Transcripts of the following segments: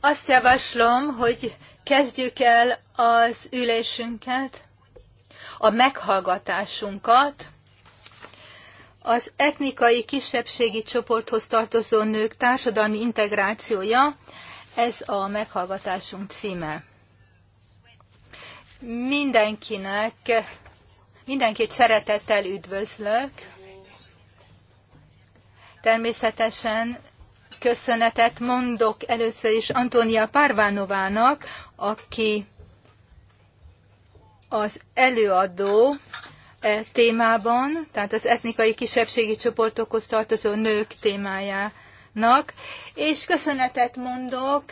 Azt javaslom, hogy kezdjük el az ülésünket, a meghallgatásunkat. Az etnikai kisebbségi csoporthoz tartozó nők társadalmi integrációja, ez a meghallgatásunk címe. Mindenkinek, mindenkit szeretettel üdvözlök. Természetesen köszönetet mondok először is Antonia Párvánovának, aki az előadó e témában, tehát az etnikai kisebbségi csoportokhoz tartozó nők témájának, és köszönetet mondok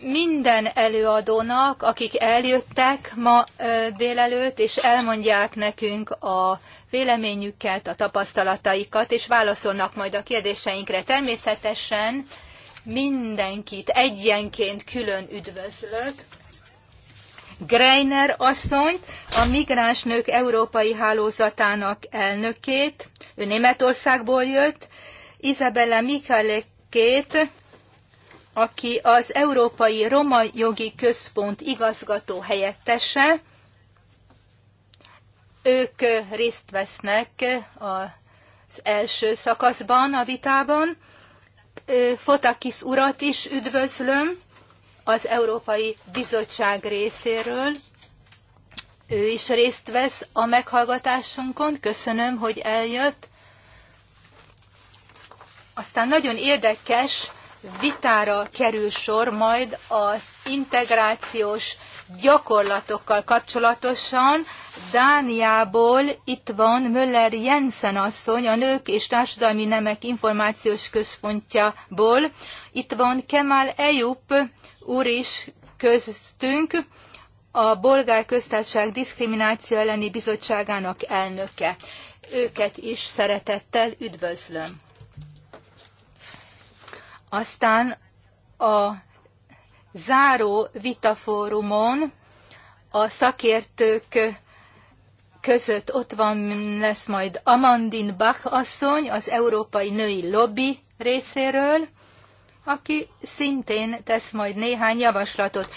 minden előadónak, akik eljöttek ma délelőtt, és elmondják nekünk a véleményüket, a tapasztalataikat, és válaszolnak majd a kérdéseinkre. Természetesen mindenkit egyenként külön üdvözlök. Greiner asszonyt, a Migráns Nők Európai Hálózatának elnökét, ő Németországból jött, Isabella Michalekét, aki az Európai Roma Jogi Központ igazgató helyettese. Ők részt vesznek az első szakaszban a vitában. Fotakis urat is üdvözlöm az Európai Bizottság részéről. Ő is részt vesz a meghallgatásunkon. Köszönöm, hogy eljött. Aztán nagyon érdekes vitára kerül sor majd az integrációs gyakorlatokkal kapcsolatosan. Dániából itt van Möller Jensen asszony, a Nők és Társadalmi Nemek Információs Központjából. Itt van Kemal Ejup úr is köztünk, a Bolgár Köztársaság Diszkrimináció elleni bizottságának elnöke. Őket is szeretettel üdvözlöm. Aztán a záró vitafórumon a szakértők között ott van lesz majd Amandin Bach asszony az Európai Női Lobby részéről, aki szintén tesz majd néhány javaslatot.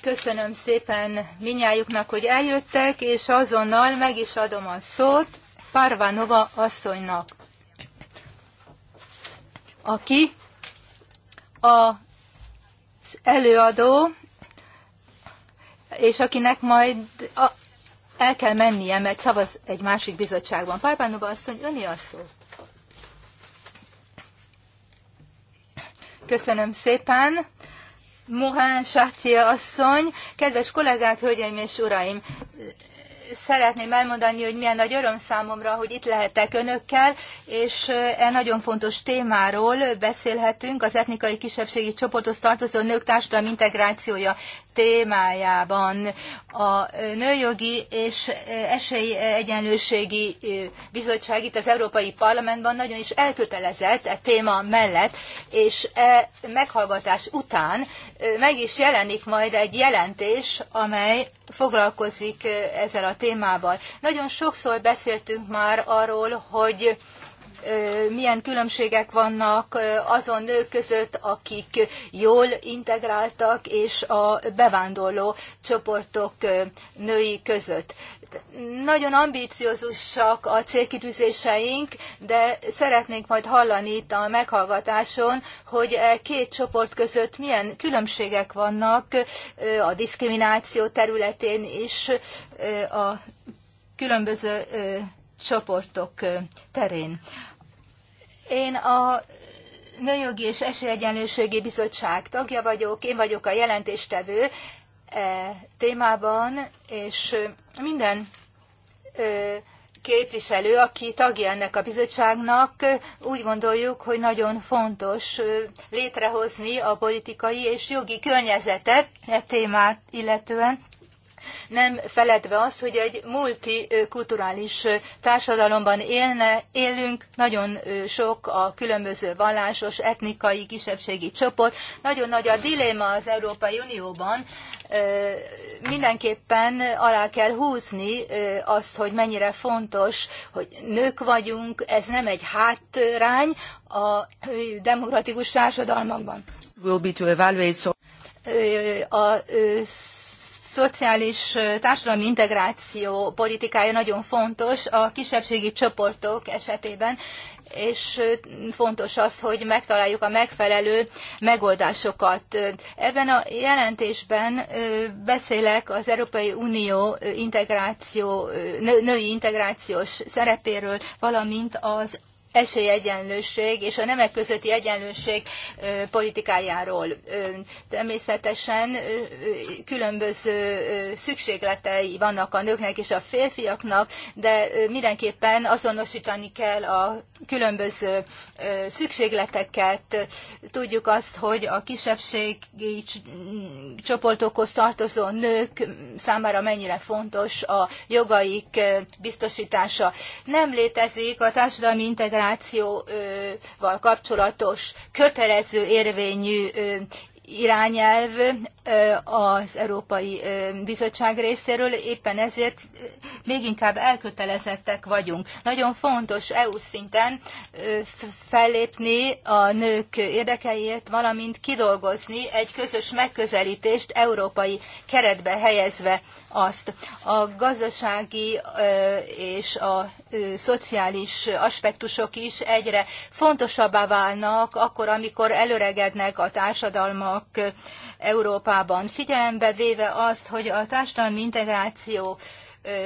Köszönöm szépen minnyájuknak, hogy eljöttek, és azonnal meg is adom a szót Parvanova asszonynak, aki az előadó, és akinek majd a, el kell mennie, mert szavaz egy másik bizottságban. azt asszony, öni a szó. Köszönöm szépen. Mohán Sátia asszony, kedves kollégák, hölgyeim és uraim, szeretném elmondani, hogy milyen nagy öröm számomra, hogy itt lehetek önökkel, és e nagyon fontos témáról beszélhetünk, az etnikai kisebbségi csoporthoz tartozó nők társadalmi integrációja témájában a Nőjogi és esélyegyenlőségi Bizottság itt az Európai Parlamentben nagyon is elkötelezett e téma mellett, és e meghallgatás után meg is jelenik majd egy jelentés, amely foglalkozik ezzel a témával. Nagyon sokszor beszéltünk már arról, hogy milyen különbségek vannak azon nők között, akik jól integráltak, és a bevándorló csoportok női között. Nagyon ambiciózusak a célkitűzéseink, de szeretnénk majd hallani itt a meghallgatáson, hogy e két csoport között milyen különbségek vannak a diszkrimináció területén is a különböző csoportok terén. Én a Nőjogi és Esélyegyenlőségi Bizottság tagja vagyok, én vagyok a jelentéstevő e témában, és minden képviselő, aki tagja ennek a bizottságnak, úgy gondoljuk, hogy nagyon fontos létrehozni a politikai és jogi környezetet e témát illetően nem feledve azt, hogy egy multikulturális társadalomban élne, élünk, nagyon sok a különböző vallásos, etnikai, kisebbségi csoport, nagyon nagy a diléma az Európai Unióban, mindenképpen alá kell húzni azt, hogy mennyire fontos, hogy nők vagyunk, ez nem egy hátrány a demokratikus társadalmakban. Will be to evaluate so- a szociális társadalmi integráció politikája nagyon fontos a kisebbségi csoportok esetében, és fontos az, hogy megtaláljuk a megfelelő megoldásokat. Ebben a jelentésben beszélek az Európai Unió integráció, női integrációs szerepéről, valamint az esélyegyenlőség és a nemek közötti egyenlőség politikájáról. Természetesen különböző szükségletei vannak a nőknek és a férfiaknak, de mindenképpen azonosítani kell a különböző szükségleteket. Tudjuk azt, hogy a kisebbségi csoportokhoz tartozó nők számára mennyire fontos a jogaik biztosítása. Nem létezik a társadalmi integráció migrációval kapcsolatos kötelező érvényű irányelv az Európai Bizottság részéről, éppen ezért még inkább elkötelezettek vagyunk. Nagyon fontos EU szinten fellépni a nők érdekeiért, valamint kidolgozni egy közös megközelítést európai keretbe helyezve azt. A gazdasági és a szociális aspektusok is egyre fontosabbá válnak, akkor, amikor előregednek a társadalmak, vannak Európában, figyelembe véve azt, hogy a társadalmi integráció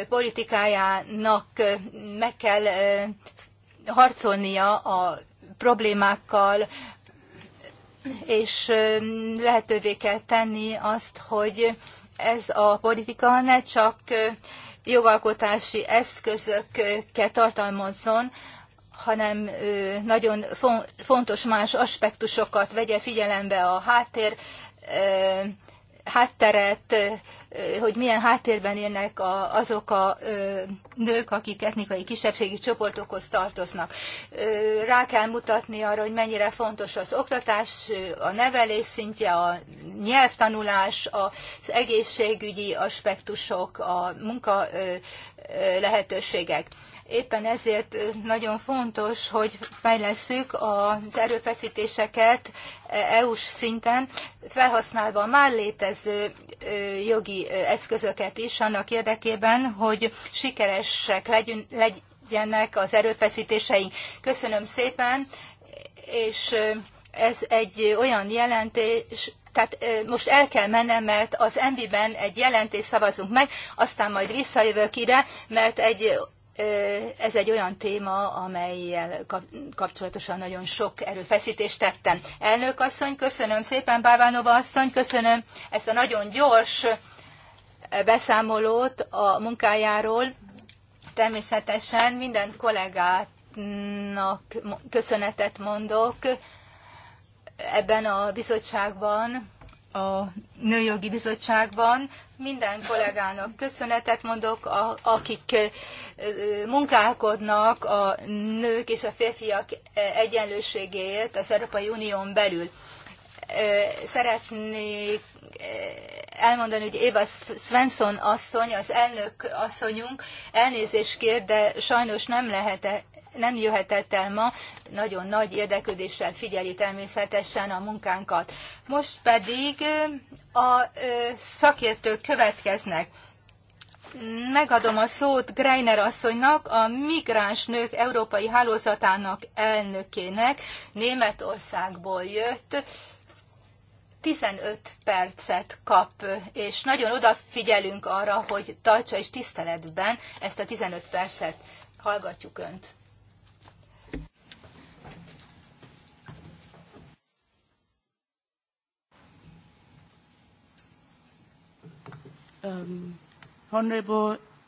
politikájának meg kell harcolnia a problémákkal, és lehetővé kell tenni azt, hogy ez a politika ne csak jogalkotási eszközökkel tartalmazzon, hanem nagyon fontos más aspektusokat vegye figyelembe a háttér, hátteret, hogy milyen háttérben élnek a, azok a nők, akik etnikai kisebbségi csoportokhoz tartoznak. Rá kell mutatni arra, hogy mennyire fontos az oktatás, a nevelés szintje, a nyelvtanulás, az egészségügyi aspektusok, a munka lehetőségek. Éppen ezért nagyon fontos, hogy fejlesszük az erőfeszítéseket EU-s szinten, felhasználva a már létező jogi eszközöket is annak érdekében, hogy sikeresek legyenek az erőfeszítéseink. Köszönöm szépen, és ez egy olyan jelentés, tehát most el kell mennem, mert az MB-ben egy jelentést szavazunk meg, aztán majd visszajövök ide, mert egy ez egy olyan téma, amelyel kapcsolatosan nagyon sok erőfeszítést tettem. Elnök asszony, köszönöm szépen, Bárvánova asszony, köszönöm ezt a nagyon gyors beszámolót a munkájáról. Természetesen minden kollégátnak köszönetet mondok ebben a bizottságban, a Nőjogi Bizottságban. Minden kollégának köszönetet mondok, a, akik munkálkodnak a nők és a férfiak egyenlőségéért az Európai Unión belül. Szeretnék elmondani, hogy Éva Svensson asszony, az elnök asszonyunk elnézést kér, de sajnos nem lehet nem jöhetett el ma, nagyon nagy érdeklődéssel figyeli természetesen a munkánkat. Most pedig a szakértők következnek. Megadom a szót Greiner asszonynak, a Migráns Nők Európai Hálózatának elnökének, Németországból jött. 15 percet kap, és nagyon odafigyelünk arra, hogy tartsa és tiszteletben ezt a 15 percet. Hallgatjuk Önt.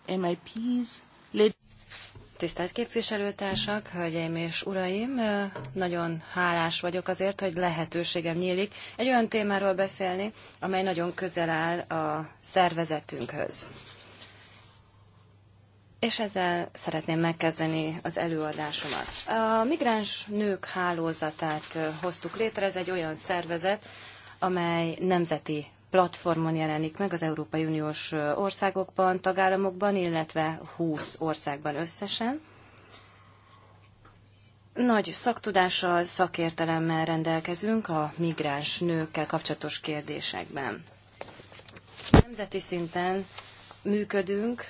MIPs, um, Tisztelt képviselőtársak, hölgyeim és uraim, nagyon hálás vagyok azért, hogy lehetőségem nyílik egy olyan témáról beszélni, amely nagyon közel áll a szervezetünkhöz. És ezzel szeretném megkezdeni az előadásomat. A migráns nők hálózatát hoztuk létre, ez egy olyan szervezet, amely nemzeti platformon jelenik meg az Európai Uniós országokban, tagállamokban, illetve 20 országban összesen. Nagy szaktudással, szakértelemmel rendelkezünk a migráns nőkkel kapcsolatos kérdésekben. Nemzeti szinten működünk,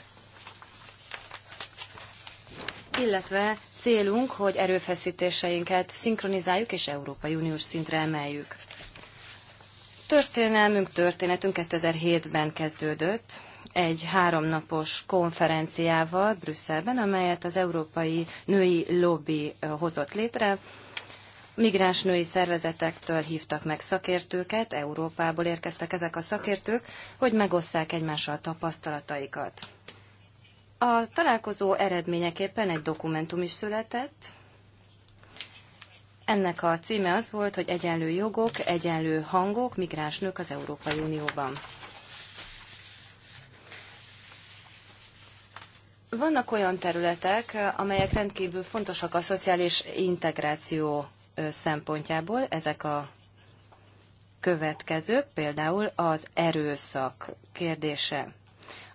illetve célunk, hogy erőfeszítéseinket szinkronizáljuk és Európai Uniós szintre emeljük. Történelmünk, történetünk 2007-ben kezdődött egy háromnapos konferenciával Brüsszelben, amelyet az Európai Női Lobby hozott létre. Migráns női szervezetektől hívtak meg szakértőket, Európából érkeztek ezek a szakértők, hogy megosszák egymással a tapasztalataikat. A találkozó eredményeképpen egy dokumentum is született, ennek a címe az volt, hogy egyenlő jogok, egyenlő hangok, migráns nők az Európai Unióban. Vannak olyan területek, amelyek rendkívül fontosak a szociális integráció szempontjából, ezek a következők, például az erőszak kérdése.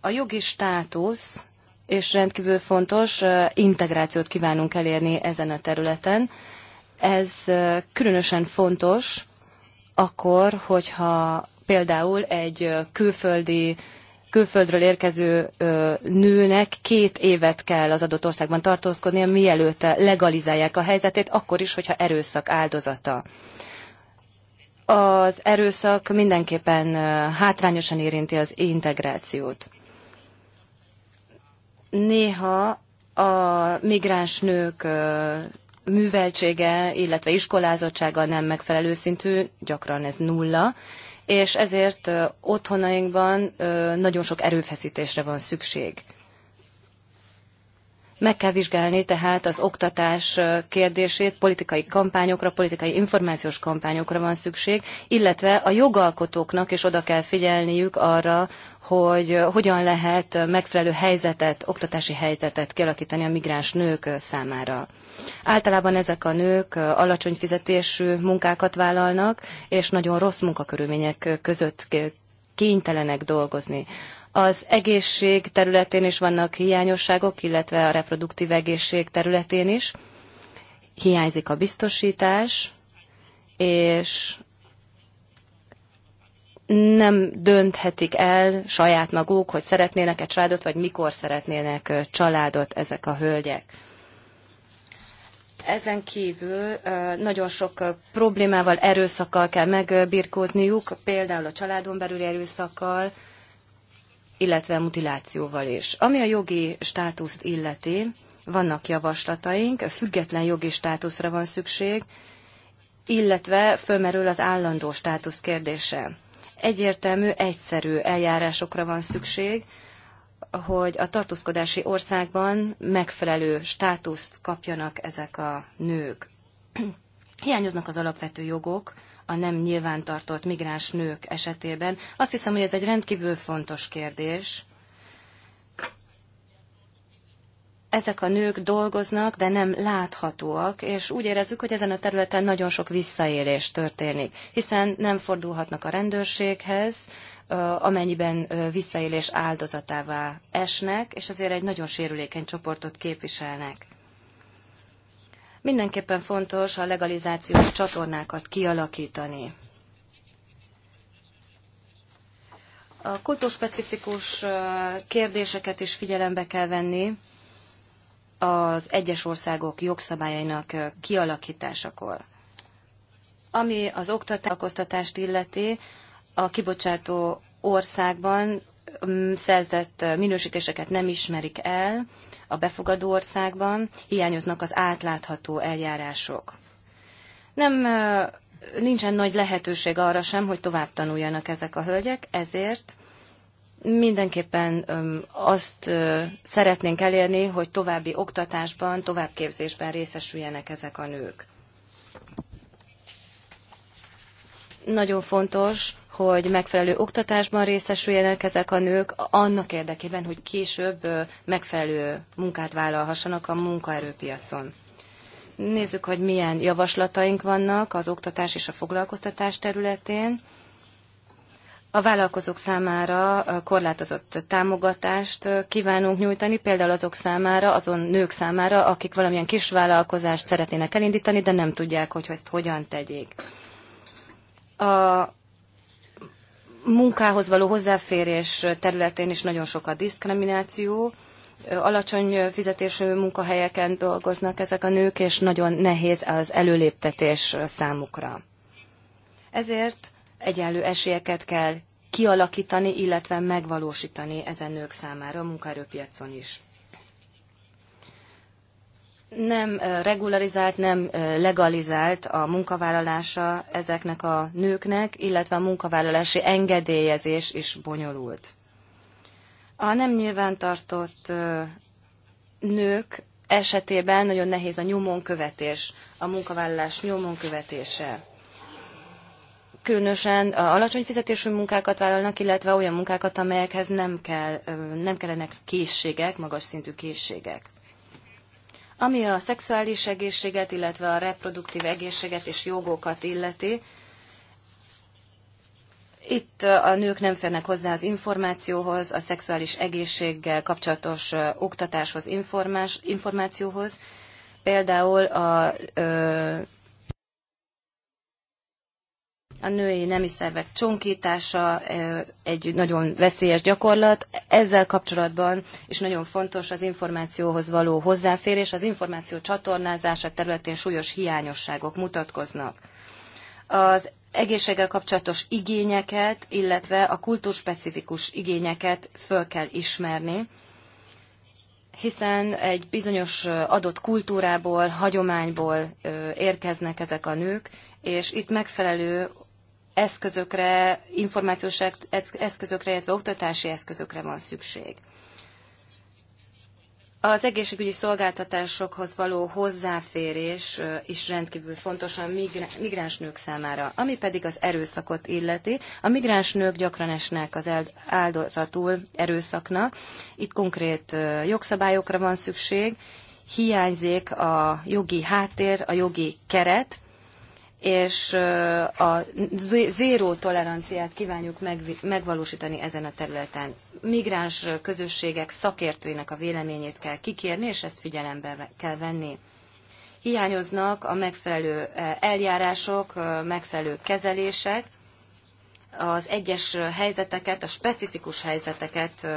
A jogi státusz és rendkívül fontos integrációt kívánunk elérni ezen a területen, ez különösen fontos akkor, hogyha például egy külföldi külföldről érkező nőnek két évet kell az adott országban tartózkodnia, mielőtt legalizálják a helyzetét, akkor is, hogyha erőszak áldozata. Az erőszak mindenképpen hátrányosan érinti az integrációt. Néha a migráns nők műveltsége, illetve iskolázottsága nem megfelelő szintű, gyakran ez nulla, és ezért otthonainkban nagyon sok erőfeszítésre van szükség. Meg kell vizsgálni tehát az oktatás kérdését, politikai kampányokra, politikai információs kampányokra van szükség, illetve a jogalkotóknak is oda kell figyelniük arra, hogy hogyan lehet megfelelő helyzetet, oktatási helyzetet kialakítani a migráns nők számára. Általában ezek a nők alacsony fizetésű munkákat vállalnak, és nagyon rossz munkakörülmények között kénytelenek dolgozni. Az egészség területén is vannak hiányosságok, illetve a reproduktív egészség területén is. Hiányzik a biztosítás, és nem dönthetik el saját maguk, hogy szeretnének-e családot, vagy mikor szeretnének családot ezek a hölgyek. Ezen kívül nagyon sok problémával, erőszakkal kell megbirkózniuk, például a családon belüli erőszakkal, illetve mutilációval is. Ami a jogi státuszt illeti, vannak javaslataink, független jogi státuszra van szükség, illetve fölmerül az állandó státusz kérdése. Egyértelmű, egyszerű eljárásokra van szükség, hogy a tartózkodási országban megfelelő státuszt kapjanak ezek a nők. Hiányoznak az alapvető jogok, a nem nyilvántartott migráns nők esetében. Azt hiszem, hogy ez egy rendkívül fontos kérdés. Ezek a nők dolgoznak, de nem láthatóak, és úgy érezzük, hogy ezen a területen nagyon sok visszaélés történik, hiszen nem fordulhatnak a rendőrséghez, amennyiben visszaélés áldozatává esnek, és azért egy nagyon sérülékeny csoportot képviselnek. Mindenképpen fontos a legalizációs csatornákat kialakítani. A kultúrspecifikus kérdéseket is figyelembe kell venni az egyes országok jogszabályainak kialakításakor. Ami az oktatást illeti, a kibocsátó országban szerzett minősítéseket nem ismerik el, a befogadó országban, hiányoznak az átlátható eljárások. Nem nincsen nagy lehetőség arra sem, hogy tovább tanuljanak ezek a hölgyek, ezért mindenképpen azt szeretnénk elérni, hogy további oktatásban, továbbképzésben részesüljenek ezek a nők. Nagyon fontos, hogy megfelelő oktatásban részesüljenek ezek a nők, annak érdekében, hogy később megfelelő munkát vállalhassanak a munkaerőpiacon. Nézzük, hogy milyen javaslataink vannak az oktatás és a foglalkoztatás területén. A vállalkozók számára korlátozott támogatást kívánunk nyújtani, például azok számára, azon nők számára, akik valamilyen kis vállalkozást szeretnének elindítani, de nem tudják, hogy ezt hogyan tegyék. A munkához való hozzáférés területén is nagyon sok a diszkrimináció. Alacsony fizetésű munkahelyeken dolgoznak ezek a nők, és nagyon nehéz az előléptetés számukra. Ezért egyenlő esélyeket kell kialakítani, illetve megvalósítani ezen nők számára a munkaerőpiacon is nem regularizált, nem legalizált a munkavállalása ezeknek a nőknek, illetve a munkavállalási engedélyezés is bonyolult. A nem nyilvántartott nők esetében nagyon nehéz a nyomon követés, a munkavállalás nyomon követése. Különösen alacsony fizetésű munkákat vállalnak, illetve olyan munkákat, amelyekhez nem, kell, nem kellenek készségek, magas szintű készségek. Ami a szexuális egészséget, illetve a reproduktív egészséget és jogokat illeti, itt a nők nem férnek hozzá az információhoz, a szexuális egészséggel kapcsolatos oktatáshoz, információhoz. Például a ö, a női nemi szervek csonkítása egy nagyon veszélyes gyakorlat. Ezzel kapcsolatban is nagyon fontos az információhoz való hozzáférés, az információ csatornázása területén súlyos hiányosságok mutatkoznak. Az egészséggel kapcsolatos igényeket, illetve a kultúrspecifikus igényeket föl kell ismerni, hiszen egy bizonyos adott kultúrából, hagyományból érkeznek ezek a nők, és itt megfelelő eszközökre, információs eszközökre, illetve oktatási eszközökre van szükség. Az egészségügyi szolgáltatásokhoz való hozzáférés is rendkívül fontos a migráns nők számára, ami pedig az erőszakot illeti. A migráns nők gyakran esnek az áldozatul erőszaknak. Itt konkrét jogszabályokra van szükség, hiányzik a jogi háttér, a jogi keret, és a zéró toleranciát kívánjuk megvalósítani ezen a területen. Migráns közösségek szakértőinek a véleményét kell kikérni, és ezt figyelembe kell venni. Hiányoznak a megfelelő eljárások, megfelelő kezelések, az egyes helyzeteket, a specifikus helyzeteket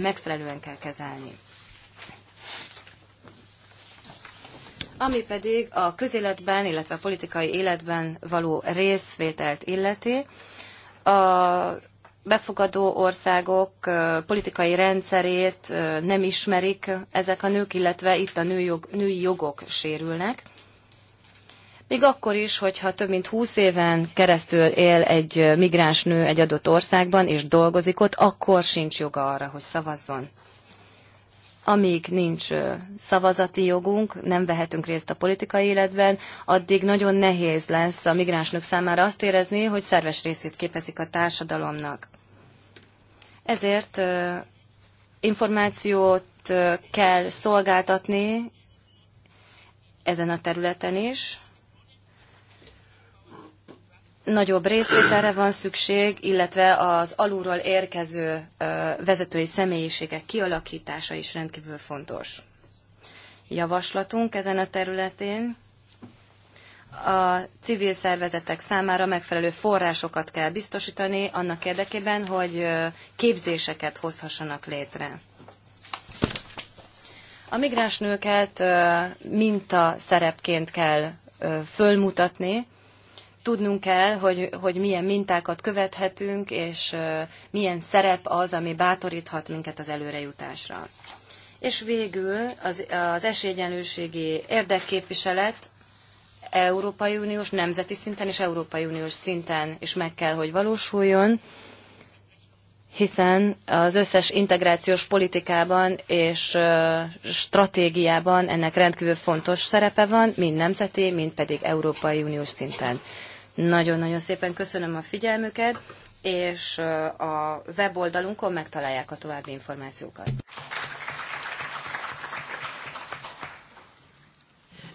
megfelelően kell kezelni. ami pedig a közéletben, illetve a politikai életben való részvételt illeti. A befogadó országok politikai rendszerét nem ismerik ezek a nők, illetve itt a nőjog, női jogok sérülnek. Még akkor is, hogyha több mint 20 éven keresztül él egy migráns nő egy adott országban, és dolgozik ott, akkor sincs joga arra, hogy szavazzon amíg nincs szavazati jogunk, nem vehetünk részt a politikai életben, addig nagyon nehéz lesz a migránsnök számára azt érezni, hogy szerves részét képezik a társadalomnak. Ezért információt kell szolgáltatni ezen a területen is, nagyobb részvételre van szükség, illetve az alulról érkező vezetői személyiségek kialakítása is rendkívül fontos. Javaslatunk ezen a területén a civil szervezetek számára megfelelő forrásokat kell biztosítani annak érdekében, hogy képzéseket hozhassanak létre. A migránsnőket minta szerepként kell fölmutatni, tudnunk kell, hogy, hogy milyen mintákat követhetünk, és milyen szerep az, ami bátoríthat minket az előrejutásra. És végül az, az esélyegyenlőségi érdekképviselet Európai Uniós, nemzeti szinten és Európai Uniós szinten is meg kell, hogy valósuljon, hiszen az összes integrációs politikában és stratégiában ennek rendkívül fontos szerepe van, mind nemzeti, mind pedig Európai Uniós szinten. Nagyon-nagyon szépen köszönöm a figyelmüket, és a weboldalunkon megtalálják a további információkat.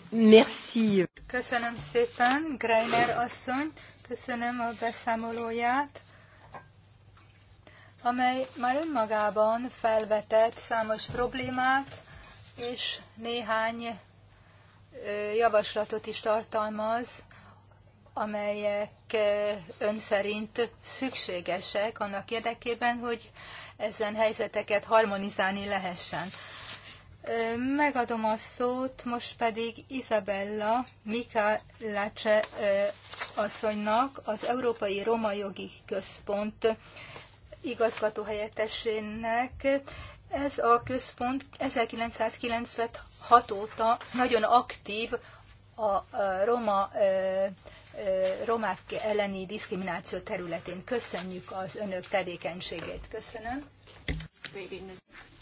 Merci. Köszönöm szépen, Greiner asszony, köszönöm a beszámolóját, amely már önmagában felvetett számos problémát, és néhány javaslatot is tartalmaz amelyek ön szerint szükségesek annak érdekében, hogy ezen helyzeteket harmonizálni lehessen. Megadom a szót, most pedig Isabella Mikálácse asszonynak, az Európai Roma Jogi Központ igazgatóhelyettesének. Ez a központ 1996 óta nagyon aktív a roma romák elleni diszkrimináció területén. Köszönjük az önök tevékenységét. Köszönöm.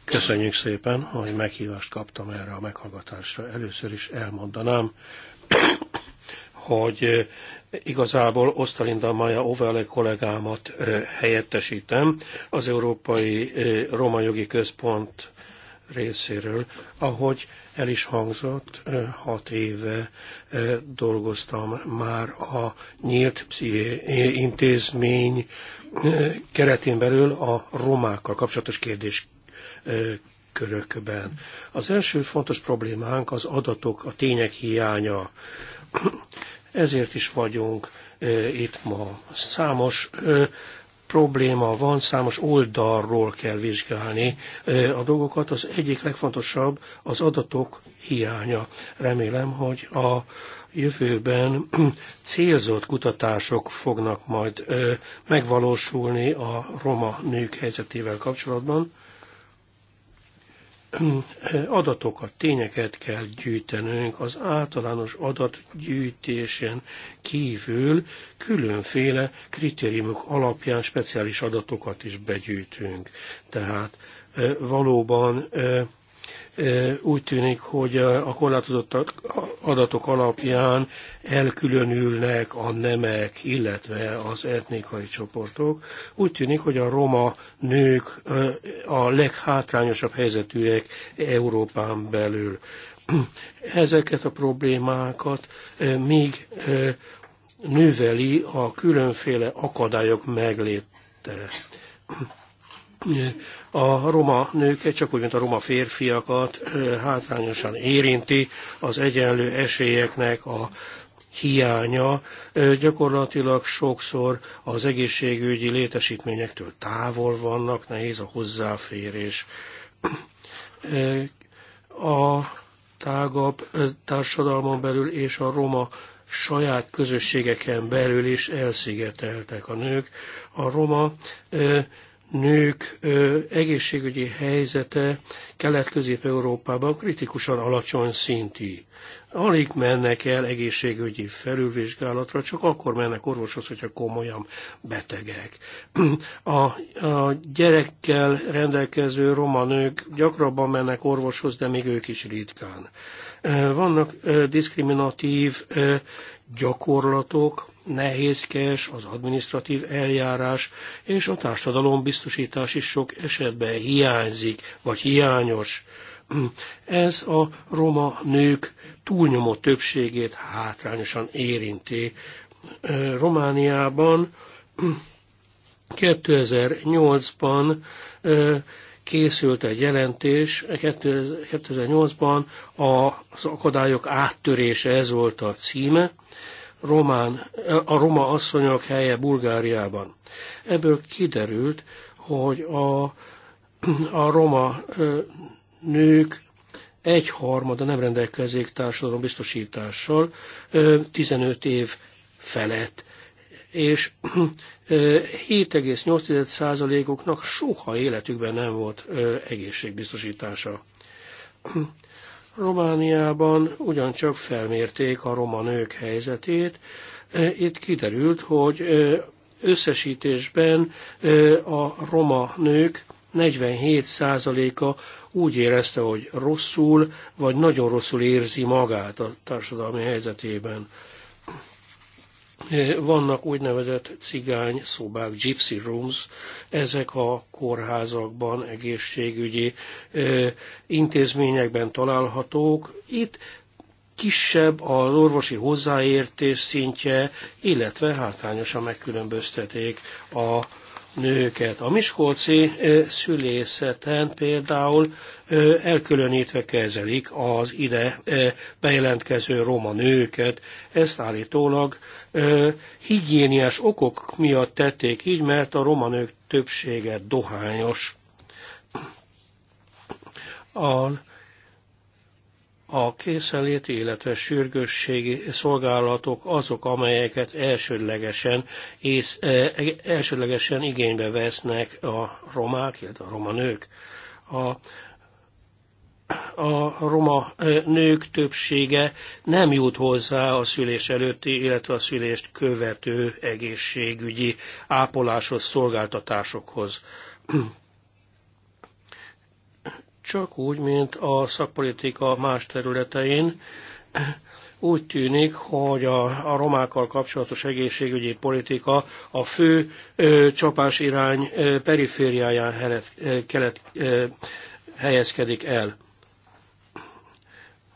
Köszönjük szépen, hogy meghívást kaptam erre a meghallgatásra. Először is elmondanám, hogy eh, igazából Osztalinda Maja Ovele kollégámat eh, helyettesítem az Európai eh, Roma Jogi Központ részéről. Ahogy el is hangzott, hat éve dolgoztam már a nyílt psziché intézmény keretén belül a romákkal kapcsolatos kérdés körökben. Az első fontos problémánk az adatok, a tények hiánya. Ezért is vagyunk itt ma. Számos probléma van, számos oldalról kell vizsgálni a dolgokat. Az egyik legfontosabb az adatok hiánya. Remélem, hogy a jövőben célzott kutatások fognak majd megvalósulni a roma nők helyzetével kapcsolatban adatokat, tényeket kell gyűjtenünk az általános adatgyűjtésen kívül különféle kritériumok alapján speciális adatokat is begyűjtünk. Tehát valóban úgy tűnik, hogy a korlátozott adatok alapján elkülönülnek a nemek, illetve az etnikai csoportok. Úgy tűnik, hogy a roma nők a leghátrányosabb helyzetűek Európán belül. Ezeket a problémákat még növeli a különféle akadályok megléte a roma nőket, csak úgy, mint a roma férfiakat hátrányosan érinti az egyenlő esélyeknek a hiánya gyakorlatilag sokszor az egészségügyi létesítményektől távol vannak, nehéz a hozzáférés. A tágabb társadalmon belül és a roma saját közösségeken belül is elszigeteltek a nők. A roma nők egészségügyi helyzete Kelet-Közép-Európában kritikusan alacsony szintű. Alig mennek el egészségügyi felülvizsgálatra, csak akkor mennek orvoshoz, hogyha komolyan betegek. A, a gyerekkel rendelkező roma nők gyakrabban mennek orvoshoz, de még ők is ritkán. Vannak diszkriminatív gyakorlatok, nehézkes az administratív eljárás, és a társadalombiztosítás is sok esetben hiányzik, vagy hiányos. Ez a roma nők túlnyomó többségét hátrányosan érinti. Romániában 2008-ban készült egy jelentés, 2008-ban az akadályok áttörése, ez volt a címe, román, a roma asszonyok helye Bulgáriában. Ebből kiderült, hogy a, a roma nők egyharmada nem rendelkezik társadalombiztosítással 15 év felett, és 78 oknak soha életükben nem volt egészségbiztosítása. Romániában ugyancsak felmérték a roma nők helyzetét. E, itt kiderült, hogy e, összesítésben e, a roma nők 47%-a úgy érezte, hogy rosszul, vagy nagyon rosszul érzi magát a társadalmi helyzetében. Eh, vannak úgynevezett cigány szobák, gypsy rooms, ezek a kórházakban, egészségügyi eh, intézményekben találhatók. Itt kisebb az orvosi hozzáértés szintje, illetve hátrányosan megkülönböztetik a nőket. A Miskolci szülészeten például elkülönítve kezelik az ide bejelentkező roma nőket. Ezt állítólag higiéniás okok miatt tették így, mert a roma nők többsége dohányos. A a készenléti, illetve sürgősségi szolgálatok azok, amelyeket elsődlegesen, ész, e, e, elsődlegesen igénybe vesznek a romák, illetve a roma nők. A, a roma e, nők többsége nem jut hozzá a szülés előtti, illetve a szülést követő egészségügyi ápoláshoz, szolgáltatásokhoz csak úgy, mint a szakpolitika más területein. Úgy tűnik, hogy a, a romákkal kapcsolatos egészségügyi politika a fő ö, csapás irány ö, perifériáján helet, ö, kelet, ö, helyezkedik el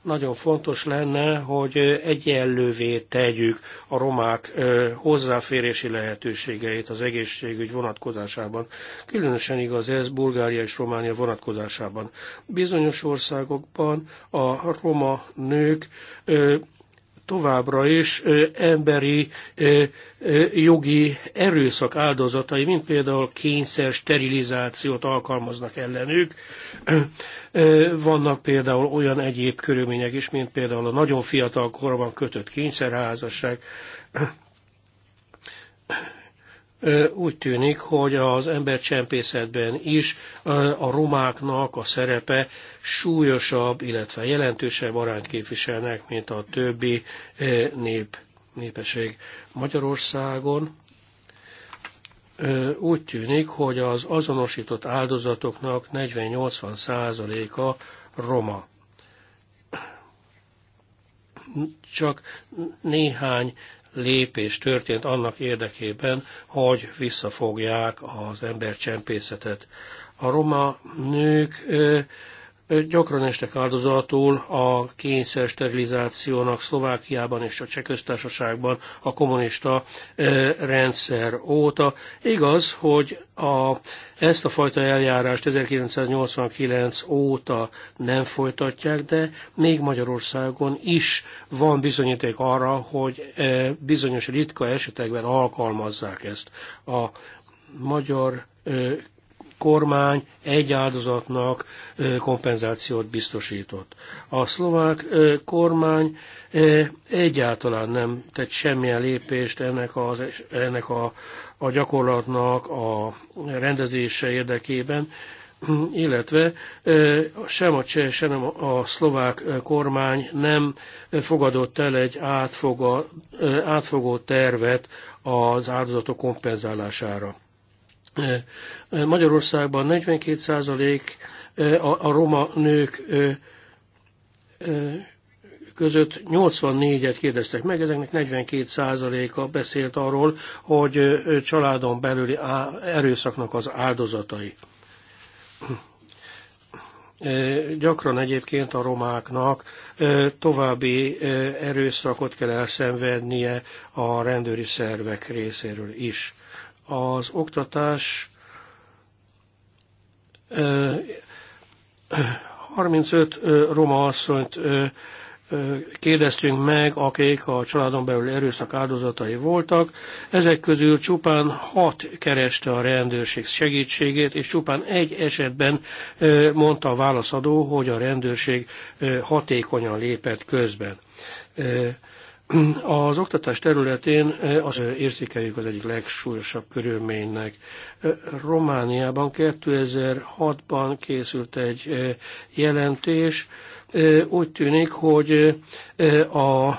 nagyon fontos lenne, hogy egyenlővé tegyük a romák hozzáférési lehetőségeit az egészségügy vonatkozásában. Különösen igaz ez Bulgária és Románia vonatkozásában. Bizonyos országokban a roma nők továbbra is emberi jogi erőszak áldozatai, mint például kényszer sterilizációt alkalmaznak ellenük, vannak például olyan egyéb körülmények is, mint például a nagyon fiatal korban kötött kényszerházasság. Úgy tűnik, hogy az embercsempészetben is a romáknak a szerepe súlyosabb, illetve jelentősebb arányt képviselnek, mint a többi nép, népesség Magyarországon úgy tűnik, hogy az azonosított áldozatoknak 40-80%-a roma. Csak néhány lépés történt annak érdekében, hogy visszafogják az embercsempészetet. A roma nők gyakran estek áldozatul a kényszer sterilizációnak Szlovákiában és a Csehköztársaságban a kommunista rendszer óta. Igaz, hogy a, ezt a fajta eljárást 1989 óta nem folytatják, de még Magyarországon is van bizonyíték arra, hogy bizonyos ritka esetekben alkalmazzák ezt. A magyar kormány egy áldozatnak kompenzációt biztosított. A szlovák kormány egyáltalán nem tett semmilyen lépést ennek, az, ennek a, a gyakorlatnak a rendezése érdekében, illetve sem a cseh, sem a szlovák kormány nem fogadott el egy átfoga, átfogó tervet az áldozatok kompenzálására. Magyarországban 42% a roma nők között 84-et kérdeztek meg, ezeknek 42%-a beszélt arról, hogy családon belüli erőszaknak az áldozatai. Gyakran egyébként a romáknak további erőszakot kell elszenvednie a rendőri szervek részéről is az oktatás 35 roma asszonyt kérdeztünk meg, akik a családon belül erőszak áldozatai voltak. Ezek közül csupán hat kereste a rendőrség segítségét, és csupán egy esetben mondta a válaszadó, hogy a rendőrség hatékonyan lépett közben. Az oktatás területén eh, az eh, érzékeljük az egyik legsúlyosabb körülménynek. Eh, Romániában 2006-ban készült egy jelentés. Úgy tűnik, hogy a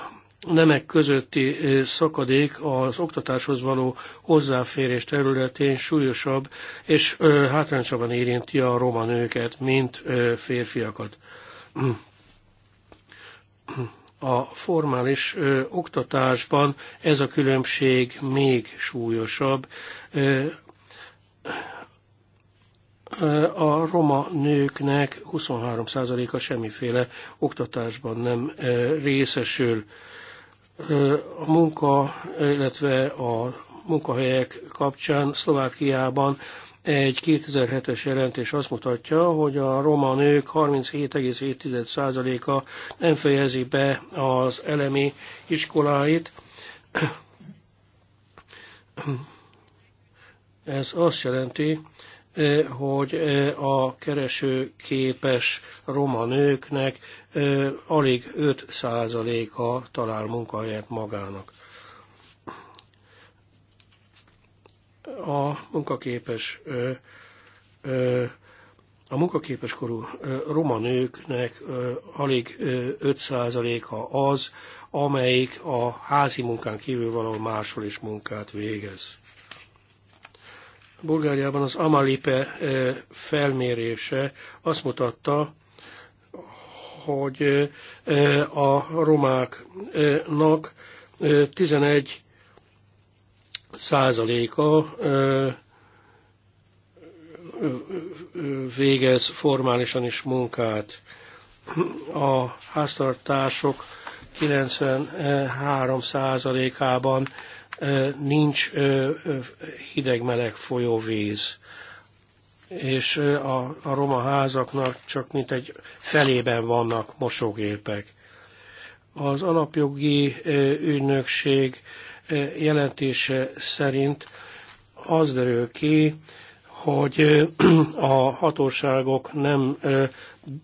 nemek közötti szakadék az oktatáshoz való hozzáférés területén súlyosabb és hátrányosabban érinti a roma nőket, mint férfiakat a formális ö, oktatásban ez a különbség még súlyosabb. Ö, a roma nőknek 23%-a semmiféle oktatásban nem részesül. A munka, illetve a munkahelyek kapcsán Szlovákiában egy 2007-es jelentés azt mutatja, hogy a roma nők 37,7%-a nem fejezi be az elemi iskoláit. Ez azt jelenti, hogy a kereső képes roma nőknek alig 5%-a talál munkahelyet magának. a munkaképes a munkaképes korú roma nőknek alig 5%-a az, amelyik a házi munkán kívül valahol máshol is munkát végez. Bulgáriában az Amalipe felmérése azt mutatta, hogy a romáknak 11 százaléka végez formálisan is munkát. A háztartások 93 százalékában nincs hideg-meleg folyóvíz és a, a roma házaknak csak mint egy felében vannak mosógépek. Az alapjogi ügynökség jelentése szerint az derül ki, hogy a hatóságok nem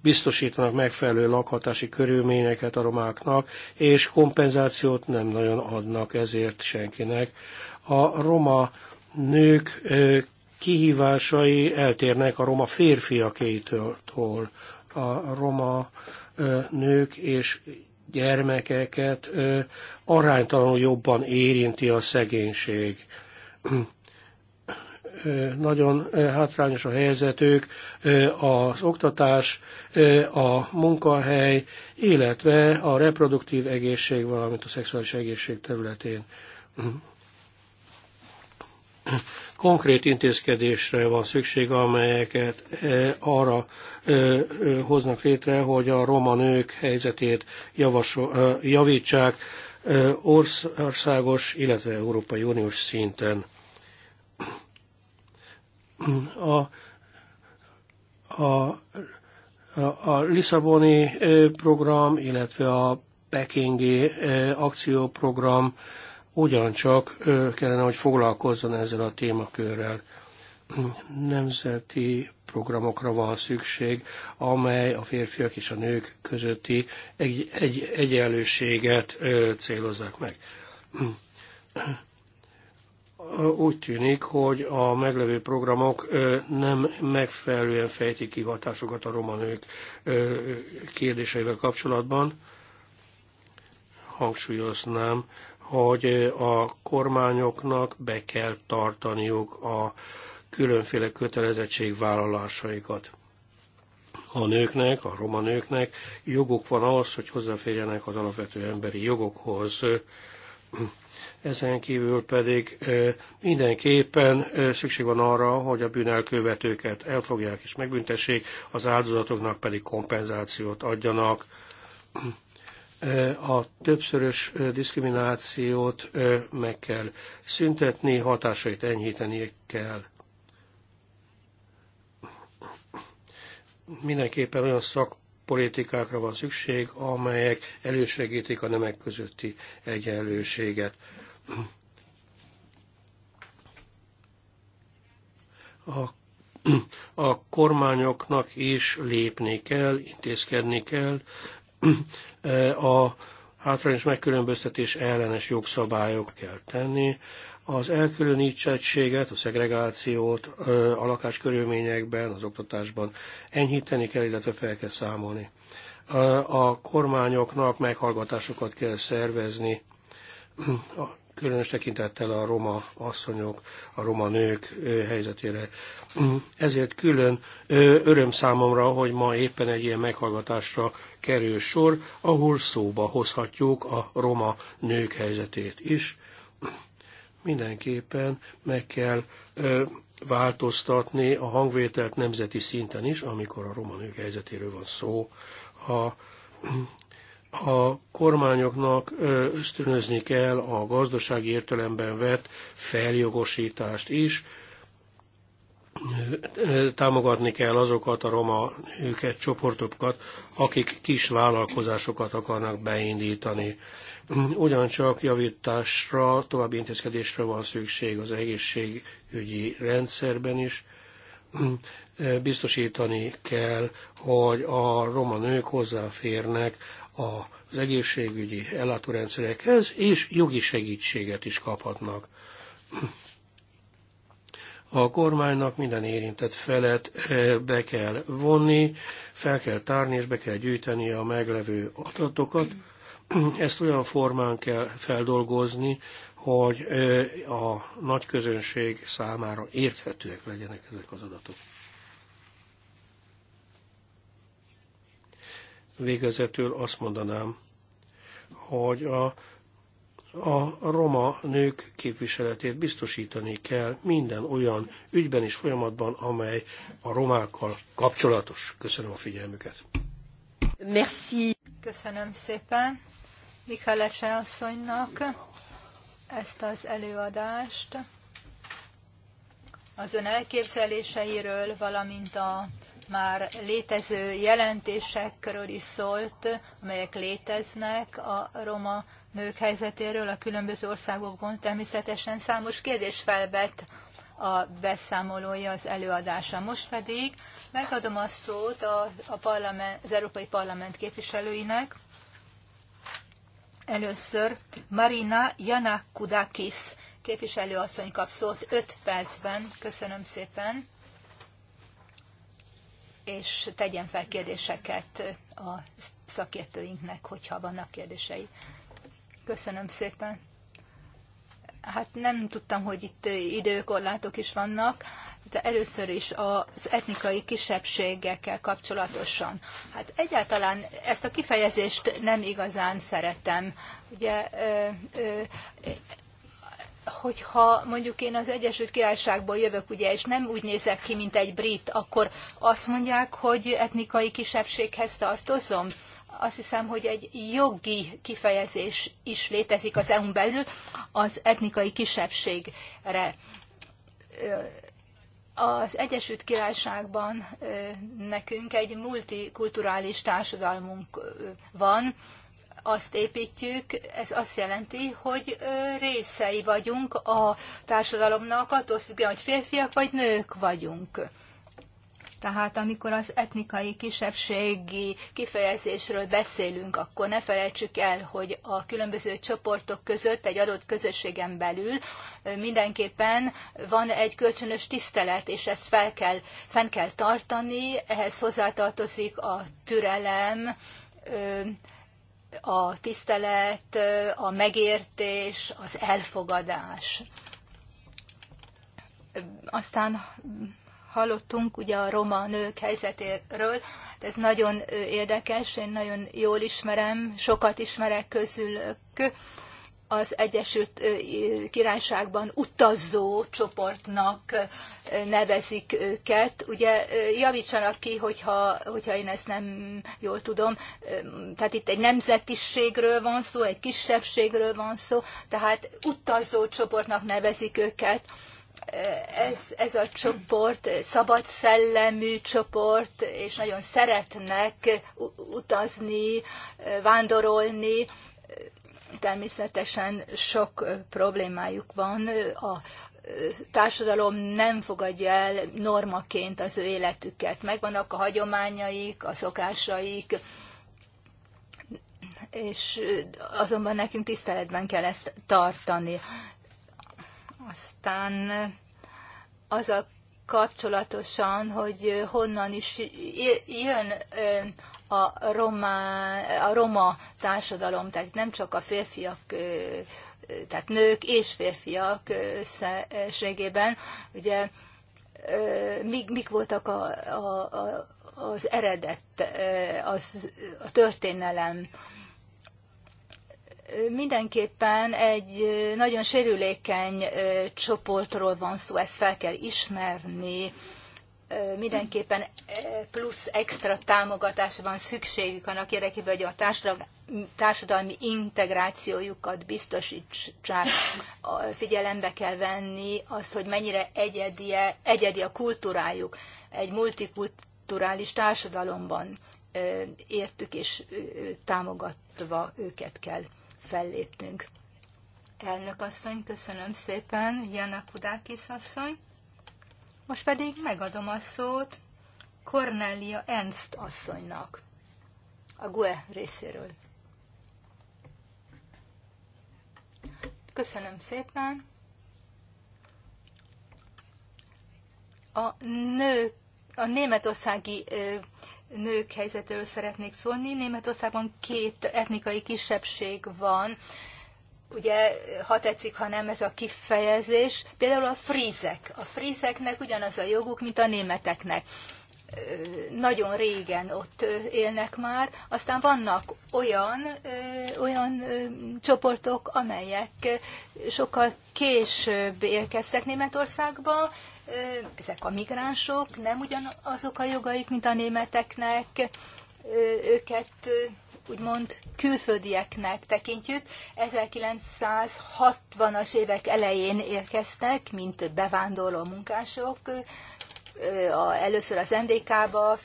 biztosítanak megfelelő lakhatási körülményeket a romáknak, és kompenzációt nem nagyon adnak ezért senkinek. A roma nők kihívásai eltérnek a roma férfiakétől. A roma nők és gyermekeket aránytalanul jobban érinti a szegénység. Nagyon hátrányos a helyzetük, az oktatás, a munkahely, illetve a reproduktív egészség, valamint a szexuális egészség területén Konkrét intézkedésre van szükség, amelyeket eh, arra eh, eh, hoznak létre, hogy a roma nők helyzetét javasol, javítsák országos, illetve Európai Uniós szinten. A, a, a Lisszaboni program, illetve a pekingi akcióprogram ugyancsak kellene, hogy foglalkozzon ezzel a témakörrel. Nemzeti programokra van szükség, amely a férfiak és a nők közötti egy, egy, egyenlőséget célozzák meg. Úgy tűnik, hogy a meglevő programok nem megfelelően fejtik ki hatásokat a roma nők kérdéseivel kapcsolatban. Hangsúlyoznám, hogy a kormányoknak be kell tartaniuk a különféle kötelezettségvállalásaikat. A nőknek, a roma nőknek joguk van ahhoz, hogy hozzáférjenek az alapvető emberi jogokhoz. Ezen kívül pedig mindenképpen szükség van arra, hogy a bűnelkövetőket elfogják és megbüntessék, az áldozatoknak pedig kompenzációt adjanak a többszörös diszkriminációt meg kell szüntetni, hatásait enyhíteni kell. Mindenképpen olyan szakpolitikákra van szükség, amelyek elősegítik a nemek közötti egyenlőséget. A, a kormányoknak is lépni kell, intézkedni kell, Eh, a hátrányos megkülönböztetés ellenes jogszabályok kell tenni, az elkülönítettséget, a szegregációt eh, a lakáskörülményekben, az oktatásban enyhíteni kell, illetve fel kell számolni. Eh, a kormányoknak meghallgatásokat kell szervezni különös tekintettel a roma asszonyok, a roma nők helyzetére. Ezért külön öröm számomra, hogy ma éppen egy ilyen meghallgatásra kerül sor, ahol szóba hozhatjuk a roma nők helyzetét is. Mindenképpen meg kell változtatni a hangvételt nemzeti szinten is, amikor a roma nők helyzetéről van szó. A a kormányoknak ösztönözni kell a gazdasági értelemben vett feljogosítást is, támogatni kell azokat a roma őket, csoportokat, akik kis vállalkozásokat akarnak beindítani. Ugyancsak javításra, további intézkedésre van szükség az egészségügyi rendszerben is. Biztosítani kell, hogy a roma nők hozzáférnek az egészségügyi ellátórendszerekhez, és jogi segítséget is kaphatnak. A kormánynak minden érintett felet eh, be kell vonni, fel kell tárni és be kell gyűjteni a meglevő adatokat. Ezt olyan formán kell feldolgozni, hogy eh, a nagy közönség számára érthetőek legyenek ezek az adatok. Végezetül azt mondanám, hogy a, a roma nők képviseletét biztosítani kell minden olyan ügyben és folyamatban, amely a romákkal kapcsolatos. Köszönöm a figyelmüket. Merci. Köszönöm szépen Mikelese asszonynak ezt az előadást az ön elképzeléseiről, valamint a már létező jelentésekről is szólt, amelyek léteznek a roma nők helyzetéről a különböző országokban. Természetesen számos kérdés felvet a beszámolója, az előadása. Most pedig megadom a szót a, a parlament, az Európai Parlament képviselőinek. Először Marina Janakudakis képviselőasszony kap szót 5 percben. Köszönöm szépen és tegyen fel kérdéseket a szakértőinknek, hogyha vannak kérdései. Köszönöm szépen. Hát nem tudtam, hogy itt időkorlátok is vannak, de először is az etnikai kisebbségekkel kapcsolatosan. Hát egyáltalán ezt a kifejezést nem igazán szeretem. Ugye ö, ö, hogyha mondjuk én az Egyesült Királyságból jövök, ugye, és nem úgy nézek ki, mint egy brit, akkor azt mondják, hogy etnikai kisebbséghez tartozom? Azt hiszem, hogy egy jogi kifejezés is létezik az EU-n belül az etnikai kisebbségre. Az Egyesült Királyságban nekünk egy multikulturális társadalmunk van, azt építjük, ez azt jelenti, hogy részei vagyunk a társadalomnak, attól függően, hogy férfiak vagy nők vagyunk. Tehát amikor az etnikai kisebbségi kifejezésről beszélünk, akkor ne felejtsük el, hogy a különböző csoportok között, egy adott közösségen belül mindenképpen van egy kölcsönös tisztelet, és ezt fel kell, fenn kell tartani, ehhez hozzátartozik a türelem, a tisztelet, a megértés, az elfogadás. Aztán hallottunk ugye a roma nők helyzetéről, ez nagyon érdekes, én nagyon jól ismerem, sokat ismerek közülök, az Egyesült Királyságban utazó csoportnak nevezik őket. Ugye javítsanak ki, hogyha, hogyha én ezt nem jól tudom. Tehát itt egy nemzetiségről van szó, egy kisebbségről van szó, tehát utazó csoportnak nevezik őket. Ez, ez a csoport szabad szellemű csoport, és nagyon szeretnek utazni, vándorolni Természetesen sok problémájuk van, a társadalom nem fogadja el normaként az ő életüket. Megvannak a hagyományaik, a szokásaik, és azonban nekünk tiszteletben kell ezt tartani. Aztán az a kapcsolatosan, hogy honnan is jön a, roma a roma társadalom, tehát nem csak a férfiak tehát nők és férfiak összességében, ugye mik, mik voltak a, a, a, az eredet, az, a történelem. Mindenképpen egy nagyon sérülékeny csoportról van szó, ezt fel kell ismerni, mindenképpen plusz extra támogatásra van szükségük annak érdekében, hogy a társadalmi integrációjukat biztosítsák. Figyelembe kell venni azt, hogy mennyire egyedi, egyedi a kultúrájuk egy multikulturális társadalomban értük és támogatva őket kell fellépnünk. Elnök asszony, köszönöm szépen, Jana Kudákis asszony. Most pedig megadom a szót Cornelia Ernst asszonynak a GUE részéről. Köszönöm szépen. A nő, a németországi nők helyzetéről szeretnék szólni. Németországban két etnikai kisebbség van, ugye, ha tetszik, ha nem ez a kifejezés, például a frízek. A frízeknek ugyanaz a joguk, mint a németeknek. Nagyon régen ott élnek már, aztán vannak olyan, olyan csoportok, amelyek sokkal később érkeztek Németországba, ezek a migránsok, nem ugyanazok a jogaik, mint a németeknek, őket úgymond külföldieknek tekintjük. 1960-as évek elején érkeztek, mint bevándorló munkások, először az NDK-ba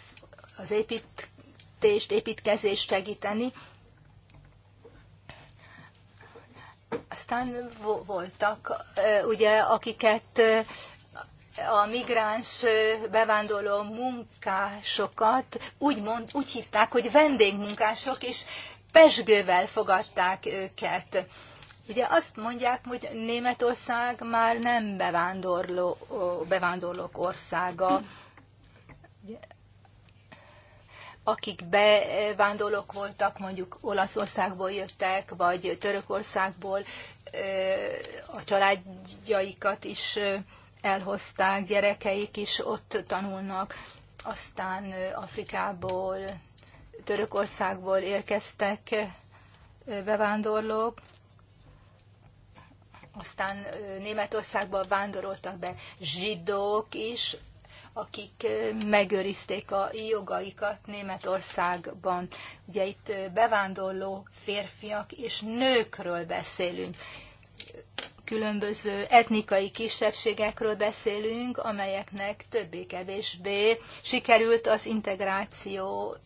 az építést, építkezést segíteni. Aztán voltak, ugye, akiket a migráns bevándorló munkásokat úgy, mond, úgy hívták, hogy vendégmunkások, és pesgővel fogadták őket. Ugye azt mondják, hogy Németország már nem bevándorló, bevándorlók országa. Akik bevándorlók voltak, mondjuk Olaszországból jöttek, vagy Törökországból, a családjaikat is elhozták, gyerekeik is ott tanulnak, aztán Afrikából, Törökországból érkeztek bevándorlók, aztán Németországba vándoroltak be zsidók is, akik megőrizték a jogaikat Németországban. Ugye itt bevándorló férfiak és nőkről beszélünk különböző etnikai kisebbségekről beszélünk, amelyeknek többé-kevésbé sikerült az integráció,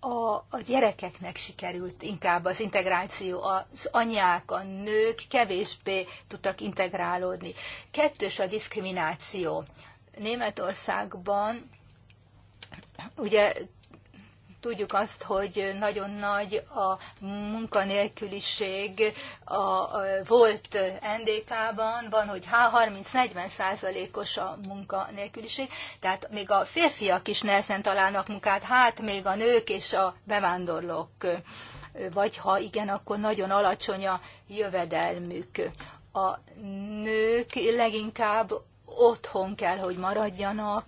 a, a gyerekeknek sikerült inkább az integráció, az anyák, a nők kevésbé tudtak integrálódni. Kettős a diszkrimináció. Németországban ugye Tudjuk azt, hogy nagyon nagy a munkanélküliség a volt NDK-ban, van, hogy 30-40 százalékos a munkanélküliség, tehát még a férfiak is nehezen találnak munkát, hát még a nők és a bevándorlók vagy ha igen, akkor nagyon alacsony a jövedelmük. A nők leginkább otthon kell, hogy maradjanak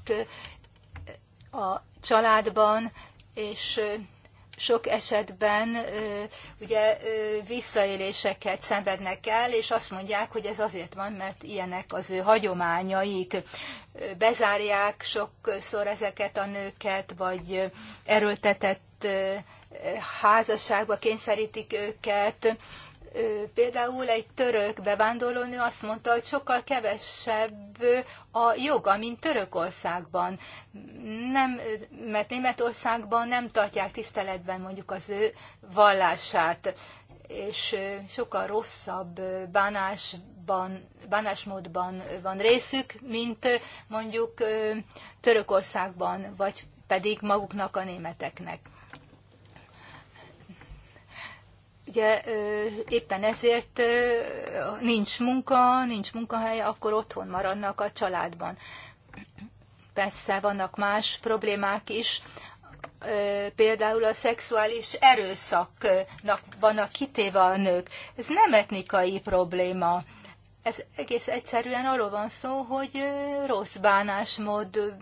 a családban, és sok esetben ugye visszaéléseket szenvednek el, és azt mondják, hogy ez azért van, mert ilyenek az ő hagyományaik. Bezárják sokszor ezeket a nőket, vagy erőltetett házasságba kényszerítik őket, Például egy török bevándorlónő azt mondta, hogy sokkal kevesebb a joga, mint Törökországban. Nem, mert Németországban nem tartják tiszteletben mondjuk az ő vallását, és sokkal rosszabb bánásban, bánásmódban van részük, mint mondjuk Törökországban, vagy pedig maguknak a németeknek. Ugye éppen ezért nincs munka, nincs munkahely, akkor otthon maradnak a családban. Persze vannak más problémák is, például a szexuális erőszaknak vannak kitéve a nők. Ez nem etnikai probléma. Ez egész egyszerűen arról van szó, hogy rossz bánásmód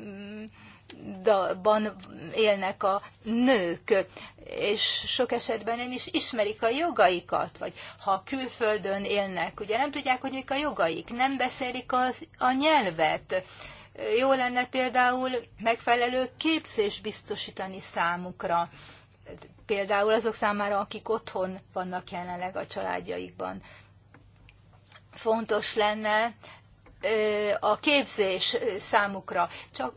családban élnek a nők, és sok esetben nem is ismerik a jogaikat, vagy ha külföldön élnek, ugye nem tudják, hogy mik a jogaik, nem beszélik az, a nyelvet. Jó lenne például megfelelő képzés biztosítani számukra, például azok számára, akik otthon vannak jelenleg a családjaikban. Fontos lenne a képzés számukra, csak,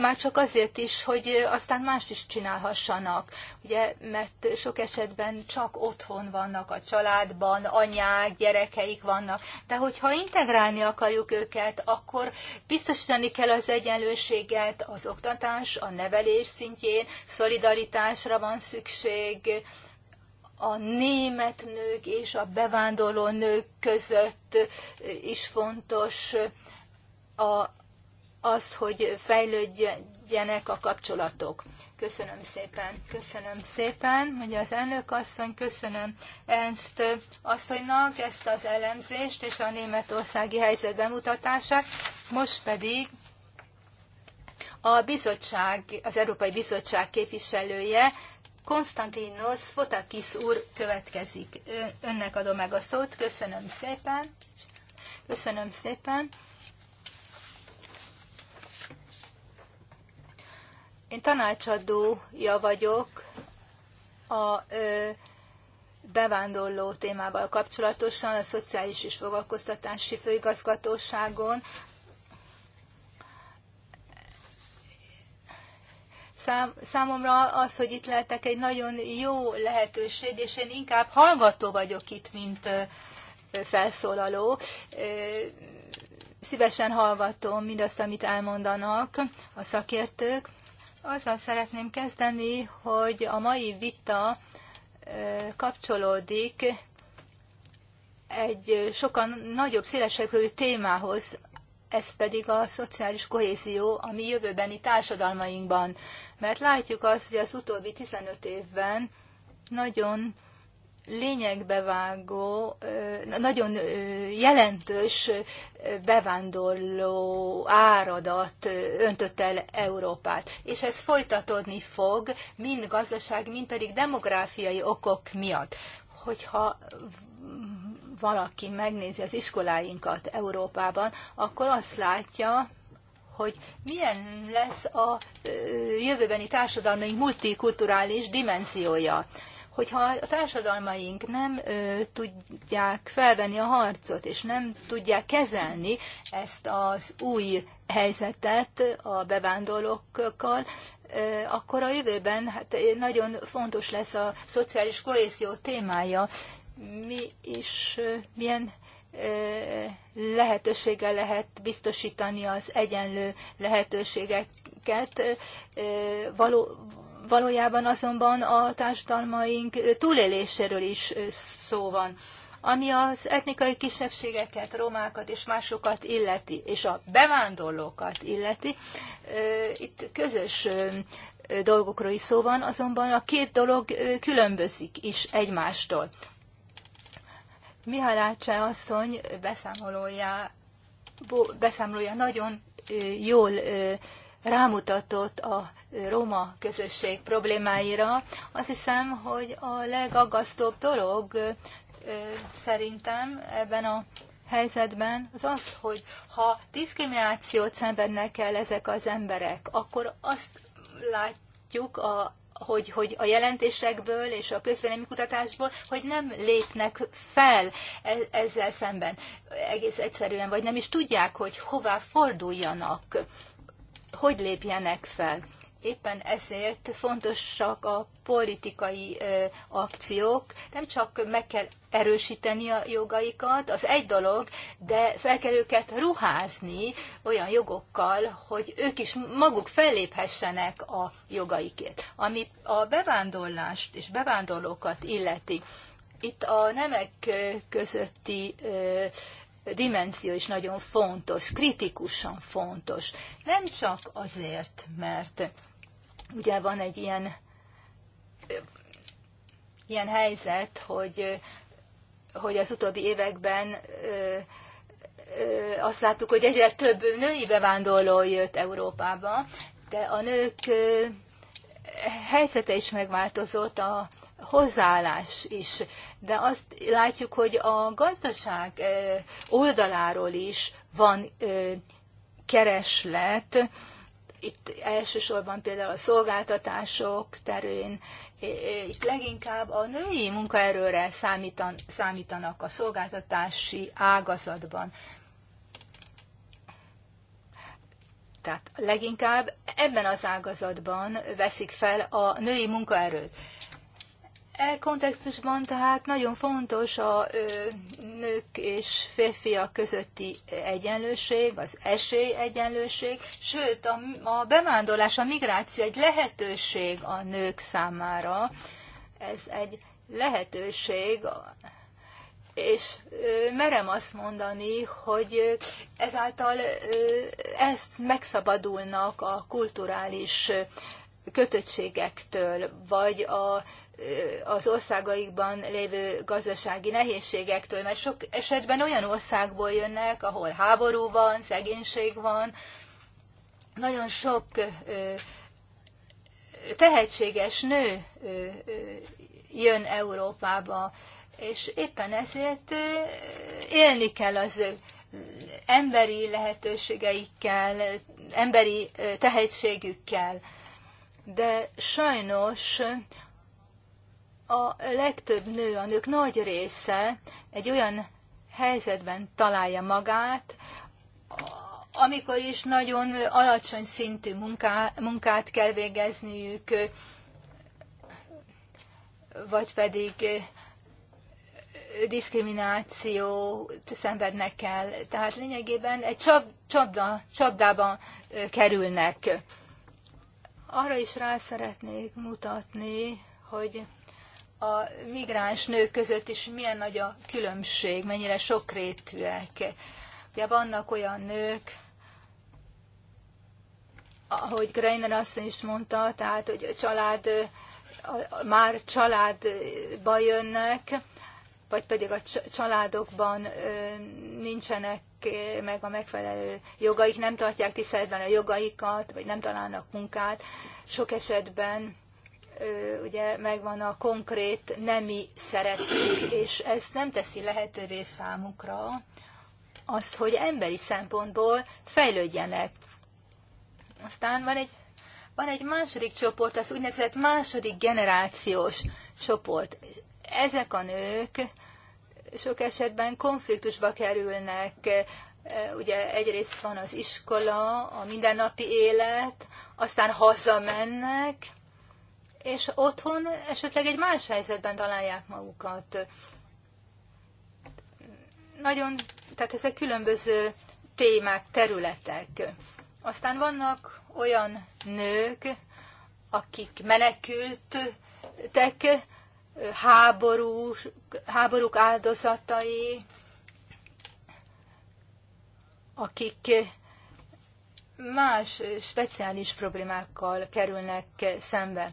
már csak azért is, hogy aztán mást is csinálhassanak, ugye, mert sok esetben csak otthon vannak a családban, anyák, gyerekeik vannak, de hogyha integrálni akarjuk őket, akkor biztosítani kell az egyenlőséget, az oktatás, a nevelés szintjén, szolidaritásra van szükség, a német nők és a bevándorló nők között is fontos a, az, hogy fejlődjenek a kapcsolatok. Köszönöm szépen, köszönöm szépen, hogy az elnök asszony, köszönöm Ernst asszonynak ezt az elemzést és a németországi helyzet bemutatását. Most pedig a bizottság, az Európai Bizottság képviselője, Konstantinos Fotakis úr következik. Önnek adom meg a szót. Köszönöm szépen. Köszönöm szépen. Én tanácsadója vagyok a ö, bevándorló témával kapcsolatosan, a Szociális és Foglalkoztatási Főigazgatóságon szám, számomra az, hogy itt lehetek egy nagyon jó lehetőség, és én inkább hallgató vagyok itt, mint felszólaló. Szívesen hallgatom mindazt, amit elmondanak a szakértők. Azzal szeretném kezdeni, hogy a mai vita kapcsolódik egy sokan nagyobb, szélesebb témához, ez pedig a szociális kohézió a mi jövőbeni társadalmainkban. Mert látjuk azt, hogy az utóbbi 15 évben nagyon lényegbevágó, nagyon jelentős bevándorló áradat öntött el Európát. És ez folytatódni fog, mind gazdaság, mind pedig demográfiai okok miatt. Hogyha valaki megnézi az iskoláinkat Európában, akkor azt látja, hogy milyen lesz a jövőbeni társadalmi multikulturális dimenziója. Hogyha a társadalmaink nem ö, tudják felvenni a harcot, és nem tudják kezelni ezt az új helyzetet a bevándorlókkal, akkor a jövőben hát nagyon fontos lesz a szociális kohézió témája mi is milyen lehetősége lehet biztosítani az egyenlő lehetőségeket. Való, valójában azonban a társadalmaink túléléséről is szó van. Ami az etnikai kisebbségeket, romákat és másokat illeti, és a bevándorlókat illeti, itt közös dolgokról is szó van, azonban a két dolog különbözik is egymástól. Mihalácse asszony beszámolója, beszámolója nagyon jól rámutatott a roma közösség problémáira. Azt hiszem, hogy a legaggasztóbb dolog szerintem ebben a helyzetben az az, hogy ha diszkriminációt szenvednek el ezek az emberek, akkor azt látjuk a hogy, hogy a jelentésekből és a közvéleménykutatásból, hogy nem lépnek fel e, ezzel szemben egész egyszerűen, vagy nem is tudják, hogy hová forduljanak, hogy lépjenek fel. Éppen ezért fontosak a politikai akciók. Nem csak meg kell erősíteni a jogaikat, az egy dolog, de fel kell őket ruházni olyan jogokkal, hogy ők is maguk felléphessenek a jogaikért. Ami a bevándorlást és bevándorlókat illeti, itt a nemek közötti dimenzió is nagyon fontos, kritikusan fontos. Nem csak azért, mert Ugye van egy ilyen, ilyen helyzet, hogy, hogy az utóbbi években azt láttuk, hogy egyre több női bevándorló jött Európába, de a nők helyzete is megváltozott, a hozzáállás is, de azt látjuk, hogy a gazdaság oldaláról is van kereslet, itt elsősorban például a szolgáltatások terén, itt leginkább a női munkaerőre számítan, számítanak a szolgáltatási ágazatban. Tehát leginkább ebben az ágazatban veszik fel a női munkaerőt. E kontextusban tehát nagyon fontos a nők és férfiak közötti egyenlőség, az esély egyenlőség. sőt a, a bevándorlás, a migráció egy lehetőség a nők számára. Ez egy lehetőség, és merem azt mondani, hogy ezáltal ezt megszabadulnak a kulturális kötöttségektől, vagy a, az országaikban lévő gazdasági nehézségektől, mert sok esetben olyan országból jönnek, ahol háború van, szegénység van, nagyon sok tehetséges nő jön Európába, és éppen ezért élni kell az emberi lehetőségeikkel, emberi tehetségükkel de sajnos a legtöbb nő, a nők nagy része egy olyan helyzetben találja magát, amikor is nagyon alacsony szintű munká, munkát kell végezniük, vagy pedig diszkriminációt szenvednek el. Tehát lényegében egy csapda, csapdában kerülnek arra is rá szeretnék mutatni, hogy a migráns nők között is milyen nagy a különbség, mennyire sokrétűek. Ugye vannak olyan nők, ahogy Greiner azt is mondta, tehát, hogy a család, már családba jönnek, vagy pedig a családokban nincsenek meg a megfelelő jogaik, nem tartják tiszteletben a jogaikat, vagy nem találnak munkát. Sok esetben ugye megvan a konkrét nemi szeretük, és ez nem teszi lehetővé számukra azt, hogy emberi szempontból fejlődjenek. Aztán van egy, van egy második csoport, az úgynevezett második generációs csoport. Ezek a nők sok esetben konfliktusba kerülnek. E, ugye egyrészt van az iskola, a mindennapi élet, aztán hazamennek, és otthon esetleg egy más helyzetben találják magukat. Nagyon, tehát ezek különböző témák, területek. Aztán vannak olyan nők, akik menekültek, háborús, háborúk áldozatai, akik más speciális problémákkal kerülnek szembe.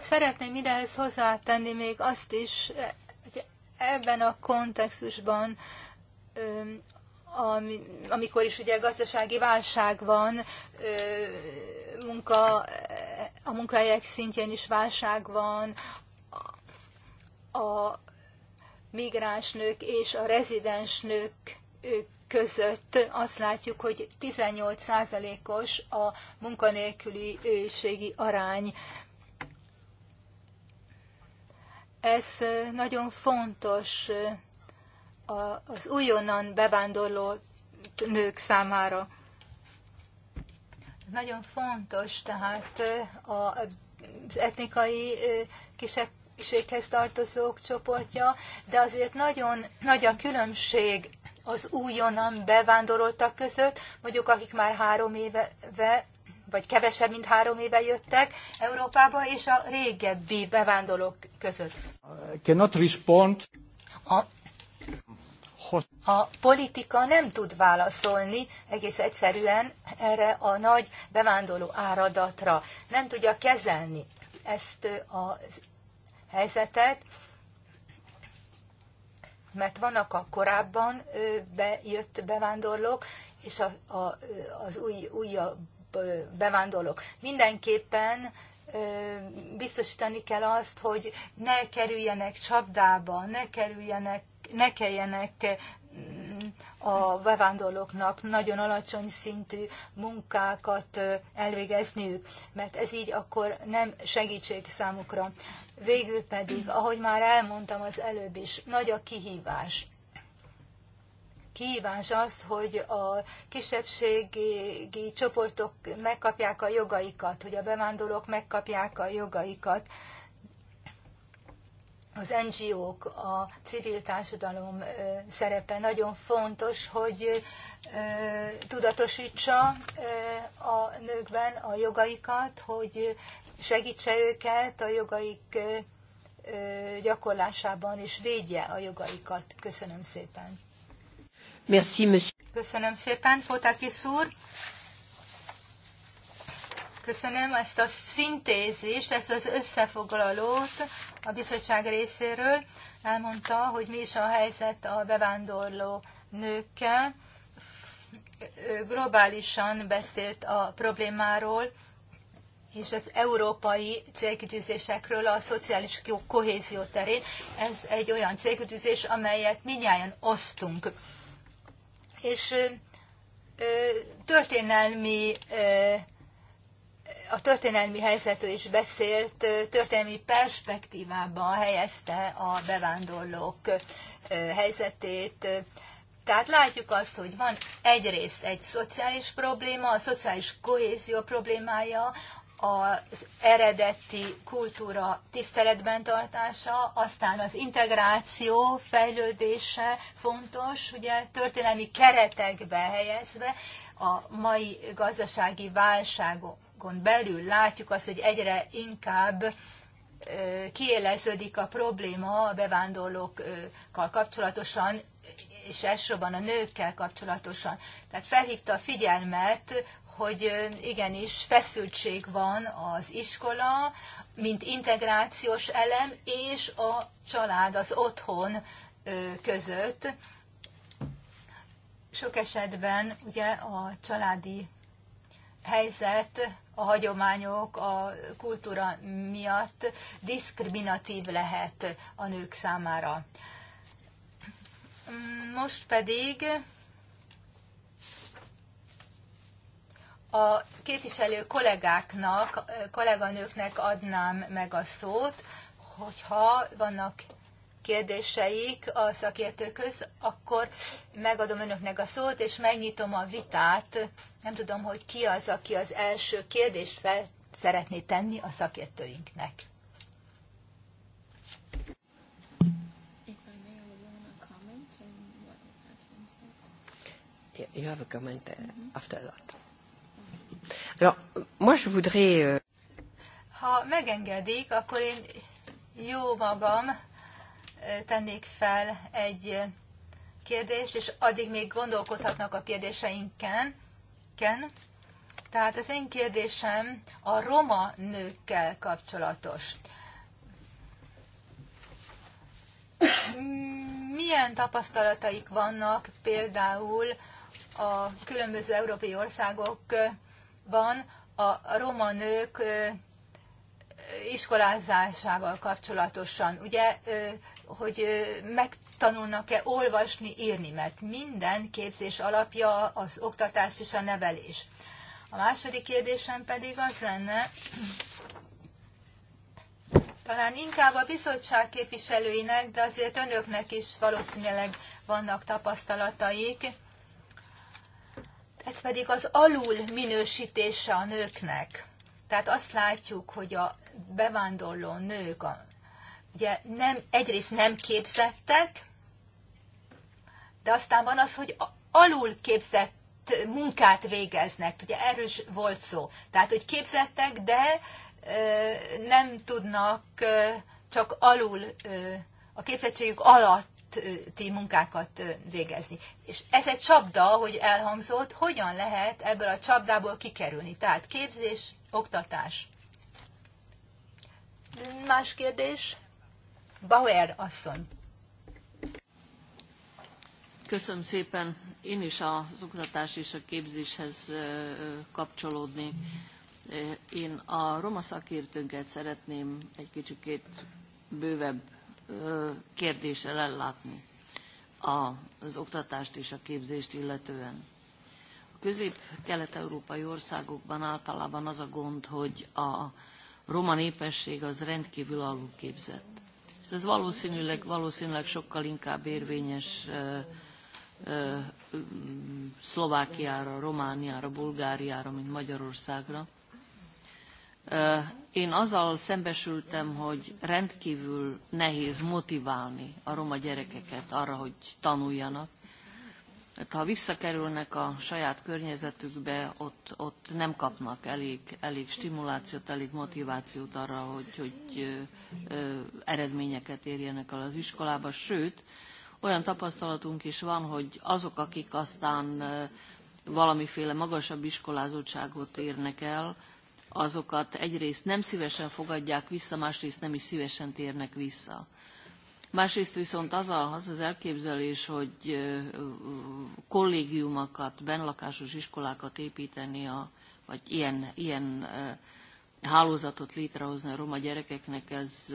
Szeretném idehez hozzátenni még azt is, hogy ebben a kontextusban, amikor is ugye gazdasági válság van, munka, a munkahelyek szintjén is válság van, a migráns nők és a rezidens nők között azt látjuk, hogy 18%-os a munkanélküli őségi arány. Ez nagyon fontos az újonnan bevándorló nők számára. Nagyon fontos tehát az etnikai kisebb kisebbséghez tartozók csoportja, de azért nagyon nagy a különbség az újonnan bevándoroltak között, mondjuk akik már három éve vagy kevesebb, mint három éve jöttek Európába, és a régebbi bevándorlók között. Cannot respond. A, a politika nem tud válaszolni egész egyszerűen erre a nagy bevándorló áradatra. Nem tudja kezelni ezt az helyzetet, mert vannak a korábban bejött bevándorlók, és a, a, az új, újabb bevándorlók. Mindenképpen biztosítani kell azt, hogy ne kerüljenek csapdába, ne kerüljenek, ne kelljenek mm, a bevándorlóknak nagyon alacsony szintű munkákat elvégezniük, mert ez így akkor nem segítség számukra. Végül pedig, ahogy már elmondtam az előbb is, nagy a kihívás. Kihívás az, hogy a kisebbségi csoportok megkapják a jogaikat, hogy a bevándorlók megkapják a jogaikat, az NGO-k, a civil társadalom szerepe nagyon fontos, hogy tudatosítsa a nőkben a jogaikat, hogy segítse őket a jogaik gyakorlásában, és védje a jogaikat. Köszönöm szépen. Merci, monsieur. Köszönöm szépen, Fotakis úr. Köszönöm ezt a szintézést, ezt az összefoglalót a bizottság részéről. Elmondta, hogy mi is a helyzet a bevándorló nőkkel. Globálisan beszélt a problémáról, és az európai célkitűzésekről a szociális kohézió terén. Ez egy olyan célkitűzés, amelyet minnyáján osztunk. És történelmi a történelmi helyzetről is beszélt, történelmi perspektívába helyezte a bevándorlók helyzetét. Tehát látjuk azt, hogy van egyrészt egy szociális probléma, a szociális kohézió problémája, az eredeti kultúra tiszteletben tartása, aztán az integráció fejlődése fontos, ugye történelmi keretekbe helyezve a mai gazdasági válságon belül látjuk azt, hogy egyre inkább kiéleződik a probléma a bevándorlókkal kapcsolatosan, és elsősorban a nőkkel kapcsolatosan. Tehát felhívta a figyelmet hogy igenis feszültség van az iskola, mint integrációs elem, és a család, az otthon között. Sok esetben ugye a családi helyzet a hagyományok, a kultúra miatt diszkriminatív lehet a nők számára. Most pedig a képviselő kollégáknak, kolléganőknek adnám meg a szót, hogyha vannak kérdéseik a szakértőköz, akkor megadom önöknek a szót, és megnyitom a vitát. Nem tudom, hogy ki az, aki az első kérdést fel szeretné tenni a szakértőinknek. You have a comment uh, after that. Alors, moi, je voudrais... Euh, ha megengedik, akkor én jó magam tennék fel egy kérdést, és addig még gondolkodhatnak a kérdéseinken. Ken. Tehát az én kérdésem a roma nőkkel kapcsolatos. Milyen tapasztalataik vannak például a különböző európai országok van a roma nők iskolázásával kapcsolatosan. Ugye, hogy megtanulnak-e olvasni, írni, mert minden képzés alapja az oktatás és a nevelés. A második kérdésem pedig az lenne, talán inkább a bizottság képviselőinek, de azért önöknek is valószínűleg vannak tapasztalataik, ez pedig az alul minősítése a nőknek. Tehát azt látjuk, hogy a bevándorló nők a, ugye nem, egyrészt nem képzettek, de aztán van az, hogy alul képzett munkát végeznek. Ugye erről is volt szó. Tehát, hogy képzettek, de ö, nem tudnak ö, csak alul, ö, a képzettségük alatt közötti munkákat végezni. És ez egy csapda, hogy elhangzott, hogyan lehet ebből a csapdából kikerülni. Tehát képzés, oktatás. Más kérdés? Bauer asszony. Köszönöm szépen. Én is az oktatás és a képzéshez kapcsolódnék. Én a roma szakértőnket szeretném egy kicsikét bővebb kérdéssel ellátni az oktatást és a képzést illetően. A közép-kelet-európai országokban általában az a gond, hogy a roma népesség az rendkívül alulképzett. És ez valószínűleg, valószínűleg sokkal inkább érvényes Szlovákiára, Romániára, Bulgáriára, mint Magyarországra. Én azzal szembesültem, hogy rendkívül nehéz motiválni a roma gyerekeket arra, hogy tanuljanak. Hát, ha visszakerülnek a saját környezetükbe, ott, ott nem kapnak elég, elég stimulációt, elég motivációt arra, hogy, hogy ö, ö, eredményeket érjenek el az iskolába. Sőt, olyan tapasztalatunk is van, hogy azok, akik aztán ö, valamiféle magasabb iskolázottságot érnek el, azokat egyrészt nem szívesen fogadják vissza, másrészt nem is szívesen térnek vissza. Másrészt viszont az, a, az az elképzelés, hogy kollégiumokat, benlakásos iskolákat építeni, a, vagy ilyen, ilyen hálózatot létrehozni a roma gyerekeknek, ez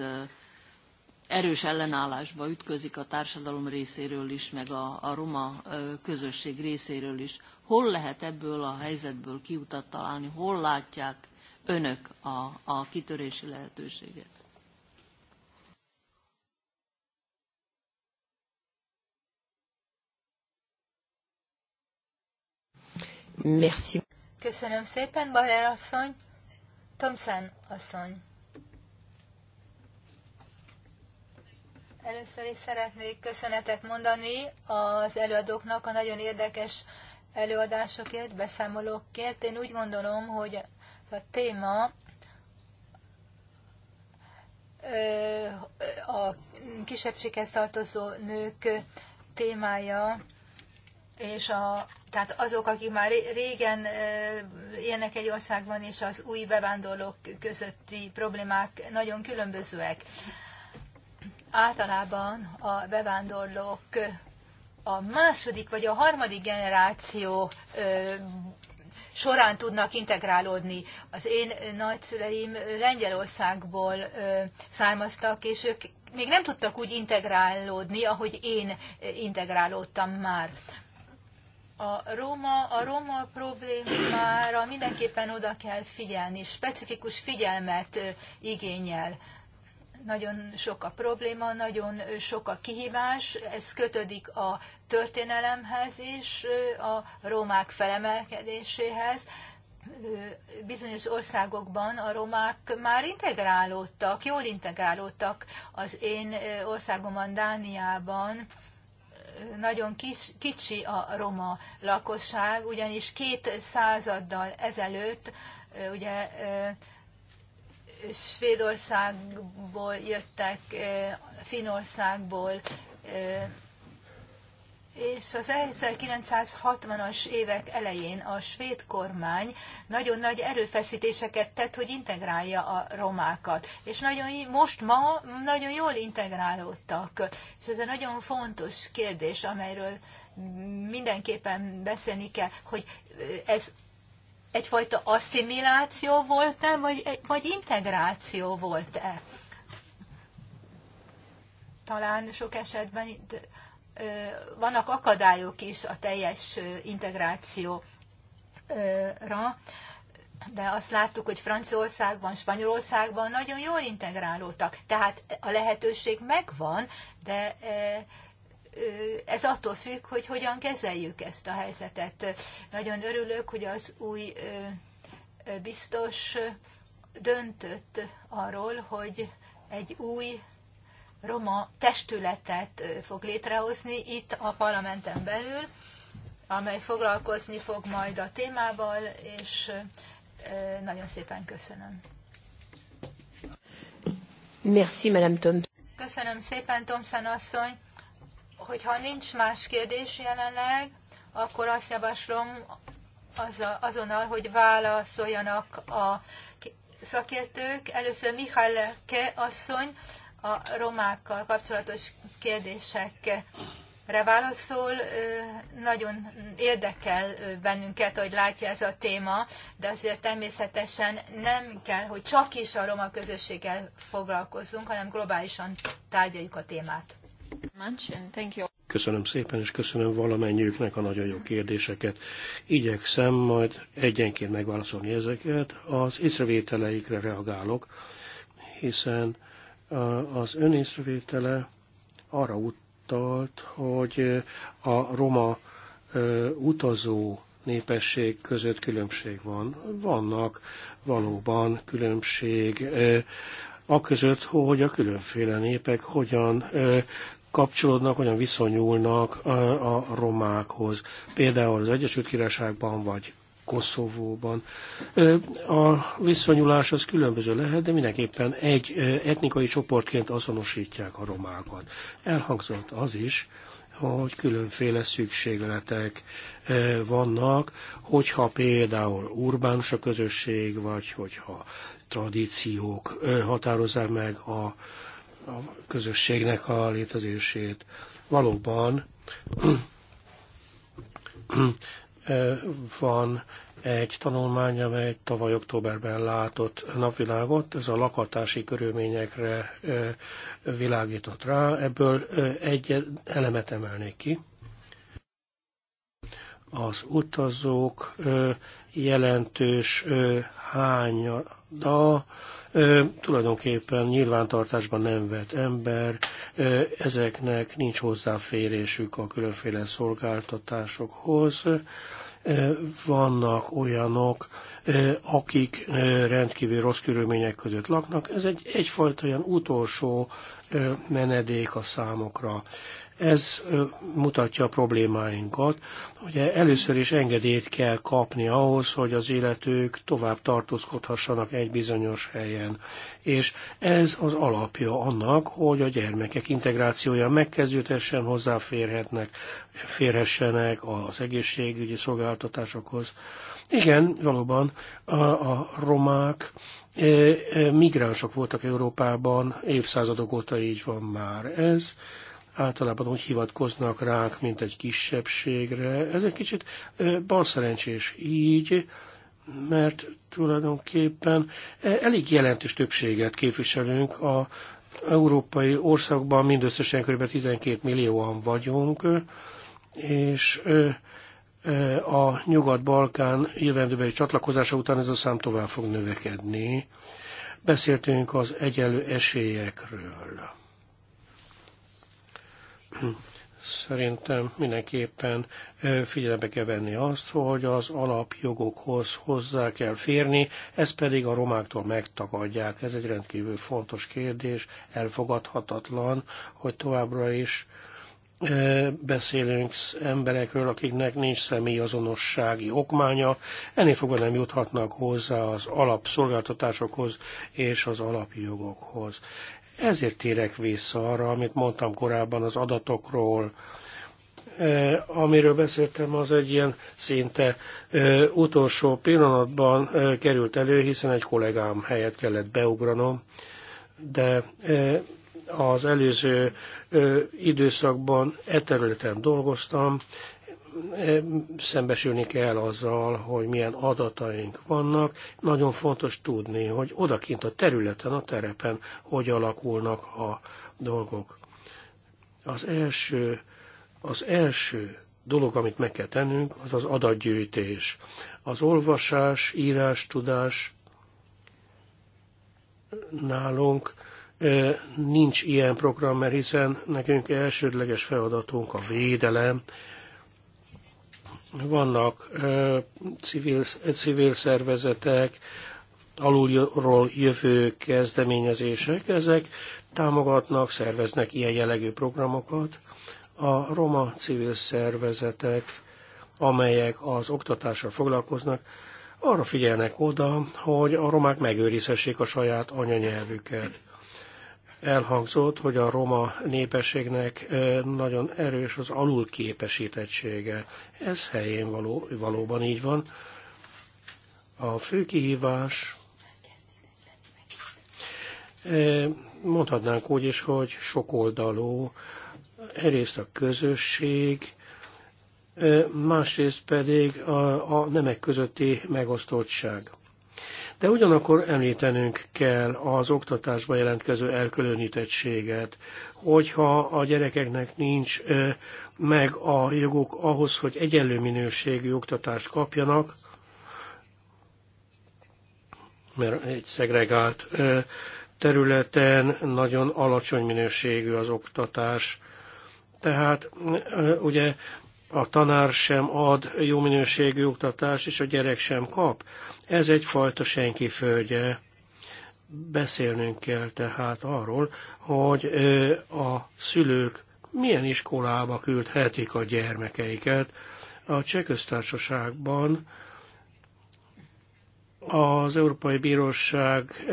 erős ellenállásba ütközik a társadalom részéről is, meg a, a roma közösség részéről is. Hol lehet ebből a helyzetből kiutat találni, hol látják önök a, a kitörési lehetőséget? Merci. Köszönöm szépen, Baler asszony. Tomszán asszony. Először is szeretnék köszönetet mondani az előadóknak a nagyon érdekes előadásokért, beszámolókért. Én úgy gondolom, hogy a téma a kisebbséghez tartozó nők témája, és a, tehát azok, akik már régen élnek egy országban, és az új bevándorlók közötti problémák nagyon különbözőek. Általában a bevándorlók a második vagy a harmadik generáció során tudnak integrálódni. Az én nagyszüleim Lengyelországból származtak, és ők még nem tudtak úgy integrálódni, ahogy én integrálódtam már. A Róma, a Róma problémára mindenképpen oda kell figyelni, specifikus figyelmet igényel nagyon sok a probléma, nagyon sok a kihívás, ez kötődik a történelemhez is, a romák felemelkedéséhez. Bizonyos országokban a romák már integrálódtak, jól integrálódtak az én országomban, Dániában nagyon kis, kicsi a roma lakosság, ugyanis két századdal ezelőtt ugye Svédországból jöttek, Finországból, és az 1960-as évek elején a svéd kormány nagyon nagy erőfeszítéseket tett, hogy integrálja a romákat. És nagyon, most ma nagyon jól integrálódtak. És ez egy nagyon fontos kérdés, amelyről mindenképpen beszélni kell, hogy ez egyfajta asszimiláció volt-e, vagy, vagy integráció volt-e? Talán sok esetben itt, ö, vannak akadályok is a teljes integrációra, de azt láttuk, hogy Franciaországban, Spanyolországban nagyon jól integrálódtak. Tehát a lehetőség megvan, de ez attól függ, hogy hogyan kezeljük ezt a helyzetet. Nagyon örülök, hogy az új biztos döntött arról, hogy egy új roma testületet fog létrehozni itt a parlamenten belül, amely foglalkozni fog majd a témával, és nagyon szépen köszönöm. Merci, Madame Thompson. Köszönöm szépen, Tomszán asszony. Hogyha nincs más kérdés jelenleg, akkor azt javaslom azonnal, hogy válaszoljanak a szakértők. Először Mihály Ke asszony a romákkal kapcsolatos kérdésekre válaszol. Nagyon érdekel bennünket, hogy látja ez a téma, de azért természetesen nem kell, hogy csak is a roma közösséggel foglalkozzunk, hanem globálisan tárgyaljuk a témát. Köszönöm szépen, és köszönöm valamennyiüknek a nagyon jó kérdéseket. Igyekszem majd egyenként megválaszolni ezeket. Az észrevételeikre reagálok, hiszen az ön észrevétele arra utalt, hogy a roma utazó népesség között különbség van. Vannak valóban különbség a között, hogy a különféle népek hogyan kapcsolódnak, hogyan viszonyulnak a romákhoz. Például az Egyesült Királyságban vagy Koszovóban. A viszonyulás az különböző lehet, de mindenképpen egy etnikai csoportként azonosítják a romákat. Elhangzott az is, hogy különféle szükségletek vannak, hogyha például urbánus a közösség, vagy hogyha tradíciók határozzák meg a a közösségnek a létezését. Valóban van egy tanulmány, amely tavaly októberben látott napvilágot, ez a lakhatási körülményekre világított rá, ebből egy elemet emelnék ki. Az utazók jelentős hányada tulajdonképpen nyilvántartásban nem vett ember, ezeknek nincs hozzáférésük a különféle szolgáltatásokhoz. Vannak olyanok, akik rendkívül rossz körülmények között laknak. Ez egy egyfajta olyan utolsó menedék a számokra. Ez mutatja a problémáinkat. Ugye először is engedélyt kell kapni ahhoz, hogy az életők tovább tartózkodhassanak egy bizonyos helyen. És ez az alapja annak, hogy a gyermekek integrációja megkezdődhessen, hozzáférhetnek, férhessenek az egészségügyi szolgáltatásokhoz. Igen, valóban a, a romák e, e, migránsok voltak Európában, évszázadok óta így van már ez általában úgy hivatkoznak ránk, mint egy kisebbségre. Ez egy kicsit balszerencsés így, mert tulajdonképpen elég jelentős többséget képviselünk a európai országban mindösszesen kb. 12 millióan vagyunk, és a Nyugat-Balkán jövendőbeli csatlakozása után ez a szám tovább fog növekedni. Beszéltünk az egyenlő esélyekről Szerintem mindenképpen figyelembe kell venni azt, hogy az alapjogokhoz hozzá kell férni, ezt pedig a romáktól megtagadják. Ez egy rendkívül fontos kérdés, elfogadhatatlan, hogy továbbra is beszélünk emberekről, akiknek nincs azonossági okmánya, ennél fogva nem juthatnak hozzá az alapszolgáltatásokhoz és az alapjogokhoz. Ezért térek vissza arra, amit mondtam korábban az adatokról, e, amiről beszéltem, az egy ilyen szinte e, utolsó pillanatban e, került elő, hiszen egy kollégám helyet kellett beugranom, de az előző időszakban e területen dolgoztam, szembesülni kell azzal, hogy milyen adataink vannak. Nagyon fontos tudni, hogy odakint a területen, a terepen hogy alakulnak a dolgok. Az első, az első dolog, amit meg kell tennünk, az az adatgyűjtés. Az olvasás, írás, tudás nálunk e, nincs ilyen program, mert hiszen nekünk elsődleges feladatunk a védelem, vannak civil, civil szervezetek, alulról jövő kezdeményezések, ezek támogatnak, szerveznek ilyen jellegű programokat. A roma civil szervezetek, amelyek az oktatással foglalkoznak, arra figyelnek oda, hogy a romák megőrizhessék a saját anyanyelvüket elhangzott, hogy a roma népességnek nagyon erős az alulképesítettsége. Ez helyén való, valóban így van. A fő kihívás mondhatnánk úgy is, hogy sokoldalú, egyrészt a közösség, másrészt pedig a, a nemek közötti megosztottság. De ugyanakkor említenünk kell az oktatásba jelentkező elkülönítettséget, hogyha a gyerekeknek nincs meg a joguk ahhoz, hogy egyenlő minőségű oktatást kapjanak, mert egy szegregált területen nagyon alacsony minőségű az oktatás. Tehát ugye a tanár sem ad jó minőségű oktatást, és a gyerek sem kap. Ez egyfajta senki földje. Beszélnünk kell tehát arról, hogy a szülők milyen iskolába küldhetik a gyermekeiket. A Csehköztársaságban az Európai Bíróság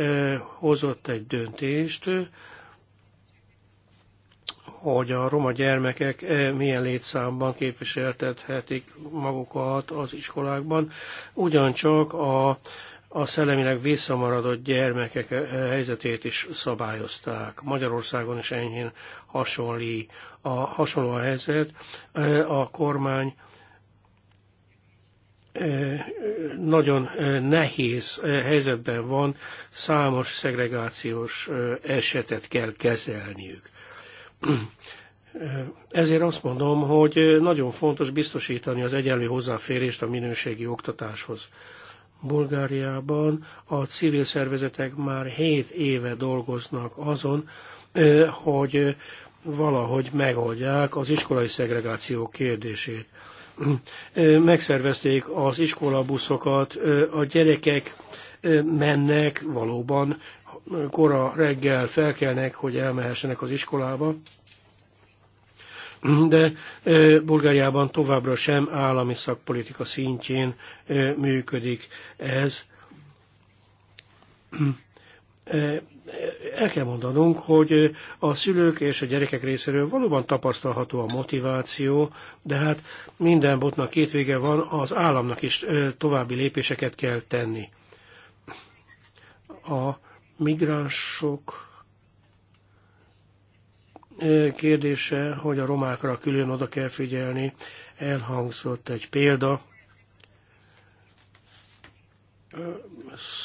hozott egy döntést, hogy a roma gyermekek eh, milyen létszámban képviseltethetik magukat az iskolákban, ugyancsak a, a szellemileg visszamaradott gyermekek eh, helyzetét is szabályozták. Magyarországon is enyhén hasonlí a, hasonló a helyzet. Eh, a kormány nagyon nehéz helyzetben van, számos szegregációs esetet kell kezelniük. Ezért azt mondom, hogy nagyon fontos biztosítani az egyenlő hozzáférést a minőségi oktatáshoz. Bulgáriában a civil szervezetek már 7 éve dolgoznak azon, hogy valahogy megoldják az iskolai szegregáció kérdését. Megszervezték az iskolabuszokat, a gyerekek mennek valóban kora reggel felkelnek, hogy elmehessenek az iskolába, de Bulgáriában továbbra sem állami szakpolitika szintjén működik ez. El kell mondanunk, hogy a szülők és a gyerekek részéről valóban tapasztalható a motiváció, de hát minden botnak két vége van, az államnak is további lépéseket kell tenni. A migránsok kérdése, hogy a romákra külön oda kell figyelni, elhangzott egy példa,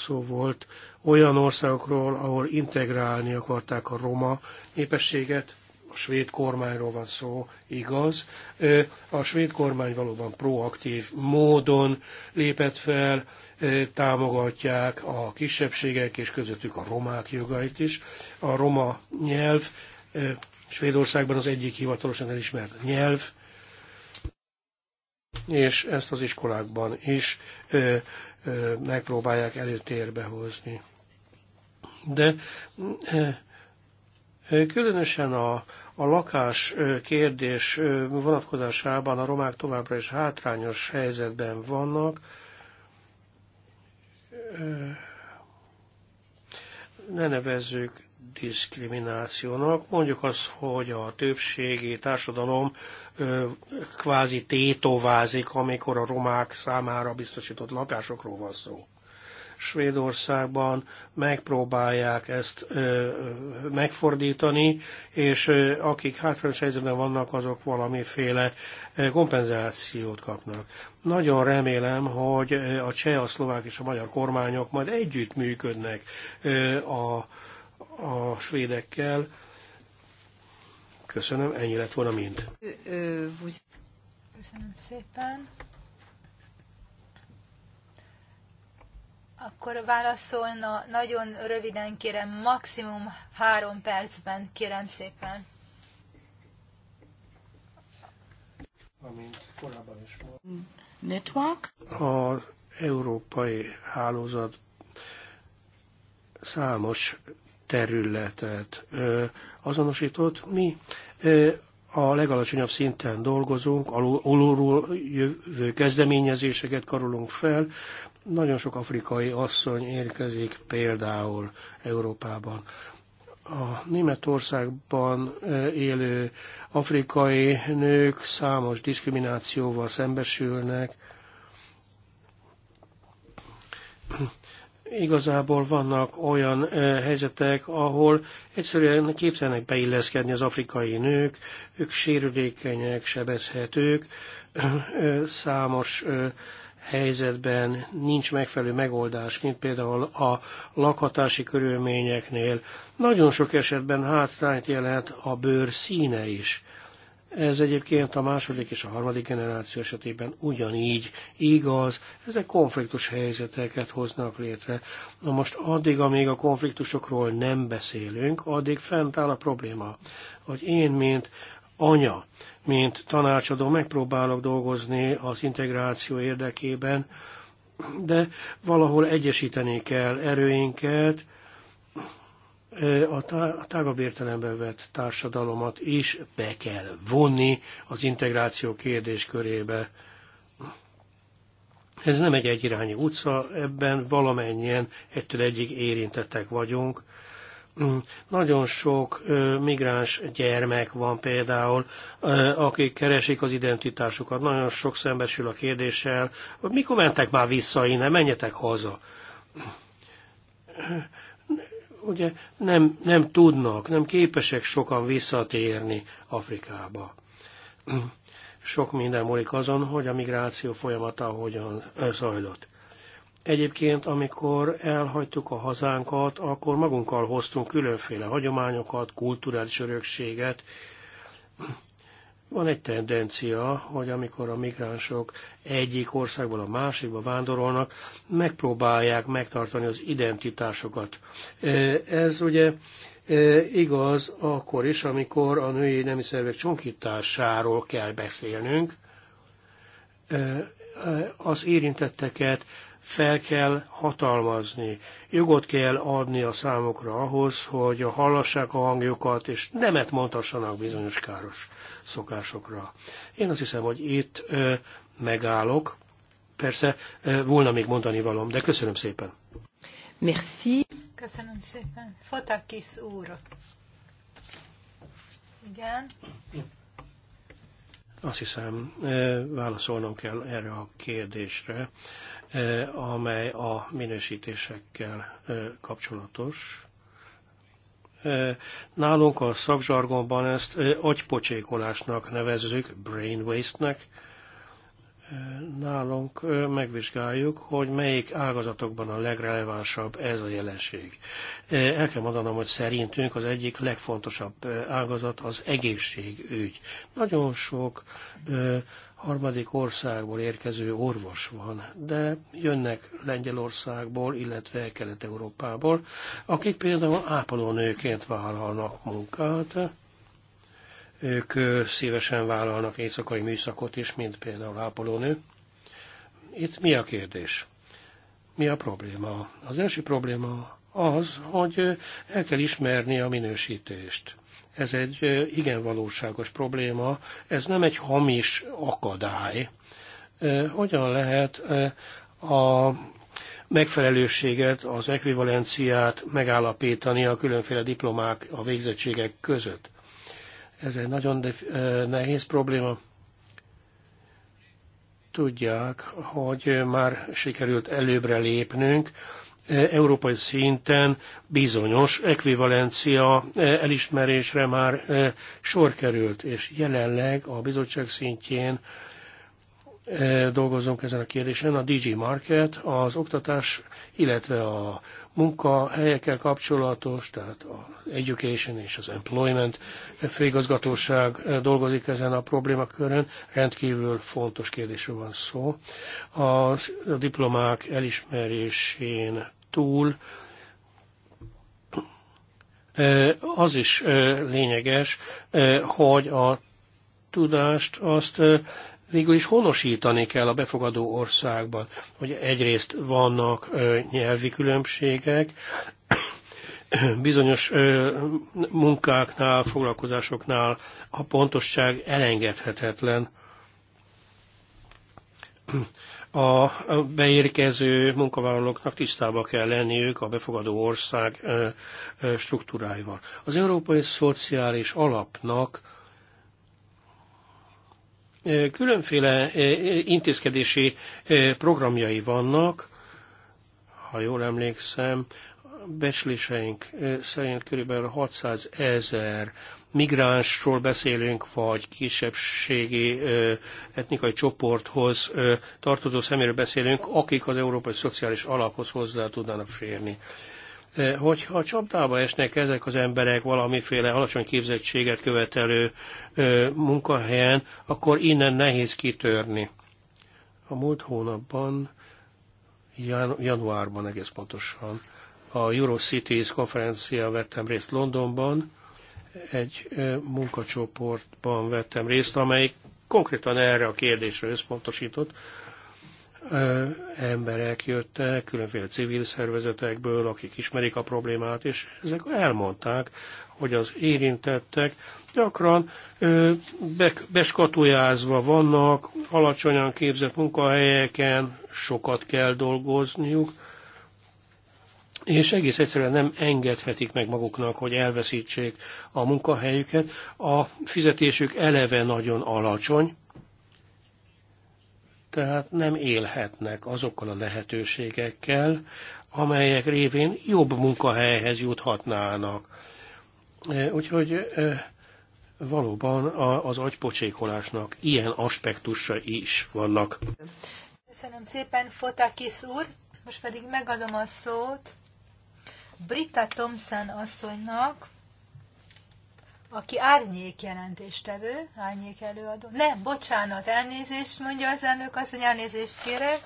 szó volt olyan országokról, ahol integrálni akarták a roma népességet, a svéd kormányról van szó, igaz. A svéd kormány valóban proaktív módon lépett fel, támogatják a kisebbségek és közöttük a romák jogait is. A roma nyelv Svédországban az egyik hivatalosan elismert nyelv, és ezt az iskolákban is megpróbálják előtérbe hozni. De különösen a, a lakás kérdés vonatkozásában a romák továbbra is hátrányos helyzetben vannak. Ne nevezzük diszkriminációnak. Mondjuk az, hogy a többségi társadalom kvázi tétovázik, amikor a romák számára biztosított lakásokról van szó. Svédországban megpróbálják ezt ö, megfordítani, és ö, akik hátrányos helyzetben vannak, azok valamiféle ö, kompenzációt kapnak. Nagyon remélem, hogy a cseh, a szlovák és a magyar kormányok majd működnek ö, a, a svédekkel. Köszönöm, ennyi lett volna mind. Köszönöm szépen. akkor válaszolna nagyon röviden, kérem, maximum három percben, kérem szépen. Amint korábban is Network? Az európai hálózat számos területet azonosított. Mi a legalacsonyabb szinten dolgozunk, alulról jövő kezdeményezéseket karolunk fel, nagyon sok afrikai asszony érkezik például Európában. A Németországban e, élő afrikai nők számos diszkriminációval szembesülnek. Igazából vannak olyan e, helyzetek, ahol egyszerűen képtelenek beilleszkedni az afrikai nők, ők sérülékenyek, sebezhetők, e, számos helyzetben nincs megfelelő megoldás, mint például a lakhatási körülményeknél. Nagyon sok esetben hátrányt jelent a bőr színe is. Ez egyébként a második és a harmadik generáció esetében ugyanígy igaz. Ezek konfliktus helyzeteket hoznak létre. Na most addig, amíg a konfliktusokról nem beszélünk, addig fent áll a probléma, hogy én, mint anya, mint tanácsadó megpróbálok dolgozni az integráció érdekében, de valahol egyesíteni kell erőinket, a tágabb értelemben vett társadalomat is be kell vonni az integráció kérdéskörébe. Ez nem egy egyirányú utca, ebben valamennyien ettől egyik érintettek vagyunk. Mm. Nagyon sok migráns gyermek van például, akik keresik az identitásukat. Nagyon sok szembesül a kérdéssel, hogy mikor mentek már vissza innen, menjetek haza. Ugye nem, nem tudnak, nem képesek sokan visszatérni Afrikába sok minden múlik azon, hogy a migráció folyamata hogyan zajlott. Egyébként, amikor elhagytuk a hazánkat, akkor magunkkal hoztunk különféle hagyományokat, kulturális örökséget. Van egy tendencia, hogy amikor a migránsok egyik országból a másikba vándorolnak, megpróbálják megtartani az identitásokat. Ez ugye igaz akkor is, amikor a női nemi szervek csonkításáról kell beszélnünk, az érintetteket fel kell hatalmazni. Jogot kell adni a számokra ahhoz, hogy hallassák a hangjukat, és nemet mondhassanak bizonyos káros szokásokra. Én azt hiszem, hogy itt ö, megállok. Persze ö, volna még mondani de köszönöm szépen. Merci. Köszönöm szépen. Fotakis úr. Igen. Azt hiszem, válaszolnom kell erre a kérdésre. Eh, amely a minősítésekkel eh, kapcsolatos. Eh, nálunk a szakzsargonban ezt agypocsékolásnak nevezzük, brain waste-nek. Nálunk megvizsgáljuk, hogy melyik ágazatokban a legrelevánsabb ez a jelenség. El kell mondanom, hogy szerintünk az egyik legfontosabb ágazat az egészségügy. Nagyon sok harmadik országból érkező orvos van, de jönnek Lengyelországból, illetve Kelet-Európából, akik például ápolónőként vállalnak munkát, ők szívesen vállalnak éjszakai műszakot is, mint például ápolónő. Itt mi a kérdés? Mi a probléma? Az első probléma az, hogy el kell ismerni a minősítést ez egy igen valóságos probléma, ez nem egy hamis akadály. Hogyan lehet a megfelelőséget, az ekvivalenciát megállapítani a különféle diplomák, a végzettségek között? Ez egy nagyon nehéz probléma tudják, hogy már sikerült előbbre lépnünk E, európai szinten bizonyos ekvivalencia e, elismerésre már e, sor került, és jelenleg a bizottság szintjén E, dolgozunk ezen a kérdésen. A DG Market az oktatás, illetve a munkahelyekkel kapcsolatos, tehát az Education és az Employment főigazgatóság e, dolgozik ezen a problémakörön. Rendkívül fontos kérdésről van szó. A diplomák elismerésén túl e, az is lényeges, hogy a tudást azt végül is honosítani kell a befogadó országban, hogy egyrészt vannak nyelvi különbségek, bizonyos munkáknál, foglalkozásoknál a pontosság elengedhetetlen. A beérkező munkavállalóknak tisztába kell lenniük a befogadó ország struktúráival. Az Európai Szociális Alapnak Különféle intézkedési programjai vannak, ha jól emlékszem, becsléseink szerint körülbelül 600 ezer migránsról beszélünk, vagy kisebbségi etnikai csoporthoz tartozó szeméről beszélünk, akik az Európai Szociális Alaphoz hozzá tudnának férni. Eh, hogyha a csapdába esnek ezek az emberek valamiféle alacsony képzettséget követelő eh, munkahelyen, akkor innen nehéz kitörni. A múlt hónapban, januárban egész pontosan, a Eurocities konferencia vettem részt Londonban, egy eh, munkacsoportban vettem részt, amelyik konkrétan erre a kérdésre összpontosított, emberek jöttek, különféle civil szervezetekből, akik ismerik a problémát, és ezek elmondták, hogy az érintettek gyakran beskatujázva vannak, alacsonyan képzett munkahelyeken, sokat kell dolgozniuk, és egész egyszerűen nem engedhetik meg maguknak, hogy elveszítsék a munkahelyüket. A fizetésük eleve nagyon alacsony, tehát nem élhetnek azokkal a lehetőségekkel, amelyek révén jobb munkahelyhez juthatnának. E, úgyhogy e, valóban az agypocsékolásnak ilyen aspektusa is vannak. Köszönöm szépen, Fotakis úr. Most pedig megadom a szót Britta Thompson asszonynak, aki árnyék jelentéstevő, árnyék előadó. Nem, bocsánat, elnézést mondja az elnök, azt, mondja, elnézést kérek.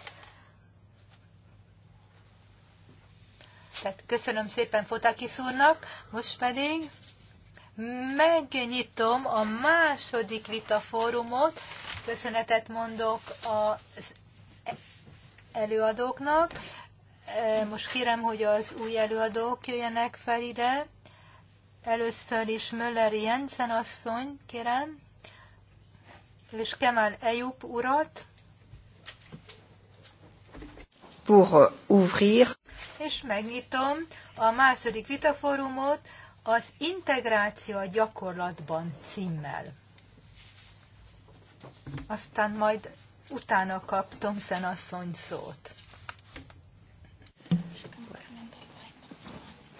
Tehát köszönöm szépen Fotakis úrnak, most pedig megnyitom a második vita fórumot. köszönetet mondok az előadóknak. Most kérem, hogy az új előadók jöjjenek fel ide. Először is Möller Jensen asszony, kérem, és Kemal Ejup urat. Pour euh, ouvrir. És megnyitom a második vitaforumot az integráció a gyakorlatban címmel. Aztán majd utána kap Tomszen asszony szót.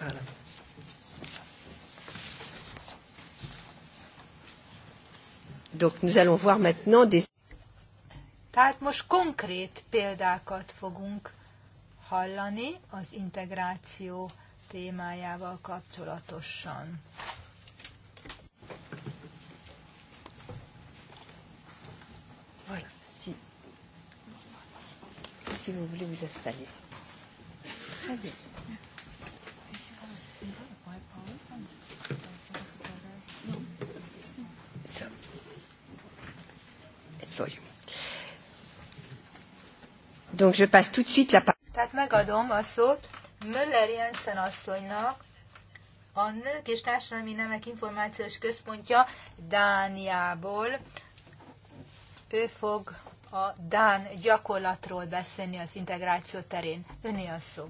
Köszönöm. Donc nous allons voir maintenant des... Tehát most konkrét példákat fogunk hallani az integráció témájával kapcsolatosan. Voilà. Si, si vous voulez vous installer. Très bien. Donc je passe tout de suite la Tehát megadom a szót Möller Jensen asszonynak, a Nők és Társadalmi Nemek Információs Központja Dániából. Ő fog a Dán gyakorlatról beszélni az integráció terén. Öné a szó.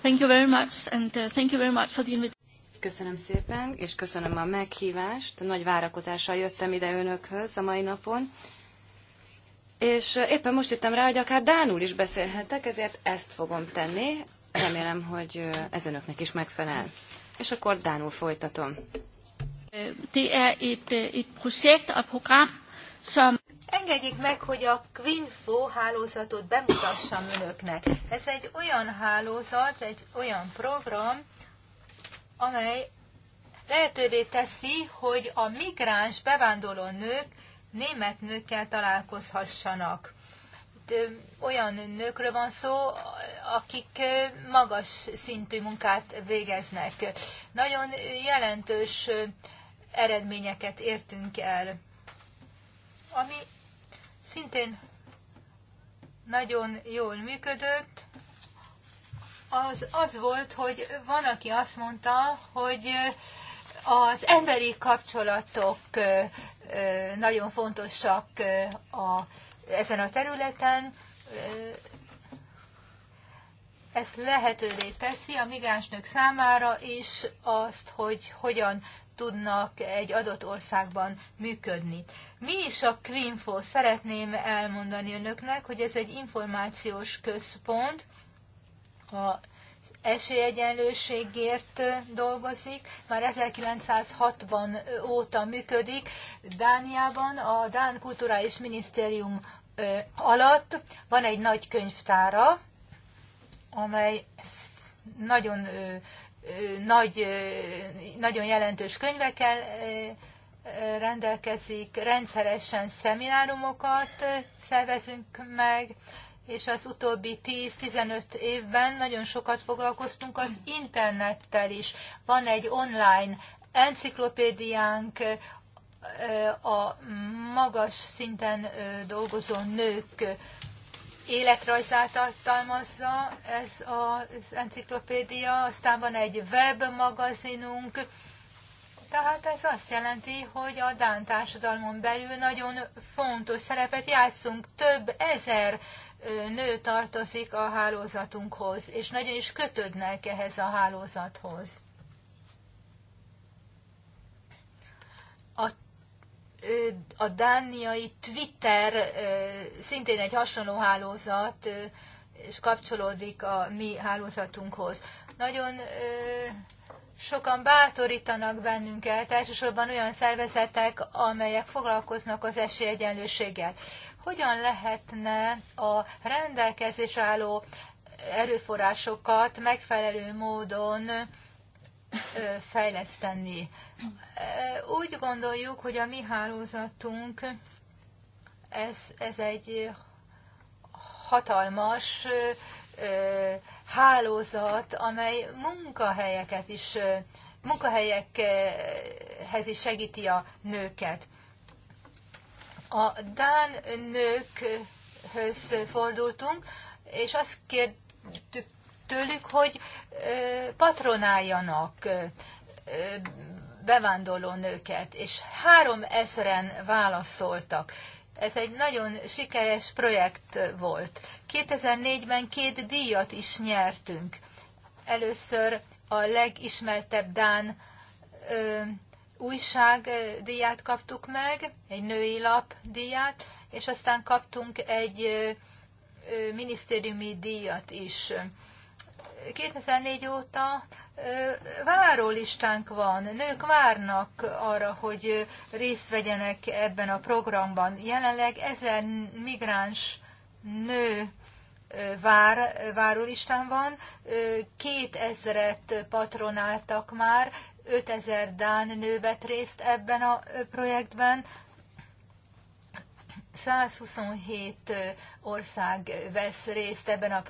Thank you very much, and uh, thank you very much for the invitation. Köszönöm szépen, és köszönöm a meghívást. Nagy várakozással jöttem ide önökhöz a mai napon. És éppen most jöttem rá, hogy akár Dánul is beszélhetek, ezért ezt fogom tenni. Remélem, hogy ez önöknek is megfelel. És akkor Dánul folytatom. Det er et, øh, et projekt og program, som Engedjék meg, hogy a Quinfo hálózatot bemutassam önöknek. Ez egy olyan hálózat, egy olyan program, amely lehetővé teszi, hogy a migráns bevándorló nők német nőkkel találkozhassanak. Olyan nőkről van szó, akik magas szintű munkát végeznek. Nagyon jelentős eredményeket értünk el, ami szintén nagyon jól működött, az, az volt, hogy van, aki azt mondta, hogy az emberi kapcsolatok nagyon fontosak a, ezen a területen. Ez lehetővé teszi a migránsnők számára is azt, hogy hogyan tudnak egy adott országban működni. Mi is a Quinfo? Szeretném elmondani önöknek, hogy ez egy információs központ a esélyegyenlőségért dolgozik, már 1960 óta működik Dániában, a Dán Kulturális Minisztérium alatt van egy nagy könyvtára, amely nagyon nagy, nagyon jelentős könyvekkel rendelkezik, rendszeresen szemináriumokat szervezünk meg, és az utóbbi 10-15 évben nagyon sokat foglalkoztunk az internettel is. Van egy online enciklopédiánk, a magas szinten dolgozó nők életrajzát tartalmazza ez az enciklopédia, aztán van egy webmagazinunk, tehát ez azt jelenti, hogy a Dán társadalmon belül nagyon fontos szerepet játszunk. Több ezer nő tartozik a hálózatunkhoz, és nagyon is kötődnek ehhez a hálózathoz. A, a dániai Twitter szintén egy hasonló hálózat, és kapcsolódik a mi hálózatunkhoz. Nagyon sokan bátorítanak bennünket, elsősorban olyan szervezetek, amelyek foglalkoznak az esélyegyenlőséggel. Hogyan lehetne a rendelkezés álló erőforrásokat megfelelő módon fejleszteni? Úgy gondoljuk, hogy a mi hálózatunk ez, ez egy hatalmas hálózat, amely munkahelyeket is, munkahelyekhez is segíti a nőket. A Dán nőkhöz fordultunk, és azt kértük tőlük, hogy patronáljanak bevándorló nőket, és három ezeren válaszoltak. Ez egy nagyon sikeres projekt volt. 2004-ben két díjat is nyertünk. Először a legismertebb Dán ö, újság díját kaptuk meg, egy női lap díját, és aztán kaptunk egy ö, minisztériumi díjat is. 2004 óta várólistánk van, nők várnak arra, hogy részt vegyenek ebben a programban. Jelenleg ezer migráns nő vár, várólistán van, két ezeret patronáltak már, 5000 dán nő vett részt ebben a projektben, 127 ország vesz részt ebben a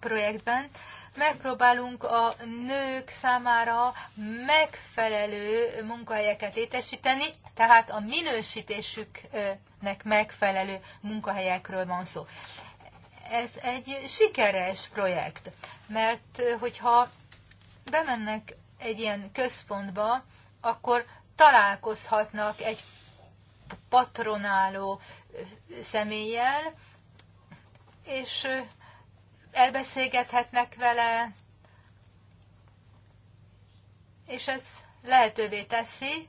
projektben megpróbálunk a nők számára megfelelő munkahelyeket létesíteni, tehát a minősítésüknek megfelelő munkahelyekről van szó. Ez egy sikeres projekt, mert hogyha bemennek egy ilyen központba, akkor találkozhatnak egy patronáló személlyel, és elbeszélgethetnek vele, és ez lehetővé teszi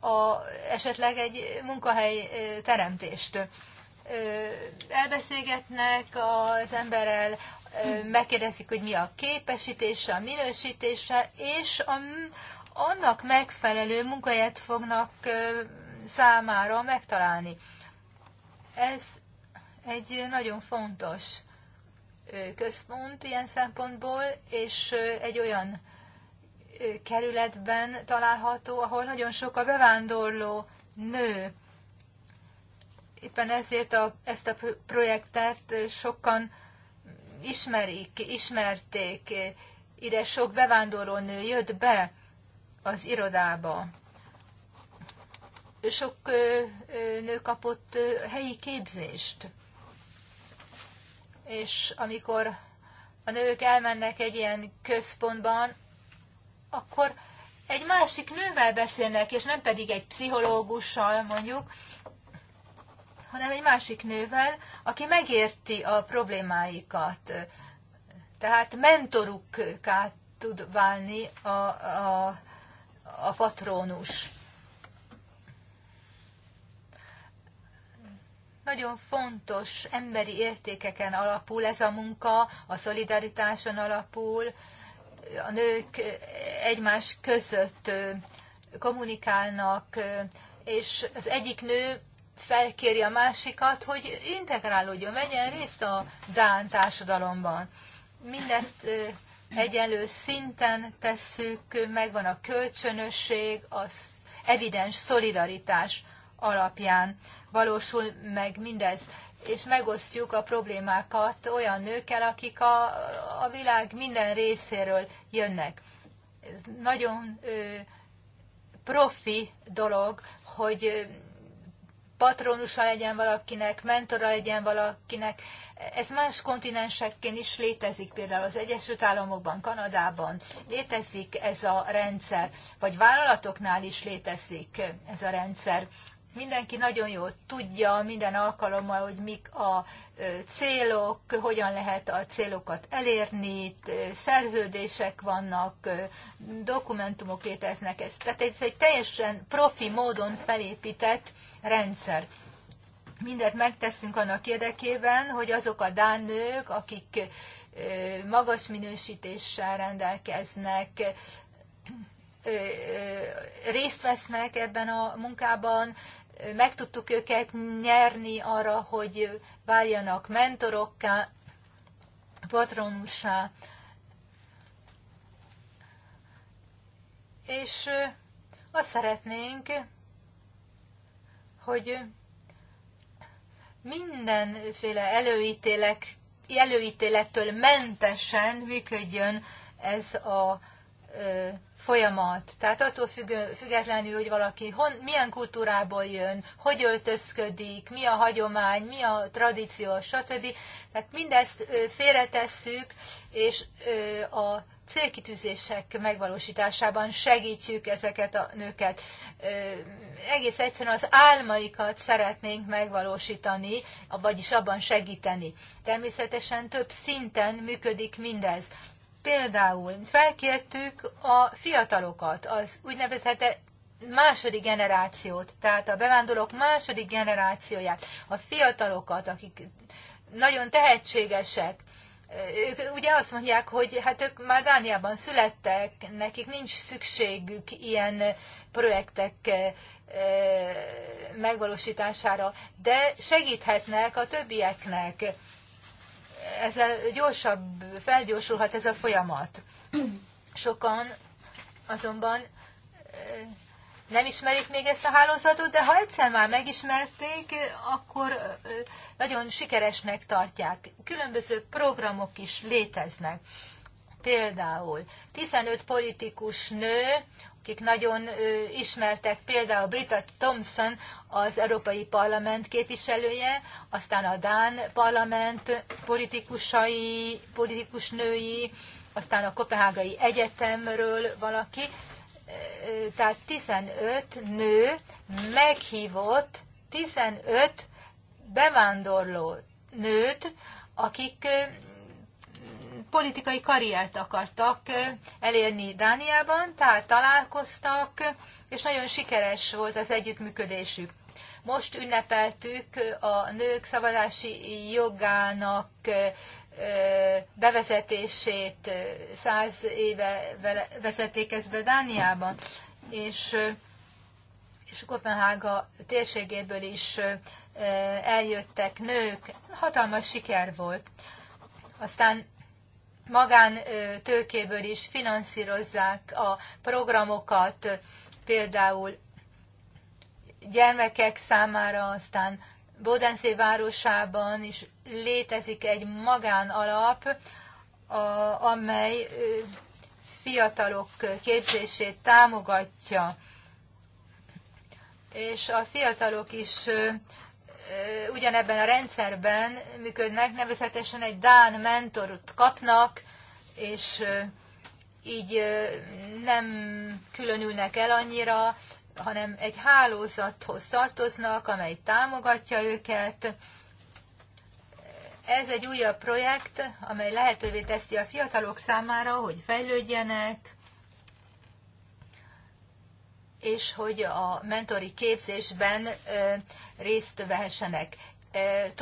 a, esetleg egy munkahely teremtést. Elbeszélgetnek az emberrel, megkérdezik, hogy mi a képesítése, a minősítése, és a, annak megfelelő munkahelyet fognak számára megtalálni. Ez egy nagyon fontos központ ilyen szempontból, és egy olyan kerületben található, ahol nagyon sok a bevándorló nő. Éppen ezért a, ezt a projektet sokan ismerik, ismerték. Ide sok bevándorló nő jött be az irodába. Sok nő kapott helyi képzést és amikor a nők elmennek egy ilyen központban, akkor egy másik nővel beszélnek, és nem pedig egy pszichológussal mondjuk, hanem egy másik nővel, aki megérti a problémáikat. Tehát mentorukká tud válni a, a, a patrónus. Nagyon fontos emberi értékeken alapul ez a munka, a szolidaritáson alapul, a nők egymás között kommunikálnak, és az egyik nő felkéri a másikat, hogy integrálódjon, vegyen részt a Dán társadalomban. Mindezt egyenlő szinten tesszük, megvan a kölcsönösség, az evidens szolidaritás alapján valósul meg mindez, és megosztjuk a problémákat olyan nőkkel, akik a, a világ minden részéről jönnek. Ez nagyon ö, profi dolog, hogy patronusa legyen valakinek, mentora legyen valakinek. Ez más kontinensekken is létezik, például az Egyesült Államokban, Kanadában létezik ez a rendszer, vagy vállalatoknál is létezik ez a rendszer mindenki nagyon jól tudja minden alkalommal, hogy mik a célok, hogyan lehet a célokat elérni, szerződések vannak, dokumentumok léteznek. Ez, tehát ez egy teljesen profi módon felépített rendszer. Mindent megteszünk annak érdekében, hogy azok a dán nők, akik magas minősítéssel rendelkeznek, részt vesznek ebben a munkában, meg tudtuk őket nyerni arra, hogy váljanak mentorokká, patronussá. És azt szeretnénk, hogy mindenféle előítélek, előítélettől mentesen működjön ez a folyamat. Tehát attól függő, függetlenül, hogy valaki hon, milyen kultúrából jön, hogy öltözködik, mi a hagyomány, mi a tradíció, stb. Tehát mindezt félretesszük, és a célkitűzések megvalósításában segítjük ezeket a nőket. Egész egyszerűen az álmaikat szeretnénk megvalósítani, vagyis abban segíteni. Természetesen több szinten működik mindez. Például felkértük a fiatalokat, az úgynevezett második generációt, tehát a bevándorlók második generációját, a fiatalokat, akik nagyon tehetségesek, ők ugye azt mondják, hogy hát ők már Dániában születtek, nekik nincs szükségük ilyen projektek megvalósítására, de segíthetnek a többieknek a gyorsabb, felgyorsulhat ez a folyamat. Sokan azonban nem ismerik még ezt a hálózatot, de ha egyszer már megismerték, akkor nagyon sikeresnek tartják. Különböző programok is léteznek. Például 15 politikus nő akik nagyon ismertek, például Brita Thompson, az Európai Parlament képviselője, aztán a Dán parlament politikusai, politikus női, aztán a Kopenhágai Egyetemről valaki, tehát 15 nő meghívott 15 bevándorló nőt, akik politikai karriert akartak elérni Dániában, tehát találkoztak, és nagyon sikeres volt az együttműködésük. Most ünnepeltük a nők szavazási jogának bevezetését, száz éve vezették ezt be Dániában, és, és Kopenhága térségéből is eljöttek nők, hatalmas siker volt. Aztán magántőkéből is finanszírozzák a programokat, például gyermekek számára, aztán Bodensé városában is létezik egy magánalap, a, amely fiatalok képzését támogatja, és a fiatalok is ugyanebben a rendszerben működnek, nevezetesen egy Dán mentorot kapnak, és így nem különülnek el annyira, hanem egy hálózathoz tartoznak, amely támogatja őket. Ez egy újabb projekt, amely lehetővé teszi a fiatalok számára, hogy fejlődjenek, és hogy a mentori képzésben részt vehessenek.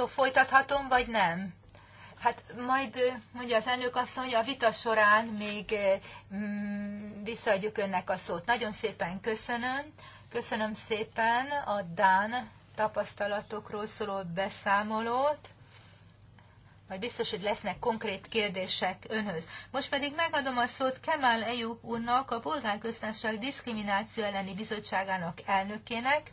Folytathatom, vagy nem? Hát majd mondja az elnök asszony, hogy a vita során még mm, visszaadjuk önnek a szót. Nagyon szépen köszönöm. Köszönöm szépen a Dán tapasztalatokról szóló beszámolót majd biztos, hogy lesznek konkrét kérdések önhöz. Most pedig megadom a szót Kemal Ejuk úrnak, a Polgár Köztársaság Diszkrimináció elleni bizottságának elnökének.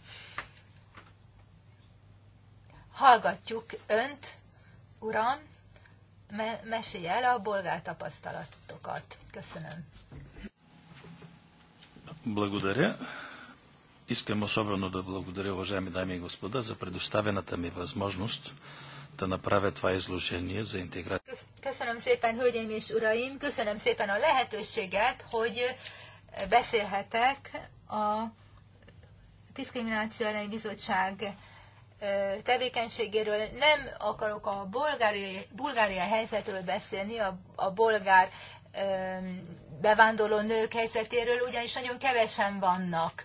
Hallgatjuk önt, uram, me- mesélj el a bolgár tapasztalatokat. Köszönöm. Благодаря. Искам особено да благодаря, уважаеми дами и господа, за предоставената ми възможност да това изложение за интеграция. Köszönöm szépen, hölgyeim és uraim, köszönöm szépen a lehetőséget, hogy e, beszélhetek a Diszkrimináció elleni bizottság e, tevékenységéről. Nem akarok a bulgári, bulgária helyzetről beszélni, a, a bolgár e, bevándorló nők helyzetéről, ugyanis nagyon kevesen vannak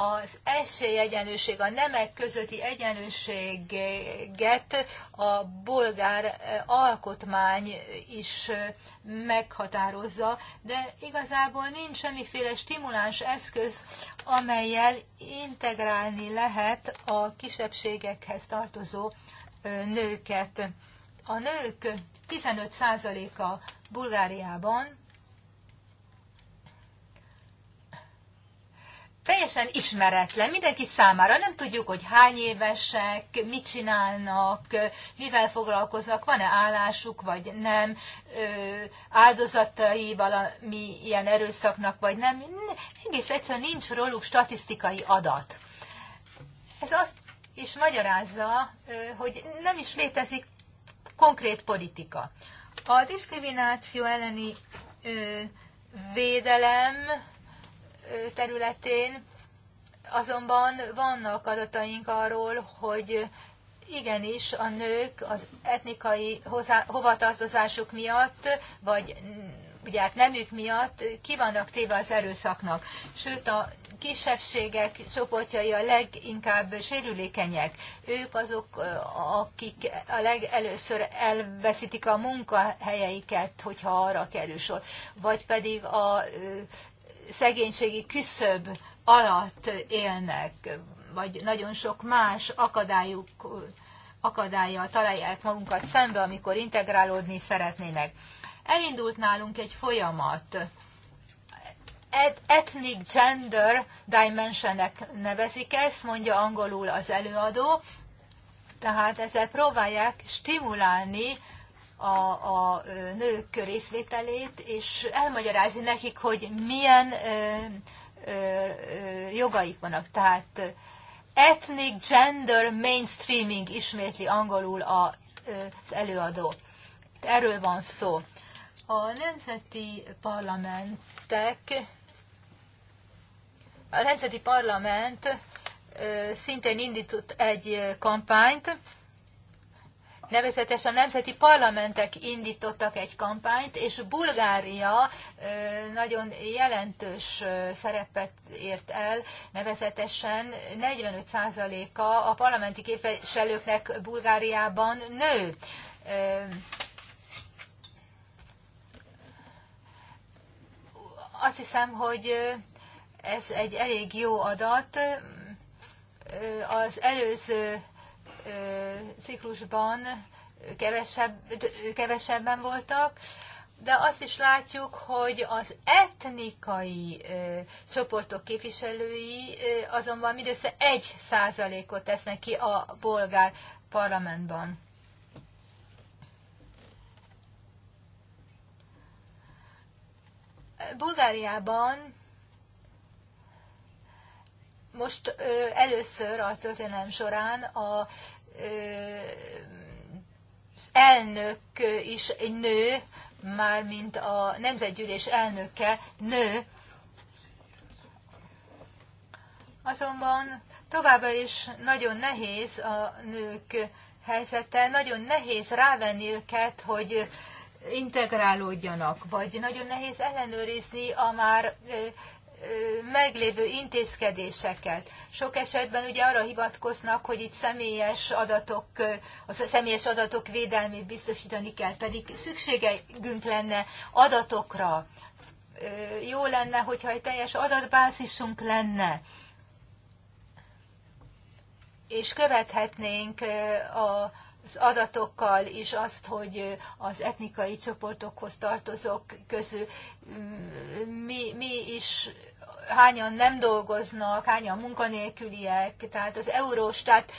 az esélyegyenlőség, a nemek közötti egyenlőséget a bolgár eh, alkotmány is eh, meghatározza, de igazából nincs semmiféle stimuláns eszköz, amelyel integrálni lehet a kisebbségekhez tartozó eh, nőket. A nők 15%-a Bulgáriában teljesen ismeretlen mindenki számára. Nem tudjuk, hogy hány évesek, mit csinálnak, mivel foglalkoznak, van-e állásuk, vagy nem, áldozatai valami ilyen erőszaknak, vagy nem. Egész egyszerűen nincs róluk statisztikai adat. Ez azt is magyarázza, hogy nem is létezik konkrét politika. A diszkrimináció elleni védelem területén, azonban vannak adataink arról, hogy igenis a nők az etnikai hozzá, hovatartozásuk miatt, vagy ugye hát nemük miatt ki vannak téve az erőszaknak. Sőt, a kisebbségek csoportjai a leginkább sérülékenyek. Ők azok, akik a legelőször elveszítik a munkahelyeiket, hogyha arra kerül sor. Vagy pedig a szegénységi küszöb alatt élnek, vagy nagyon sok más akadályuk, akadályjal találják magunkat szembe, amikor integrálódni szeretnének. Elindult nálunk egy folyamat, Ethnic Gender Dimensionnek nevezik ezt, mondja angolul az előadó, tehát ezzel próbálják stimulálni a, a nők részvételét, és elmagyarázni nekik, hogy milyen ö, ö, jogaik vannak. Tehát ethnic gender mainstreaming ismétli angolul a, az előadó. Erről van szó. A nemzeti parlamentek, a nemzeti parlament szintén indított egy kampányt, Nevezetes a nemzeti parlamentek indítottak egy kampányt, és Bulgária nagyon jelentős szerepet ért el, nevezetesen 45%-a a parlamenti képviselőknek Bulgáriában nő. Azt hiszem, hogy ez egy elég jó adat. Az előző ciklusban kevesebb, kevesebben voltak, de azt is látjuk, hogy az etnikai ö, csoportok képviselői ö, azonban mindössze egy százalékot tesznek ki a bolgár parlamentban. Bulgáriában most ö, először a történelem során a elnök is egy nő, mármint a nemzetgyűlés elnöke nő. Azonban továbbra is nagyon nehéz a nők helyzete, nagyon nehéz rávenni őket, hogy integrálódjanak, vagy nagyon nehéz ellenőrizni a már meglévő intézkedéseket. Sok esetben ugye arra hivatkoznak, hogy itt személyes adatok, a személyes adatok védelmét biztosítani kell, pedig szükségünk lenne adatokra. Jó lenne, hogyha egy teljes adatbázisunk lenne, és követhetnénk a az adatokkal is azt, hogy az etnikai csoportokhoz tartozók közül mm, mi, mi is hányan nem dolgoznak, hányan munkanélküliek, tehát az euróstát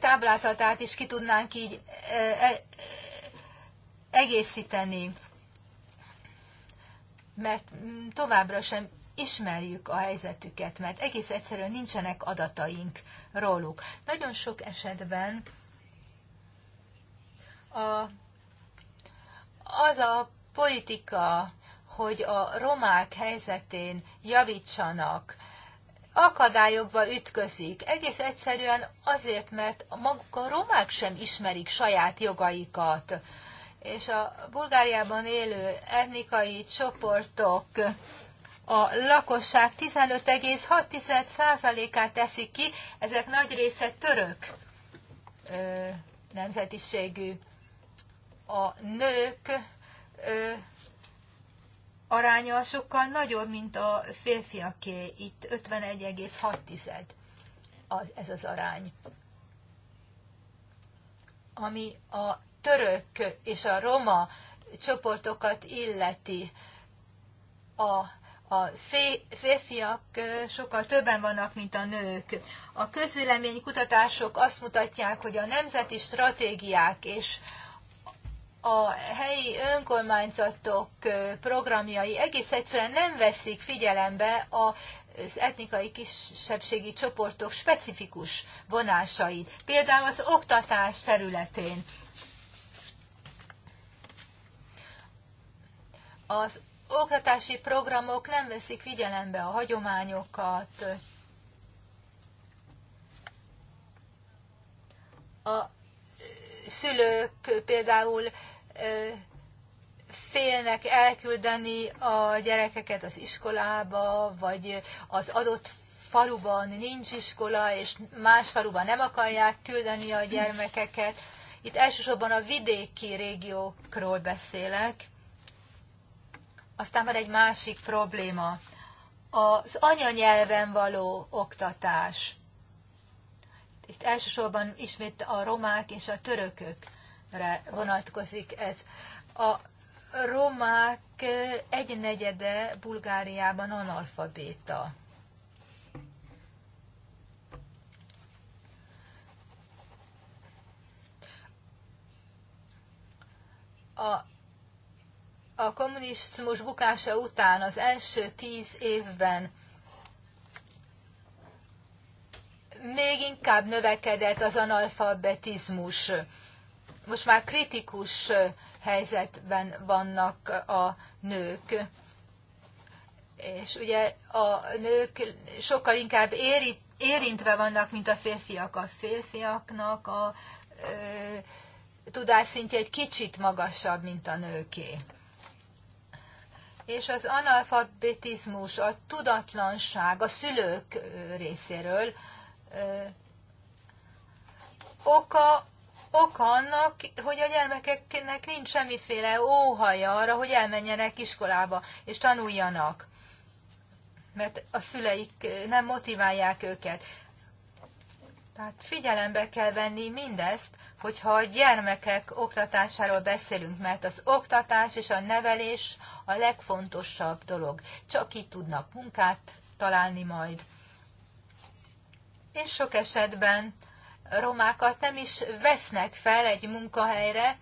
táblázatát is ki tudnánk így e, egészíteni, mert mm, továbbra sem ismerjük a helyzetüket, mert egész egyszerűen nincsenek adataink róluk. Nagyon sok esetben a, az a politika, hogy a romák helyzetén javítsanak, akadályokba ütközik. Egész egyszerűen azért, mert maguk a romák sem ismerik saját jogaikat. És a Bulgáriában élő etnikai csoportok a lakosság 15,6%-át teszik ki, ezek nagy része török nemzetiségű a nők ö, aránya sokkal nagyobb, mint a férfiaké. Itt 51,6 ez az arány. Ami a török és a roma csoportokat illeti, a a férfiak sokkal többen vannak, mint a nők. A közvéleménykutatások kutatások azt mutatják, hogy a nemzeti stratégiák és a helyi önkormányzatok programjai egész egyszerűen nem veszik figyelembe a az etnikai kisebbségi csoportok specifikus vonásait, például az oktatás területén. Az oktatási programok nem veszik figyelembe a hagyományokat, a szülők például félnek elküldeni a gyerekeket az iskolába, vagy az adott faluban nincs iskola, és más faluban nem akarják küldeni a gyermekeket. Itt elsősorban a vidéki régiókról beszélek. Aztán van egy másik probléma, az anyanyelven való oktatás. Itt elsősorban ismét a romák és a törökök vonatkozik ez. A romák egynegyede Bulgáriában analfabéta. a, a kommunizmus bukása után az első tíz évben még inkább növekedett az analfabetizmus most már kritikus helyzetben vannak a nők. És ugye a nők sokkal inkább éri, érintve vannak, mint a férfiak. A férfiaknak a ö, tudásszintje egy kicsit magasabb, mint a nőké. És az analfabetizmus, a tudatlanság a szülők részéről ö, oka oka annak, hogy a gyermekeknek nincs semmiféle óhaja arra, hogy elmenjenek iskolába és tanuljanak. Mert a szüleik nem motiválják őket. Tehát figyelembe kell venni mindezt, hogyha a gyermekek oktatásáról beszélünk, mert az oktatás és a nevelés a legfontosabb dolog. Csak így tudnak munkát találni majd. És sok esetben romákat nem is vesznek fel egy munkahelyre,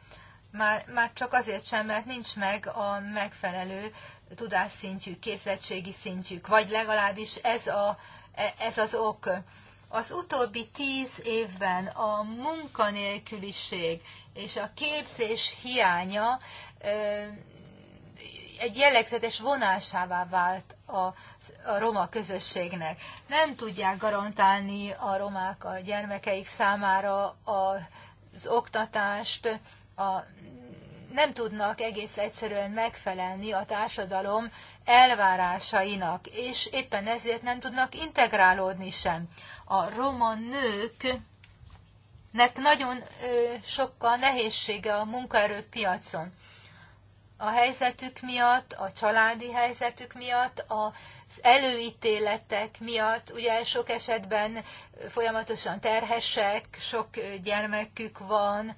már, már csak azért sem, mert nincs meg a megfelelő tudásszintjük, képzettségi szintjük, vagy legalábbis ez, a, e, ez az ok. Az utóbbi tíz évben a munkanélküliség és a képzés hiánya egy jellegzetes vonásává vált a, a roma közösségnek. Nem tudják garantálni a romák a gyermekeik számára az oktatást, a, nem tudnak egész egyszerűen megfelelni a társadalom elvárásainak, és éppen ezért nem tudnak integrálódni sem. A roma nők nek nagyon ö, sokkal nehézsége a munkaerőpiacon a helyzetük miatt, a családi helyzetük miatt, az előítéletek miatt, ugye sok esetben folyamatosan terhesek, sok gyermekük van,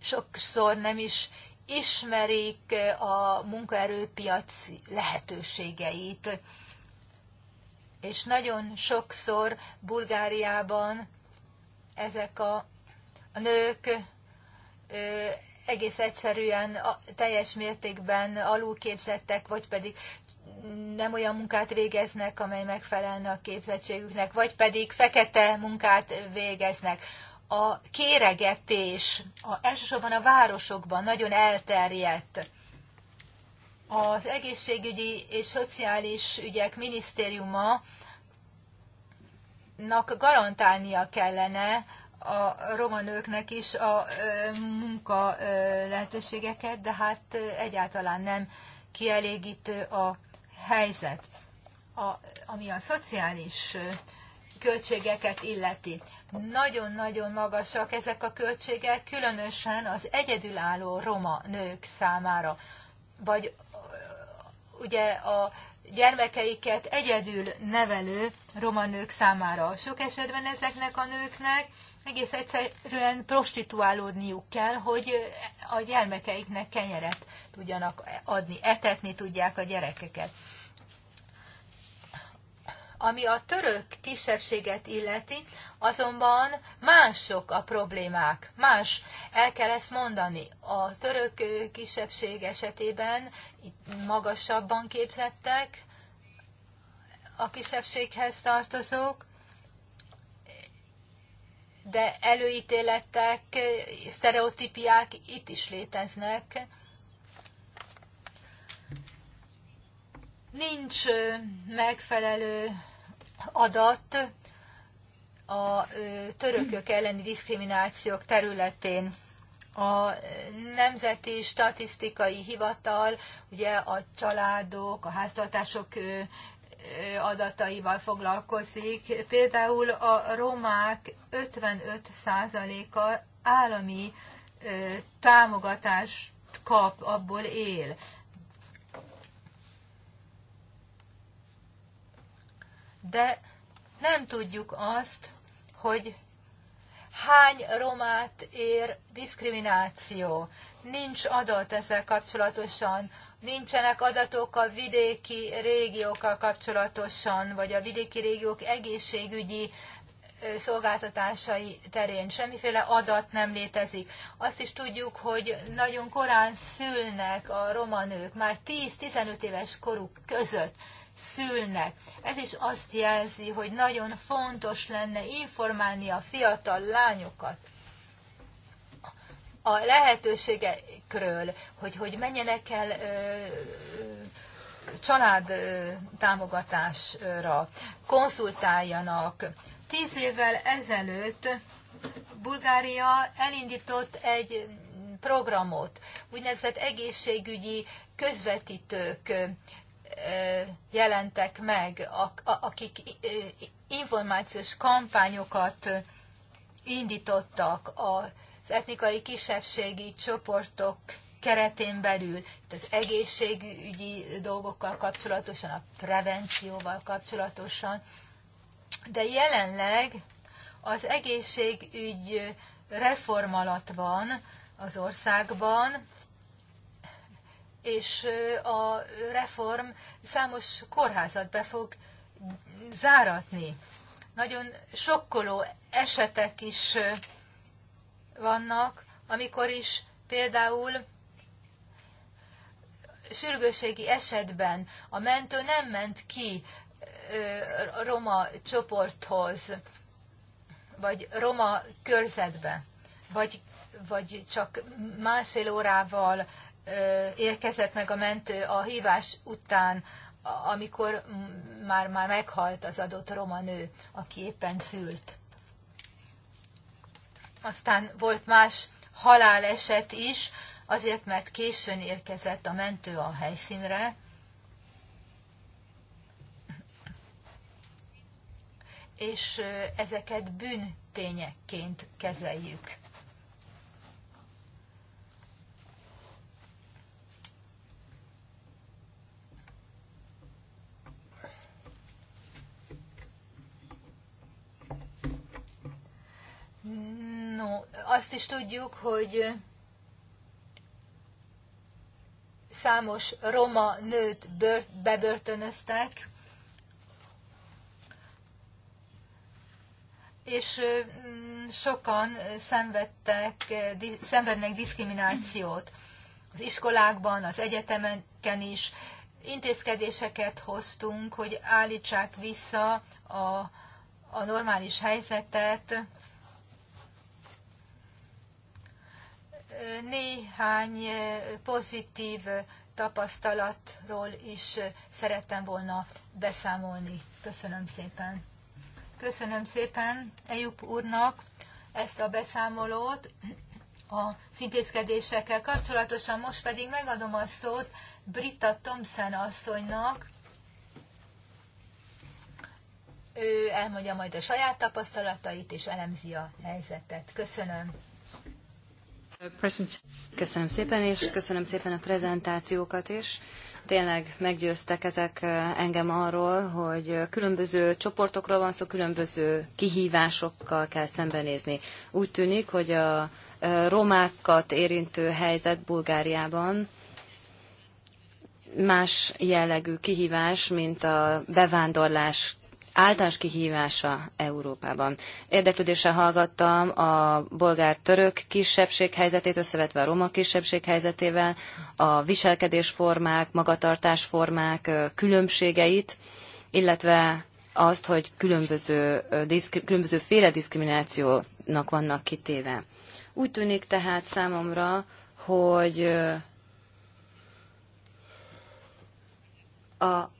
sokszor nem is ismerik a munkaerőpiac lehetőségeit. És nagyon sokszor Bulgáriában ezek a, a nők egész egyszerűen a teljes mértékben alulképzettek, vagy pedig nem olyan munkát végeznek, amely megfelelne a képzettségüknek, vagy pedig fekete munkát végeznek. A kéregetés a, elsősorban a városokban nagyon elterjedt. Az egészségügyi és szociális ügyek minisztériuma garantálnia kellene, a roma nőknek is a munka lehetőségeket, de hát egyáltalán nem kielégítő a helyzet, a, ami a szociális költségeket illeti. Nagyon-nagyon magasak ezek a költségek, különösen az egyedülálló roma nők számára, vagy ugye a gyermekeiket egyedül nevelő roma nők számára. Sok esetben ezeknek a nőknek egész egyszerűen prostituálódniuk kell, hogy a gyermekeiknek kenyeret tudjanak adni, etetni tudják a gyerekeket. Ami a török kisebbséget illeti, azonban mások a problémák, más. El kell ezt mondani. A török kisebbség esetében magasabban képzettek a kisebbséghez tartozók, de előítéletek, sztereotípiák itt is léteznek. Nincs megfelelő adat a törökök elleni diszkriminációk területén. A Nemzeti Statisztikai Hivatal ugye a családok, a háztartások adataival foglalkozik. Például a romák 55%-a állami támogatást kap, abból él. De nem tudjuk azt, hogy hány romát ér diszkrimináció. Nincs adat ezzel kapcsolatosan nincsenek adatok a vidéki régiókkal kapcsolatosan, vagy a vidéki régiók egészségügyi szolgáltatásai terén. Semmiféle adat nem létezik. Azt is tudjuk, hogy nagyon korán szülnek a roma nők, már 10-15 éves koruk között szülnek. Ez is azt jelzi, hogy nagyon fontos lenne informálni a fiatal lányokat a lehetőségekről, hogy, hogy menjenek el ö, család támogatásra, konszultáljanak. Tíz évvel ezelőtt Bulgária elindított egy programot, úgynevezett egészségügyi közvetítők jelentek meg, akik információs kampányokat indítottak a az etnikai kisebbségi csoportok keretén belül, itt az egészségügyi dolgokkal kapcsolatosan, a prevencióval kapcsolatosan, de jelenleg az egészségügy reform alatt van az országban, és a reform számos kórházat be fog záratni. Nagyon sokkoló esetek is vannak, amikor is például sürgőségi esetben a mentő nem ment ki roma csoporthoz, vagy roma körzetbe, vagy, vagy csak másfél órával érkezett meg a mentő a hívás után, amikor már, már meghalt az adott roma nő, aki éppen szült. Aztán volt más haláleset is, azért mert későn érkezett a mentő a helyszínre. És ezeket bűntényekként kezeljük. Mm No, azt is tudjuk, hogy számos roma nőt bört, bebörtönöztek, és mm, sokan szenvedtek, szenvednek diszkriminációt az iskolákban, az egyetemeken is. Intézkedéseket hoztunk, hogy állítsák vissza a, a normális helyzetet, néhány pozitív tapasztalatról is szerettem volna beszámolni. Köszönöm szépen. Köszönöm szépen Ejup úrnak ezt a beszámolót a intézkedésekkel kapcsolatosan. Most pedig megadom a szót Britta Thompson asszonynak. Ő elmondja majd a saját tapasztalatait és elemzi a helyzetet. Köszönöm. Köszönöm szépen, és köszönöm szépen a prezentációkat is. Tényleg meggyőztek ezek engem arról, hogy különböző csoportokról van szó, különböző kihívásokkal kell szembenézni. Úgy tűnik, hogy a romákat érintő helyzet Bulgáriában más jellegű kihívás, mint a bevándorlás általános kihívása Európában. Érdeklődéssel hallgattam a bolgár-török kisebbség helyzetét, összevetve a roma kisebbség helyzetével, a viselkedésformák, magatartásformák különbségeit, illetve azt, hogy különböző, különböző féle diszkriminációnak vannak kitéve. Úgy tűnik tehát számomra, hogy a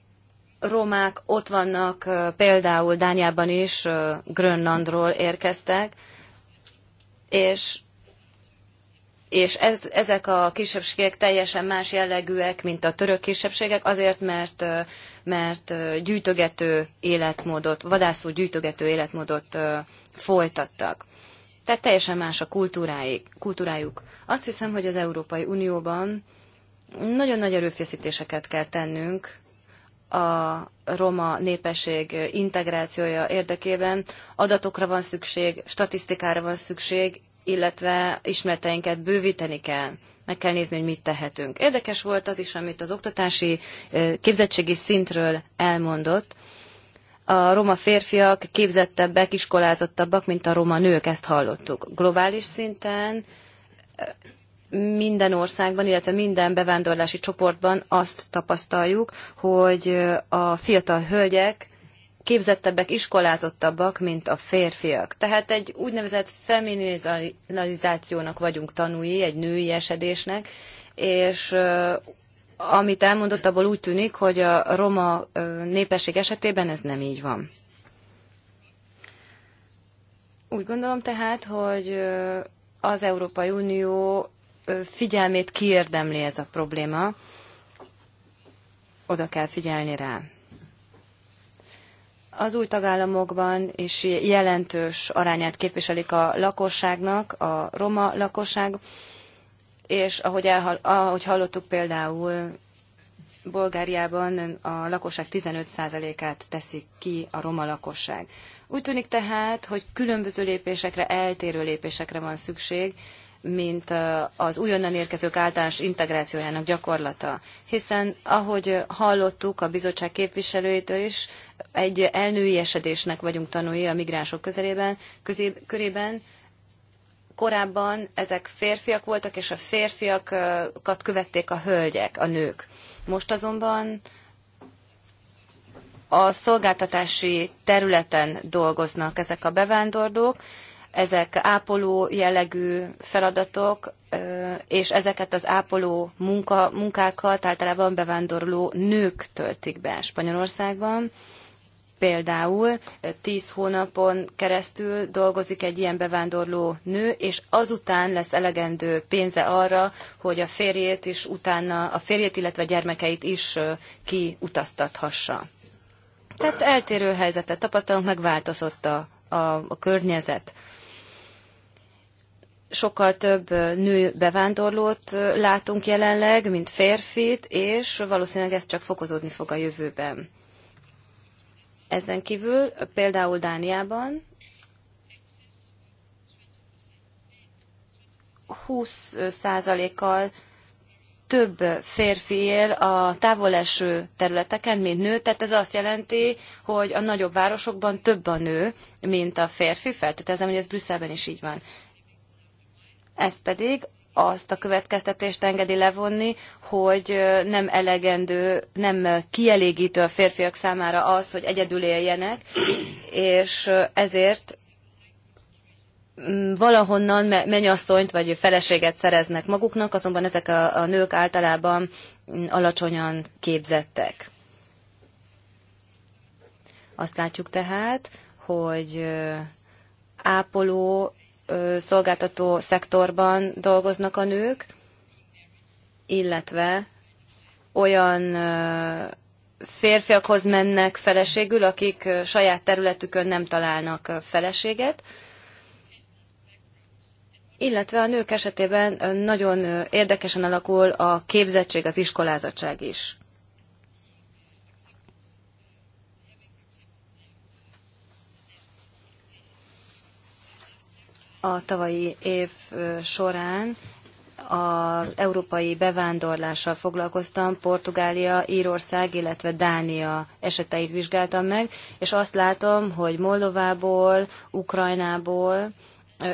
romák ott vannak, például Dániában is Grönlandról érkeztek, és és ez, ezek a kisebbségek teljesen más jellegűek, mint a török kisebbségek, azért, mert, mert gyűjtögető életmódot, vadászú gyűjtögető életmódot folytattak. Tehát teljesen más a kultúráik, kultúrájuk. Azt hiszem, hogy az Európai Unióban nagyon nagy erőfeszítéseket kell tennünk a roma népesség integrációja érdekében adatokra van szükség, statisztikára van szükség, illetve ismereteinket bővíteni kell. Meg kell nézni, hogy mit tehetünk. Érdekes volt az is, amit az oktatási képzettségi szintről elmondott. A roma férfiak képzettebbek, iskolázottabbak, mint a roma nők, ezt hallottuk. Globális szinten minden országban, illetve minden bevándorlási csoportban azt tapasztaljuk, hogy a fiatal hölgyek képzettebbek, iskolázottabbak, mint a férfiak. Tehát egy úgynevezett feminizációnak vagyunk tanúi, egy női esedésnek, és amit elmondott, abból úgy tűnik, hogy a roma népesség esetében ez nem így van. Úgy gondolom tehát, hogy az Európai Unió figyelmét kiérdemli ez a probléma. Oda kell figyelni rá. Az új tagállamokban is jelentős arányát képviselik a lakosságnak, a roma lakosság, és ahogy, elhal, ahogy hallottuk például, Bulgáriában a lakosság 15%-át teszik ki a roma lakosság. Úgy tűnik tehát, hogy különböző lépésekre, eltérő lépésekre van szükség, mint az újonnan érkezők általános integrációjának gyakorlata. Hiszen, ahogy hallottuk a bizottság képviselőjétől is, egy elnőiesedésnek vagyunk tanulni a migránsok közelében, közé, körében. Korábban ezek férfiak voltak, és a férfiakat követték a hölgyek, a nők. Most azonban a szolgáltatási területen dolgoznak ezek a bevándorlók, ezek ápoló jellegű feladatok, és ezeket az ápoló munka, munkákat általában bevándorló nők töltik be Spanyolországban. Például 10 hónapon keresztül dolgozik egy ilyen bevándorló nő, és azután lesz elegendő pénze arra, hogy a férjét is utána, a férjét, illetve a gyermekeit is kiutaztathassa. Tehát eltérő helyzetet tapasztalunk, megváltozott a, a, a környezet sokkal több nő bevándorlót látunk jelenleg, mint férfit, és valószínűleg ez csak fokozódni fog a jövőben. Ezen kívül például Dániában 20%-kal több férfi él a eső területeken, mint nő, tehát ez azt jelenti, hogy a nagyobb városokban több a nő, mint a férfi, feltételezem, hogy ez Brüsszelben is így van. Ez pedig azt a következtetést engedi levonni, hogy nem elegendő, nem kielégítő a férfiak számára az, hogy egyedül éljenek, és ezért mm, valahonnan mennyasszonyt vagy feleséget szereznek maguknak, azonban ezek a, a nők általában mm, alacsonyan képzettek. Azt látjuk tehát, hogy ápoló szolgáltató szektorban dolgoznak a nők, illetve olyan férfiakhoz mennek feleségül, akik saját területükön nem találnak feleséget, illetve a nők esetében nagyon érdekesen alakul a képzettség, az iskolázottság is. a tavalyi év során az európai bevándorlással foglalkoztam, Portugália, Írország, illetve Dánia eseteit vizsgáltam meg, és azt látom, hogy Moldovából, Ukrajnából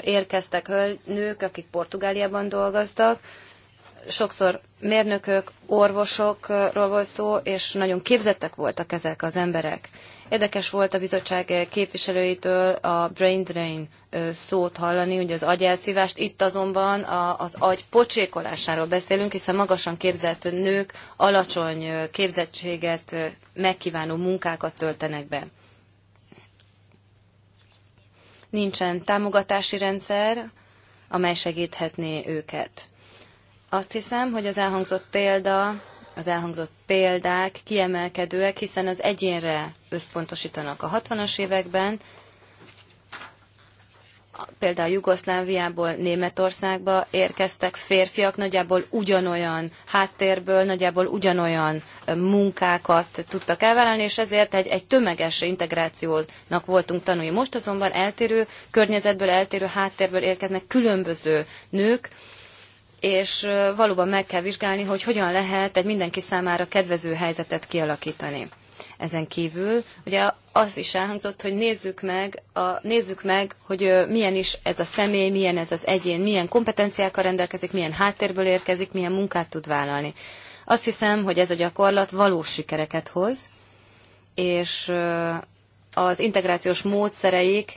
érkeztek nők, akik Portugáliában dolgoztak, sokszor mérnökök, orvosokról volt szó, és nagyon képzettek voltak ezek az emberek. Érdekes volt a bizottság képviselőitől a brain drain szót hallani, ugye az agyelszívást. Itt azonban a, az agy pocsékolásáról beszélünk, hiszen magasan képzett nők alacsony képzettséget megkívánó munkákat töltenek be. Nincsen támogatási rendszer, amely segíthetné őket. Azt hiszem, hogy az elhangzott példa az elhangzott példák kiemelkedőek, hiszen az egyénre összpontosítanak a 60-as években, például Jugoszláviából Németországba érkeztek férfiak, nagyjából ugyanolyan háttérből, nagyjából ugyanolyan munkákat tudtak elvállalni, és ezért egy, egy tömeges integrációnak voltunk tanulni. Most azonban eltérő környezetből, eltérő háttérből érkeznek különböző nők, és valóban meg kell vizsgálni, hogy hogyan lehet egy mindenki számára kedvező helyzetet kialakítani. Ezen kívül ugye az is elhangzott, hogy nézzük meg, a, nézzük meg, hogy milyen is ez a személy, milyen ez az egyén, milyen kompetenciákkal rendelkezik, milyen háttérből érkezik, milyen munkát tud vállalni. Azt hiszem, hogy ez a gyakorlat valós sikereket hoz, és az integrációs módszereik,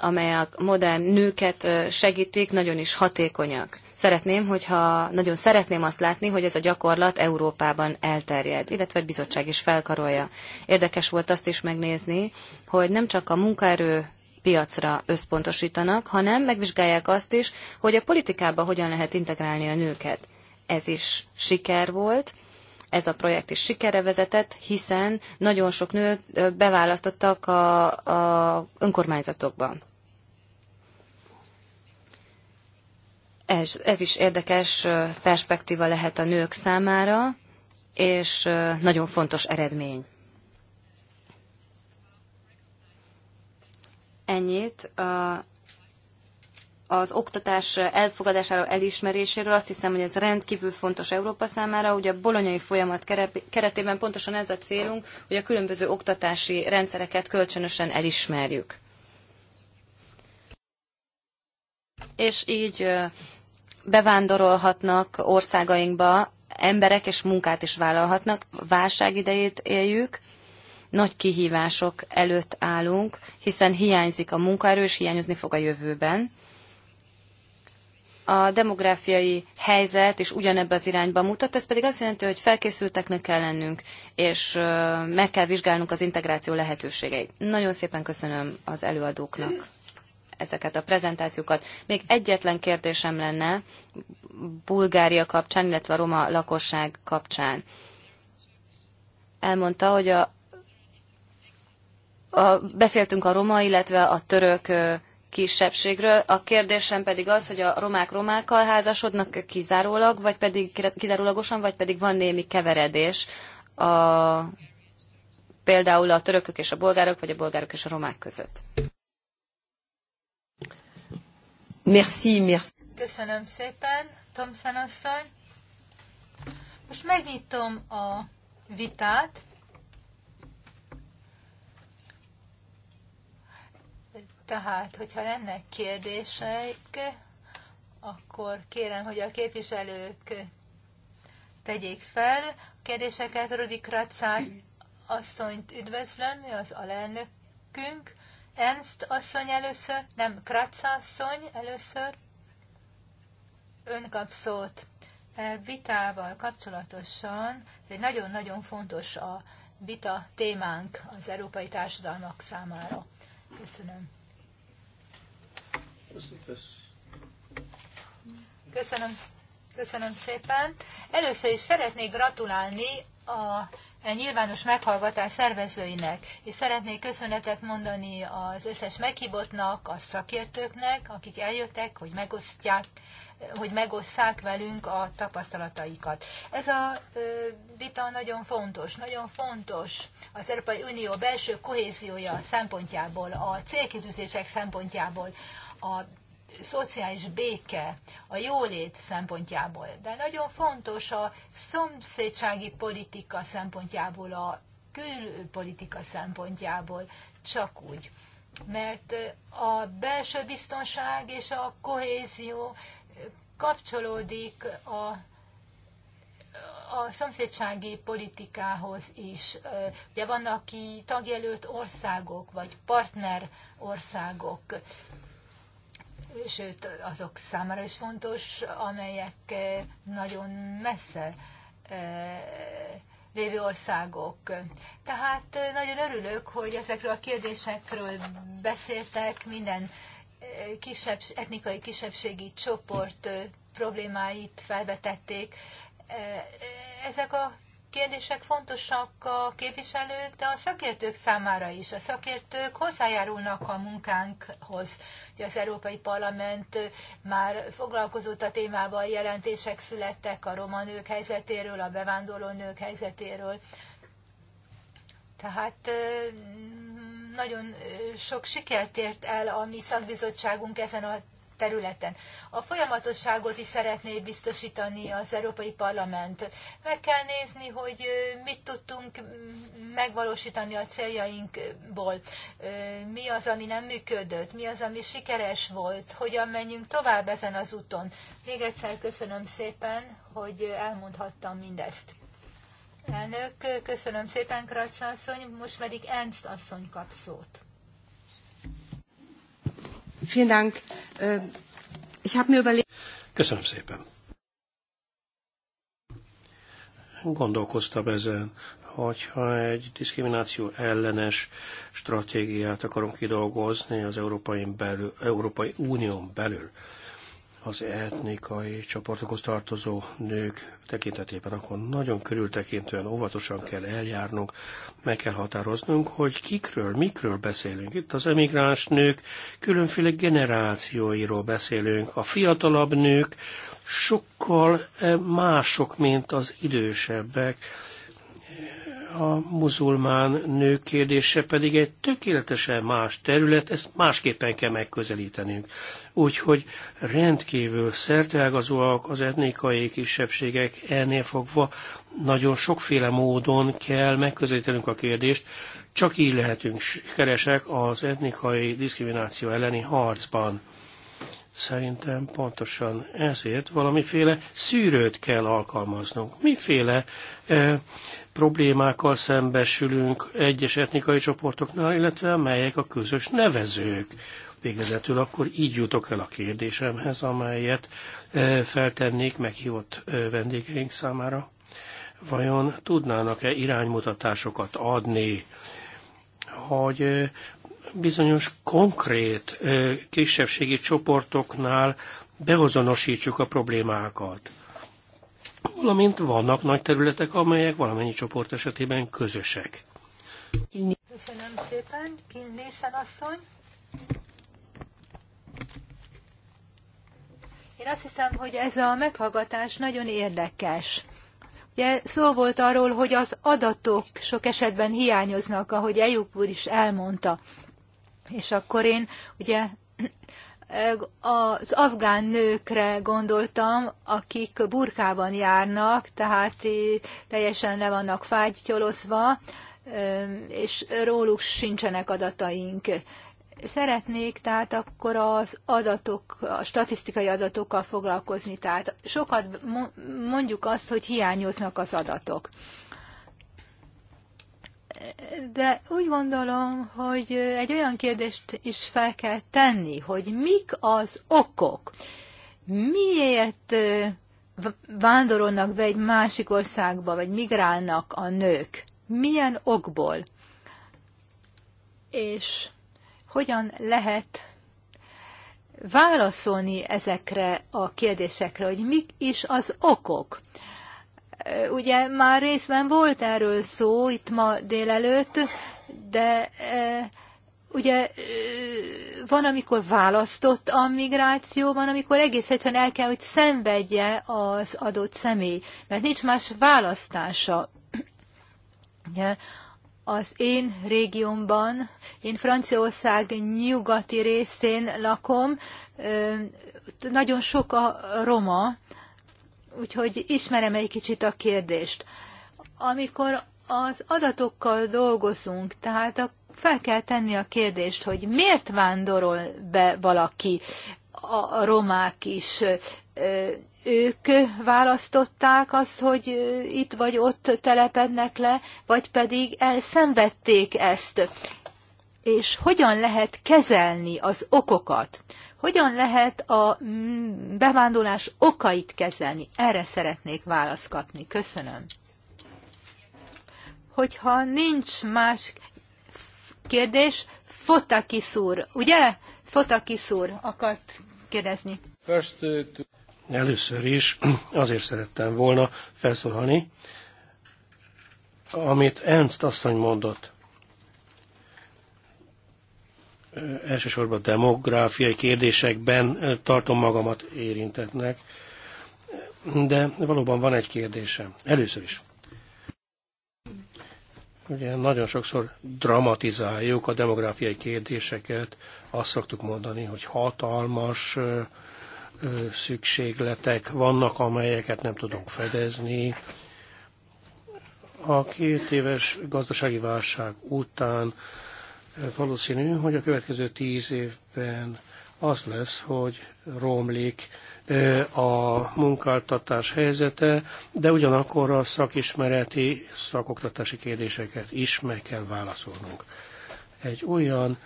amelyek modern nőket segítik, nagyon is hatékonyak. Szeretném, hogyha nagyon szeretném azt látni, hogy ez a gyakorlat Európában elterjed, illetve a bizottság is felkarolja. Érdekes volt azt is megnézni, hogy nem csak a munkaerő piacra összpontosítanak, hanem megvizsgálják azt is, hogy a politikába hogyan lehet integrálni a nőket. Ez is siker volt, ez a projekt is sikere vezetett, hiszen nagyon sok nőt beválasztottak a, a önkormányzatokban. Ez, ez is érdekes perspektíva lehet a nők számára, és nagyon fontos eredmény. Ennyit a, az oktatás elfogadásáról, elismeréséről. Azt hiszem, hogy ez rendkívül fontos Európa számára. Ugye a bolonyai folyamat keretében pontosan ez a célunk, hogy a különböző oktatási rendszereket kölcsönösen elismerjük. És így bevándorolhatnak országainkba emberek, és munkát is vállalhatnak. Válság idejét éljük, nagy kihívások előtt állunk, hiszen hiányzik a munkaerő, és hiányozni fog a jövőben. A demográfiai helyzet is ugyanebbe az irányba mutat, ez pedig azt jelenti, hogy felkészülteknek kell lennünk, és meg kell vizsgálnunk az integráció lehetőségeit. Nagyon szépen köszönöm az előadóknak ezeket a prezentációkat. Még egyetlen kérdésem lenne Bulgária kapcsán, illetve a roma lakosság kapcsán. Elmondta, hogy a, a, beszéltünk a roma, illetve a török kisebbségről. A kérdésem pedig az, hogy a romák romákkal házasodnak kizárólag, vagy pedig kizárólagosan, vagy pedig van némi keveredés a, például a törökök és a bolgárok, vagy a bolgárok és a romák között. Merci, merci. Köszönöm szépen, Tom asszony. Most megnyitom a vitát. Tehát, hogyha lenne kérdések, akkor kérem, hogy a képviselők tegyék fel a kérdéseket. Rudi Kratszán asszonyt üdvözlöm, ő az alelnökünk. Ernst asszony először, nem, Kratza asszony először. Ön kap szót. E, vitával kapcsolatosan, ez egy nagyon-nagyon fontos a vita témánk az európai társadalmak számára. Köszönöm. Köszönöm, köszönöm szépen. Először is szeretnék gratulálni a nyilvános meghallgatás szervezőinek, és szeretnék köszönetet mondani az összes meghívottnak, a szakértőknek, akik eljöttek, hogy megosztják hogy megosszák velünk a tapasztalataikat. Ez a vita nagyon fontos, nagyon fontos az Európai Unió belső kohéziója szempontjából, a célkitűzések szempontjából, a szociális béke, a jólét szempontjából, de nagyon fontos a szomszédsági politika szempontjából, a külpolitika szempontjából, csak úgy. Mert a belső biztonság és a kohézió kapcsolódik a a szomszédsági politikához is. Ugye vannak ki tagjelölt országok, vagy partner országok sőt azok számára is fontos, amelyek eh, nagyon messze eh, lévő országok. Tehát eh, nagyon örülök, hogy ezekről a kérdésekről beszéltek, minden kisebb, etnikai kisebbségi csoport problémáit felvetették. Ezek a kérdések fontosak a képviselők, de a szakértők számára is. A szakértők hozzájárulnak a munkánkhoz. Ugye az Európai Parlament már foglalkozott a témával, jelentések születtek a roma nők helyzetéről, a bevándorló nők helyzetéről. Tehát nagyon sok sikert ért el a mi szakbizottságunk ezen a területen. A folyamatosságot is szeretné biztosítani az Európai Parlament. Meg kell nézni, hogy mit tudtunk megvalósítani a céljainkból, mi az, ami nem működött, mi az, ami sikeres volt, hogyan menjünk tovább ezen az úton. Még egyszer köszönöm szépen, hogy elmondhattam mindezt. Elnök, köszönöm szépen, Kratz asszony, most pedig Ernst asszony kap szót. Vielen Dank. Ähm, ich habe mir überlegt... Köszönöm szépen. Gondolkoztam ezen, hogyha egy diszkrimináció ellenes stratégiát akarunk kidolgozni az Európai, belül, Európai Unión belül, az etnikai csoportokhoz tartozó nők tekintetében, akkor nagyon körültekintően, óvatosan kell eljárnunk, meg kell határoznunk, hogy kikről, mikről beszélünk. Itt az emigráns nők különféle generációiról beszélünk. A fiatalabb nők sokkal eh, mások, mint az idősebbek a muzulmán nők kérdése pedig egy tökéletesen más terület, ezt másképpen kell megközelítenünk. Úgyhogy rendkívül szerteágazóak az etnikai kisebbségek, ennél fogva nagyon sokféle módon kell megközelítenünk a kérdést, csak így lehetünk keresek az etnikai diszkrimináció elleni harcban. Szerintem pontosan ezért valamiféle szűrőt kell alkalmaznunk. Miféle eh, problémákkal szembesülünk egyes etnikai csoportoknál, illetve melyek a közös nevezők. Végezetül akkor így jutok el a kérdésemhez, amelyet e, feltennék meghívott e, vendégeink számára. Vajon tudnának-e iránymutatásokat adni, hogy e, bizonyos konkrét kisebbségi csoportoknál beazonosítsuk a problémákat? valamint vannak nagy területek, amelyek valamennyi csoport esetében közösek. Köszönöm szépen, Kinnészen asszony. Én azt hiszem, hogy ez a meghallgatás nagyon érdekes. Ugye szó volt arról, hogy az adatok sok esetben hiányoznak, ahogy Ejuk úr is elmondta. És akkor én ugye az afgán nőkre gondoltam, akik burkában járnak, tehát teljesen le vannak fágytyolozva, és róluk sincsenek adataink. Szeretnék tehát akkor az adatok, a statisztikai adatokkal foglalkozni. Tehát sokat mondjuk azt, hogy hiányoznak az adatok de úgy gondolom, hogy egy olyan kérdést is fel kell tenni, hogy mik az okok, miért vándorolnak be egy másik országba, vagy migrálnak a nők, milyen okból, és hogyan lehet válaszolni ezekre a kérdésekre, hogy mik is az okok. Ugye már részben volt erről szó itt ma délelőtt, de e, ugye e, van, amikor választott a migráció, van, amikor egész egyszerűen el kell, hogy szenvedje az adott személy, mert nincs más választása. Ugye, az én régiómban, én Franciaország nyugati részén lakom, nagyon sok a roma, úgyhogy ismerem egy kicsit a kérdést. Amikor az adatokkal dolgozunk, tehát a, fel kell tenni a kérdést, hogy miért vándorol be valaki, a, a romák is, ők választották azt, hogy itt vagy ott telepednek le, vagy pedig elszenvedték ezt és hogyan lehet kezelni az okokat, hogyan lehet a mm, bevándorlás okait kezelni. Erre szeretnék választ kapni. Köszönöm. Hogyha nincs más kérdés, Fotakis úr, ugye? Fotakis úr akart kérdezni. Uh, Először is azért szerettem volna felszólalni, amit Ernst asszony mondott elsősorban demográfiai kérdésekben tartom magamat érintetnek, de valóban van egy kérdésem. Először is. Ugye nagyon sokszor dramatizáljuk a demográfiai kérdéseket, azt szoktuk mondani, hogy hatalmas szükségletek vannak, amelyeket nem tudunk fedezni. A két éves gazdasági válság után valószínű, hogy a következő tíz évben az lesz, hogy romlik a munkáltatás helyzete, de ugyanakkor a szakismereti, szakoktatási kérdéseket is meg kell válaszolnunk. Egy olyan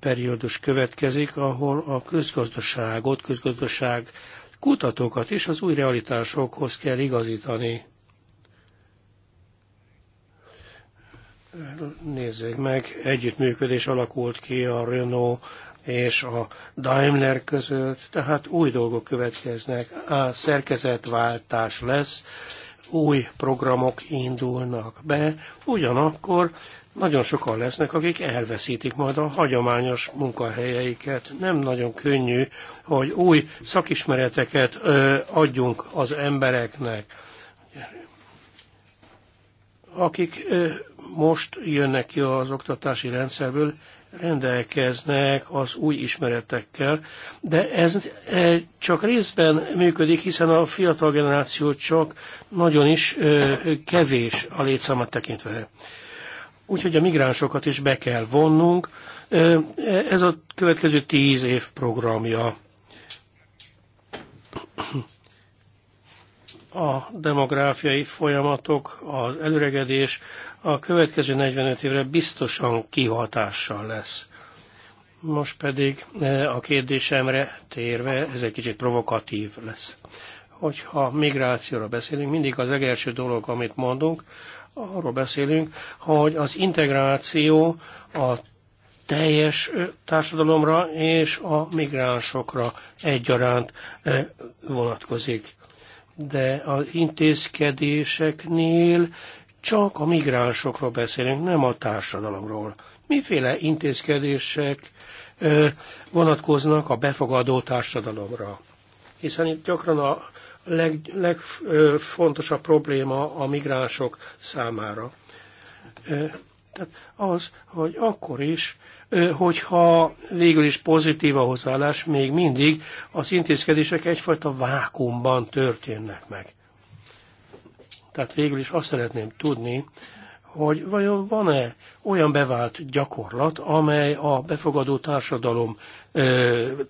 periódus következik, ahol a közgazdaságot, közgazdaság kutatókat is az új realitásokhoz kell igazítani. Nézzék meg, együttműködés alakult ki a Renault és a Daimler között, tehát új dolgok következnek, a szerkezetváltás lesz, új programok indulnak be, ugyanakkor nagyon sokan lesznek, akik elveszítik majd a hagyományos munkahelyeiket. Nem nagyon könnyű, hogy új szakismereteket ö, adjunk az embereknek, akik ö, most jönnek ki az oktatási rendszerből, rendelkeznek az új ismeretekkel, de ez e, csak részben működik, hiszen a fiatal generáció csak nagyon is e, kevés a létszámat tekintve. Úgyhogy a migránsokat is be kell vonnunk. E, ez a következő tíz év programja a demográfiai folyamatok, az előregedés a következő 45 évre biztosan kihatással lesz. Most pedig e, a kérdésemre térve, ez egy kicsit provokatív lesz. Hogyha migrációra beszélünk, mindig az legelső dolog, amit mondunk, arról beszélünk, hogy az integráció a teljes e, társadalomra és a migránsokra egyaránt e, vonatkozik de az intézkedéseknél csak a migránsokról beszélünk, nem a társadalomról. Miféle intézkedések vonatkoznak a befogadó társadalomra? Hiszen itt gyakran a leg, legfontosabb probléma a migránsok számára. Tehát az, hogy akkor is, hogyha végül is pozitív a hozzáállás, még mindig az intézkedések egyfajta vákumban történnek meg. Tehát végül is azt szeretném tudni, hogy vajon van-e olyan bevált gyakorlat, amely a befogadó társadalom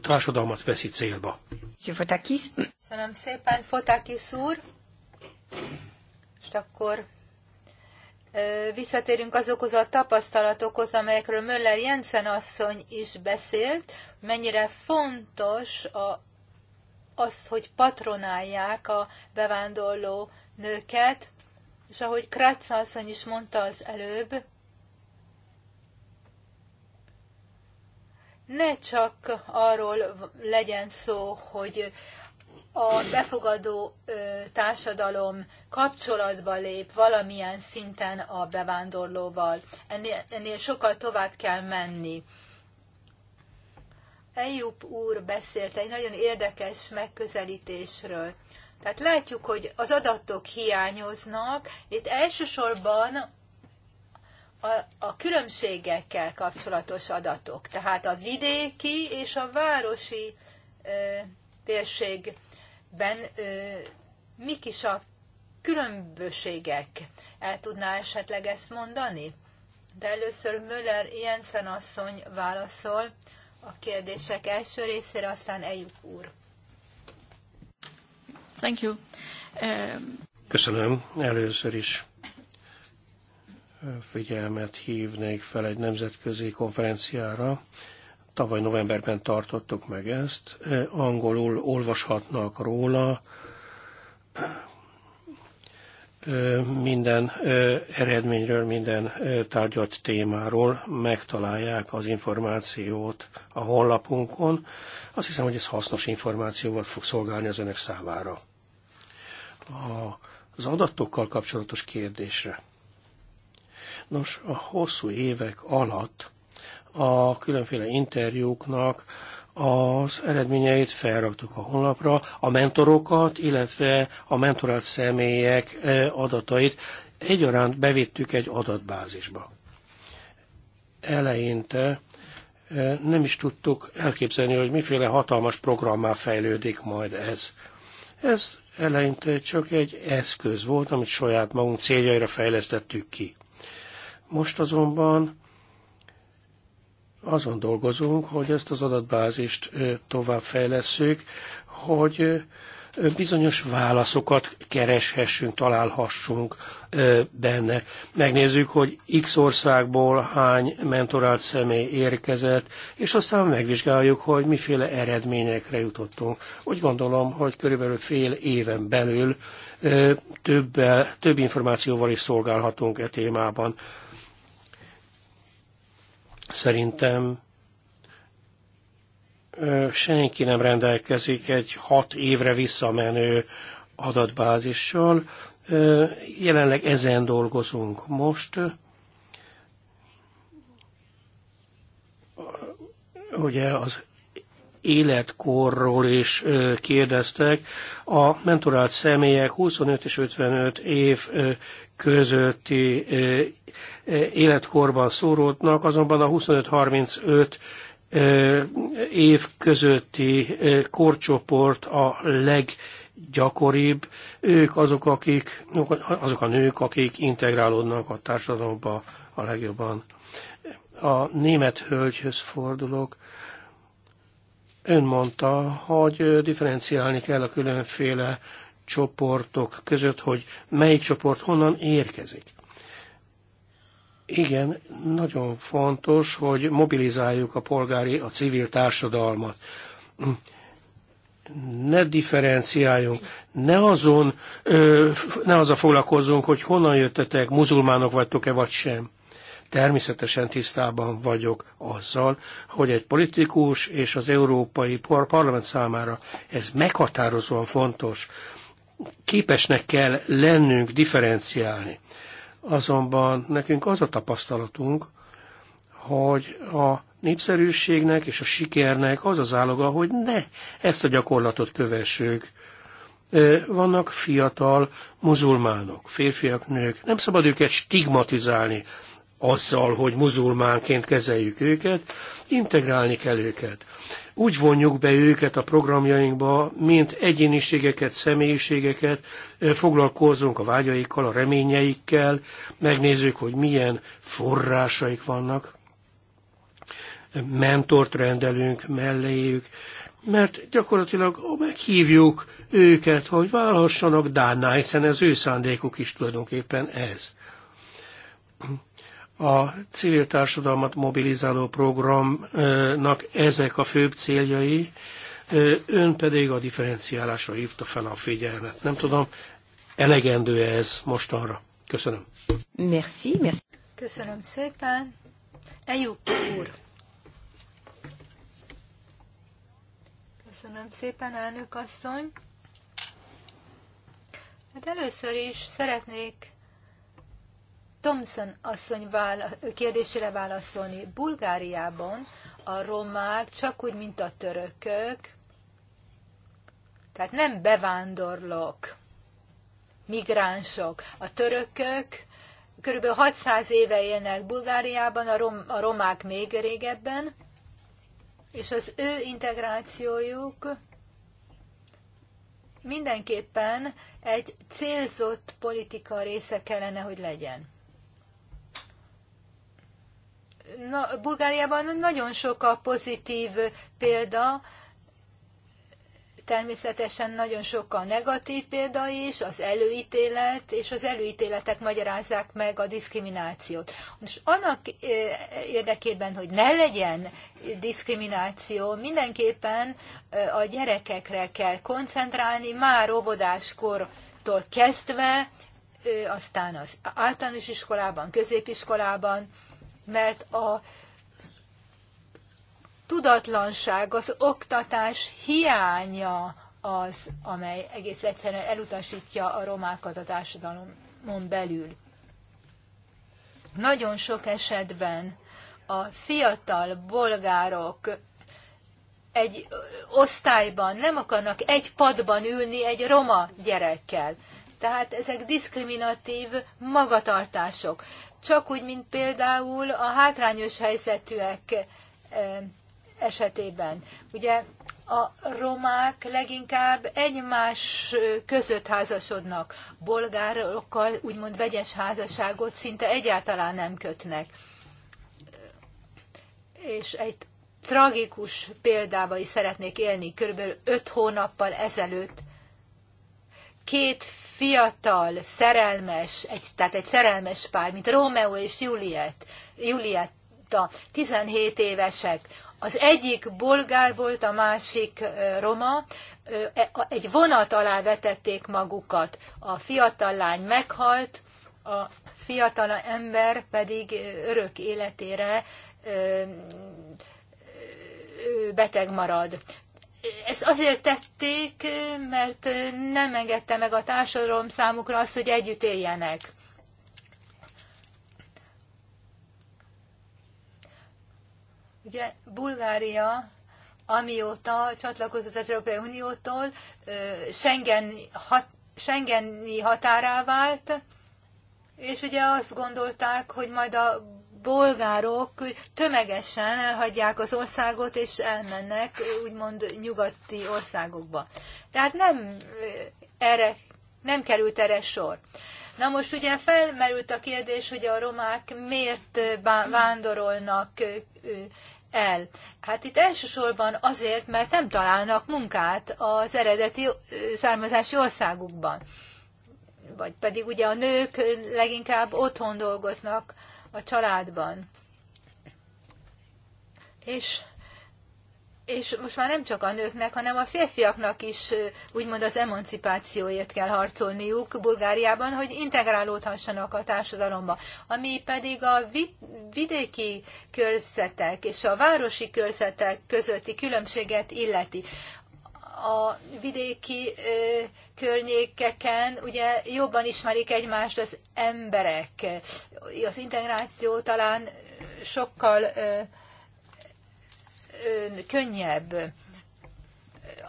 társadalmat veszi célba. Köszönöm szépen, Fotakis úr. És akkor visszatérünk azokhoz a tapasztalatokhoz, amelyekről Möller Jensen asszony is beszélt, mennyire fontos a, az, hogy patronálják a bevándorló nőket, és ahogy Kratz asszony is mondta az előbb, ne csak arról legyen szó, hogy a befogadó társadalom kapcsolatba lép valamilyen szinten a bevándorlóval. Ennél, ennél sokkal tovább kell menni. Eljup úr beszélt egy nagyon érdekes megközelítésről. Tehát látjuk, hogy az adatok hiányoznak. Itt elsősorban a, a különbségekkel kapcsolatos adatok, tehát a vidéki és a városi ö, térség ben mik is a különbségek? El tudná esetleg ezt mondani? De először Müller Jensen asszony válaszol a kérdések első részére, aztán eljük úr. Thank you. Um... Köszönöm. Először is figyelmet hívnék fel egy nemzetközi konferenciára, Tavaly novemberben tartottuk meg ezt. Angolul olvashatnak róla. Minden eredményről, minden tárgyalt témáról megtalálják az információt a honlapunkon. Azt hiszem, hogy ez hasznos információval fog szolgálni az önök számára. Az adatokkal kapcsolatos kérdésre. Nos, a hosszú évek alatt a különféle interjúknak az eredményeit felraktuk a honlapra, a mentorokat, illetve a mentorált személyek adatait egyaránt bevittük egy adatbázisba. Eleinte nem is tudtuk elképzelni, hogy miféle hatalmas programmá fejlődik majd ez. Ez eleinte csak egy eszköz volt, amit saját magunk céljaira fejlesztettük ki. Most azonban azon dolgozunk, hogy ezt az adatbázist továbbfejlesszük, hogy bizonyos válaszokat kereshessünk, találhassunk benne. Megnézzük, hogy X országból hány mentorált személy érkezett, és aztán megvizsgáljuk, hogy miféle eredményekre jutottunk. Úgy gondolom, hogy körülbelül fél éven belül több, több információval is szolgálhatunk e témában. Szerintem senki nem rendelkezik egy hat évre visszamenő adatbázissal. Jelenleg ezen dolgozunk most. Ugye az életkorról is kérdeztek. A mentorált személyek 25 és 55 év közötti életkorban szóródnak, azonban a 25-35 év közötti korcsoport a leggyakoribb. Ők azok, akik, azok a nők, akik integrálódnak a társadalomba a legjobban. A német hölgyhöz fordulok. Ön mondta, hogy differenciálni kell a különféle csoportok között, hogy melyik csoport honnan érkezik. Igen, nagyon fontos, hogy mobilizáljuk a polgári, a civil társadalmat. Ne differenciáljunk, ne azon, ne azzal foglalkozzunk, hogy honnan jöttetek, muzulmánok vagytok-e vagy sem. Természetesen tisztában vagyok azzal, hogy egy politikus és az Európai Parlament számára ez meghatározóan fontos. Képesnek kell lennünk differenciálni. Azonban nekünk az a tapasztalatunk, hogy a népszerűségnek és a sikernek az az áloga, hogy ne ezt a gyakorlatot kövessük. Vannak fiatal muzulmánok, férfiak, nők. Nem szabad őket stigmatizálni azzal, hogy muzulmánként kezeljük őket, integrálni kell őket úgy vonjuk be őket a programjainkba, mint egyéniségeket, személyiségeket, foglalkozunk a vágyaikkal, a reményeikkel, megnézzük, hogy milyen forrásaik vannak, mentort rendelünk melléjük, mert gyakorlatilag meghívjuk őket, hogy válhassanak Dánnál, hiszen az ő szándékuk is tulajdonképpen ez. A civil társadalmat mobilizáló programnak ezek a főbb céljai, ön pedig a differenciálásra hívta fel a figyelmet. Nem tudom, elegendő -e ez mostanra? Köszönöm. Merci, merci. Köszönöm szépen. Ejuk úr. Köszönöm szépen, elnök asszony. Hát először is szeretnék Thomson asszony vála, kérdésére válaszolni. Bulgáriában a romák csak úgy, mint a törökök, tehát nem bevándorlók, migránsok. A törökök kb. 600 éve élnek Bulgáriában, a, rom, a romák még régebben, és az ő integrációjuk mindenképpen egy célzott politika része kellene, hogy legyen na, Bulgáriában nagyon sok a pozitív példa, természetesen nagyon sok a negatív példa is, az előítélet, és az előítéletek magyarázzák meg a diszkriminációt. És annak eh, érdekében, hogy ne legyen diszkrimináció, mindenképpen eh, a gyerekekre kell koncentrálni, már óvodáskortól kezdve, eh, aztán az általános iskolában, középiskolában, mert a tudatlanság, az oktatás hiánya az, amely egész egyszerűen elutasítja a romákat a társadalomon belül. Nagyon sok esetben a fiatal bolgárok egy osztályban nem akarnak egy padban ülni egy roma gyerekkel. Tehát ezek diszkriminatív magatartások csak úgy, mint például a hátrányos helyzetűek eh, esetében. Ugye a romák leginkább egymás között házasodnak, bolgárokkal úgymond vegyes házasságot szinte egyáltalán nem kötnek. És egy tragikus példával is szeretnék élni, körülbelül öt hónappal ezelőtt két fiatal, szerelmes, egy, tehát egy szerelmes pár, mint Rómeó és Juliet, Julietta, 17 évesek, az egyik bolgár volt, a másik roma, e, egy vonat alá vetették magukat. A fiatal lány meghalt, a fiatal ember pedig örök életére beteg marad ezt azért tették, mert nem engedte meg a társadalom számukra azt, hogy együtt éljenek. Ugye Bulgária, amióta csatlakozott az Európai Uniótól, Schengen Schengeni határá vált, és ugye azt gondolták, hogy majd a bolgárok tömegesen elhagyják az országot, és elmennek úgymond nyugati országokba. Tehát nem erre nem került erre sor. Na most ugye felmerült a kérdés, hogy a romák miért vándorolnak el. Hát itt elsősorban azért, mert nem találnak munkát az eredeti származási országukban. Vagy pedig ugye a nők leginkább otthon dolgoznak, a családban. És és most már nem csak a nőknek, hanem a férfiaknak is úgymond az emancipációért kell harcolniuk Bulgáriában, hogy integrálódhassanak a társadalomba. Ami pedig a vidéki körzetek és a városi körzetek közötti különbséget illeti a vidéki környékeken ugye jobban ismerik egymást az emberek. Az integráció talán sokkal könnyebb.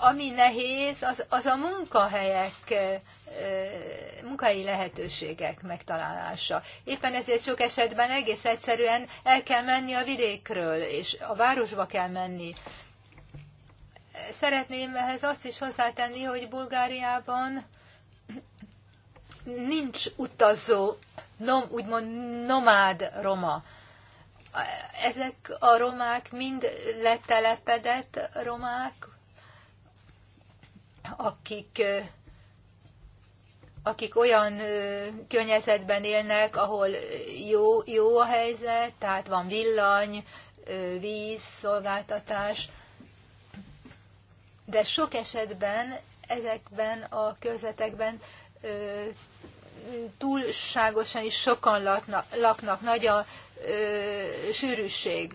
Ami nehéz, az, az a munkahelyek, munkai lehetőségek megtalálása. Éppen ezért sok esetben egész egyszerűen el kell menni a vidékről, és a városba kell menni szeretném ehhez azt is hozzátenni, hogy Bulgáriában nincs utazó, nom, úgymond nomád roma. Ezek a romák mind letelepedett romák, akik, akik olyan környezetben élnek, ahol jó, jó a helyzet, tehát van villany, víz, szolgáltatás, de sok esetben ezekben a körzetekben túlságosan is sokan laknak, laknak nagy a ö, sűrűség.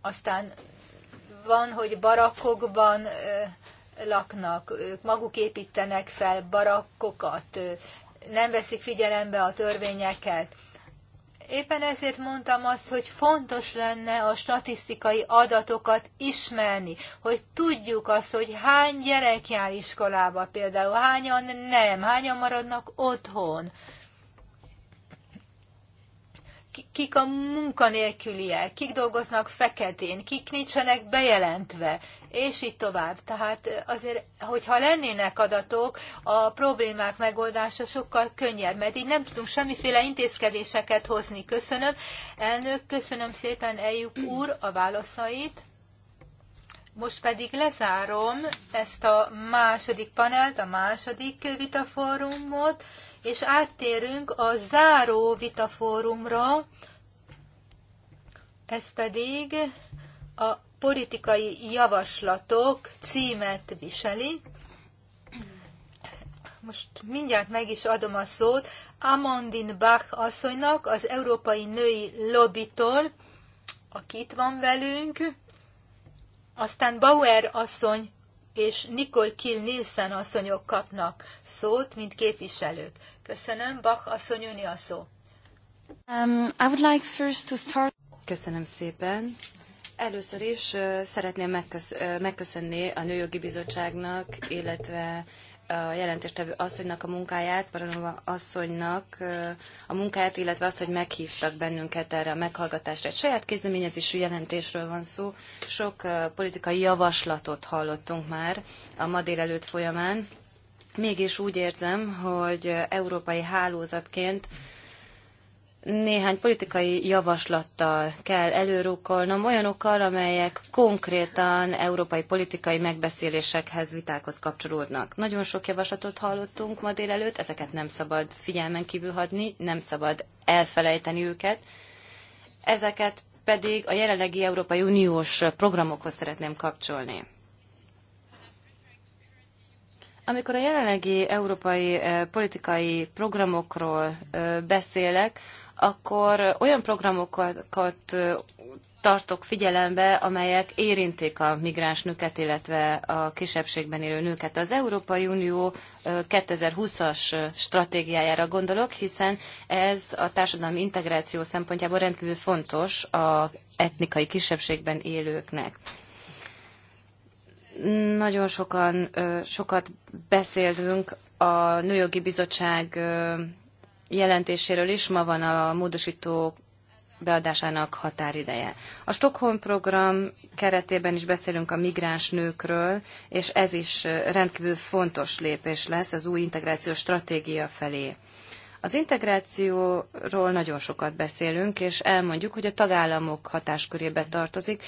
Aztán van, hogy barakkokban ö, laknak, ők maguk építenek fel barakkokat, ö, nem veszik figyelembe a törvényeket. Éppen ezért mondtam azt, hogy fontos lenne a statisztikai adatokat ismerni, hogy tudjuk azt, hogy hány gyerek jár iskolába például, hányan nem, hányan maradnak otthon kik a munkanélküliek, kik dolgoznak feketén, kik nincsenek bejelentve, és így tovább. Tehát azért, hogyha lennének adatok, a problémák megoldása sokkal könnyebb, mert így nem tudunk semmiféle intézkedéseket hozni. Köszönöm. Elnök, köszönöm szépen Eljuk úr a válaszait. Most pedig lezárom ezt a második panelt, a második vitaforumot és áttérünk a záró vitafórumra, ez pedig a politikai javaslatok címet viseli. Most mindjárt meg is adom a szót Amandin Bach asszonynak, az Európai Női lobbytól, aki itt van velünk, aztán Bauer asszony és Nicole Kill Nielsen asszonyok kapnak szót, mint képviselők. Köszönöm. Bach asszony, jönni a szó. Um, I would like first to start... Köszönöm szépen. Először is szeretném megkösz, megköszönni a Nőjogi Bizottságnak, illetve a jelentéstevő asszonynak a munkáját, Paranova asszonynak a munkáját, illetve azt, hogy meghívtak bennünket erre a meghallgatásra. Egy saját kezdeményezésű jelentésről van szó. Sok politikai javaslatot hallottunk már a ma délelőtt folyamán. Mégis úgy érzem, hogy európai hálózatként néhány politikai javaslattal kell előrukkolnom, olyanokkal, amelyek konkrétan európai politikai megbeszélésekhez, vitákhoz kapcsolódnak. Nagyon sok javaslatot hallottunk ma délelőtt, ezeket nem szabad figyelmen kívül hagyni, nem szabad elfelejteni őket. Ezeket pedig a jelenlegi Európai Uniós programokhoz szeretném kapcsolni. Amikor a jelenlegi európai politikai programokról beszélek, akkor olyan programokat tartok figyelembe, amelyek érintik a migráns nőket, illetve a kisebbségben élő nőket. Az Európai Unió 2020-as stratégiájára gondolok, hiszen ez a társadalmi integráció szempontjából rendkívül fontos a etnikai kisebbségben élőknek. Nagyon sokan, sokat beszélünk a Nőjogi Bizottság jelentéséről is. Ma van a módosító beadásának határideje. A Stockholm program keretében is beszélünk a migráns nőkről, és ez is rendkívül fontos lépés lesz az új integrációs stratégia felé. Az integrációról nagyon sokat beszélünk, és elmondjuk, hogy a tagállamok hatáskörébe tartozik,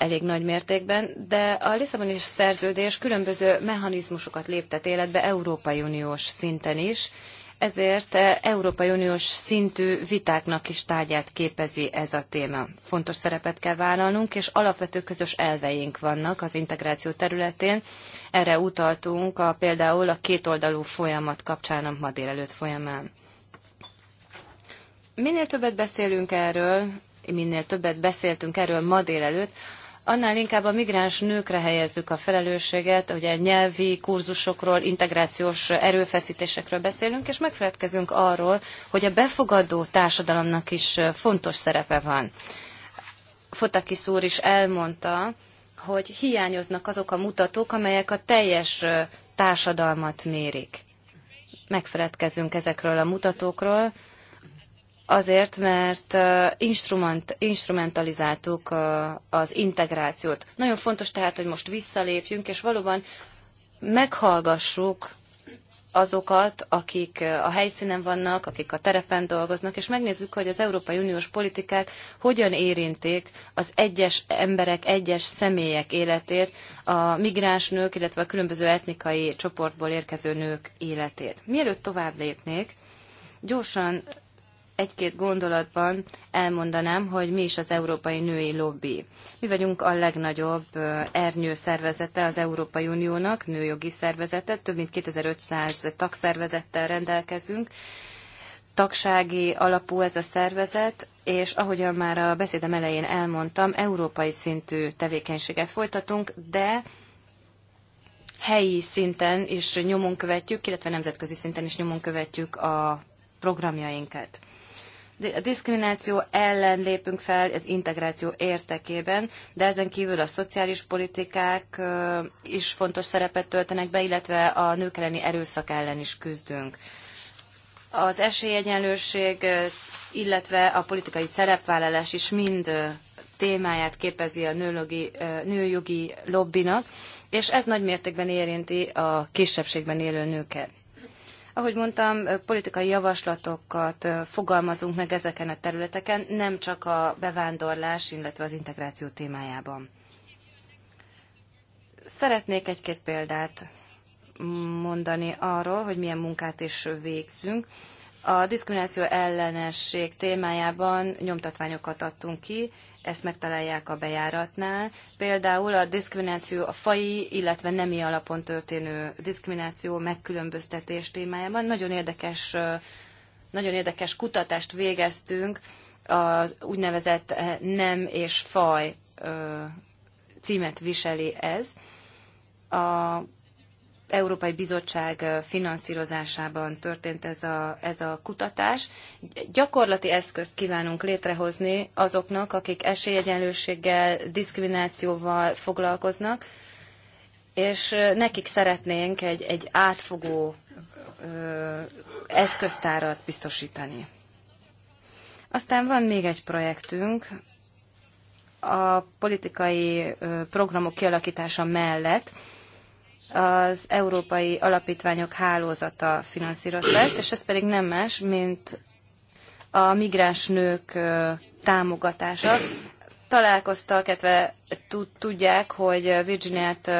elég nagy mértékben, de a Lisszaboni szerződés különböző mechanizmusokat léptet életbe Európai Uniós szinten is, ezért Európai Uniós szintű vitáknak is tárgyát képezi ez a téma. Fontos szerepet kell vállalnunk, és alapvető közös elveink vannak az integráció területén. Erre utaltunk a, például a kétoldalú folyamat kapcsán a ma délelőtt folyamán. Minél többet beszélünk erről, minél többet beszéltünk erről ma délelőtt, annál inkább a migráns nőkre helyezzük a felelősséget, ugye nyelvi kurzusokról, integrációs erőfeszítésekről beszélünk, és megfeledkezünk arról, hogy a befogadó társadalomnak is fontos szerepe van. Fotakis úr is elmondta, hogy hiányoznak azok a mutatók, amelyek a teljes társadalmat mérik. Megfeledkezünk ezekről a mutatókról, Azért, mert instrument, instrumentalizáltuk az integrációt. Nagyon fontos tehát, hogy most visszalépjünk, és valóban meghallgassuk azokat, akik a helyszínen vannak, akik a terepen dolgoznak, és megnézzük, hogy az Európai Uniós politikák hogyan érintik az egyes emberek, egyes személyek életét, a migráns nők, illetve a különböző etnikai csoportból érkező nők életét. Mielőtt tovább lépnék, gyorsan egy-két gondolatban elmondanám, hogy mi is az Európai Női Lobby. Mi vagyunk a legnagyobb ernyő szervezete az Európai Uniónak, nőjogi szervezete, több mint 2500 tagszervezettel rendelkezünk. Tagsági alapú ez a szervezet, és ahogyan már a beszédem elején elmondtam, európai szintű tevékenységet folytatunk, de helyi szinten is nyomon követjük, illetve nemzetközi szinten is nyomon követjük a programjainkat. A diszkrimináció ellen lépünk fel az integráció értekében, de ezen kívül a szociális politikák is fontos szerepet töltenek be, illetve a nők elleni erőszak ellen is küzdünk. Az esélyegyenlőség, illetve a politikai szerepvállalás is mind témáját képezi a nőlogi, nőjogi lobbinak, és ez nagy mértékben érinti a kisebbségben élő nőket. Ahogy mondtam, politikai javaslatokat fogalmazunk meg ezeken a területeken, nem csak a bevándorlás, illetve az integráció témájában. Szeretnék egy-két példát mondani arról, hogy milyen munkát is végzünk. A diszkrimináció ellenesség témájában nyomtatványokat adtunk ki, ezt megtalálják a bejáratnál. Például a diszkrimináció, a fai, illetve nemi alapon történő diszkrimináció, megkülönböztetés témájában. Nagyon érdekes, nagyon érdekes kutatást végeztünk az úgynevezett eh, nem és faj címet viseli ez. A Európai Bizottság finanszírozásában történt ez a, ez a kutatás. Gyakorlati eszközt kívánunk létrehozni azoknak, akik esélyegyenlőséggel, diszkriminációval foglalkoznak, és nekik szeretnénk egy, egy átfogó ö, eszköztárat biztosítani. Aztán van még egy projektünk, a politikai programok kialakítása mellett, az Európai Alapítványok Hálózata finanszírozta ezt, és ez pedig nem más, mint a migráns nők támogatása. Találkoztak, illetve tudják, hogy Virginiát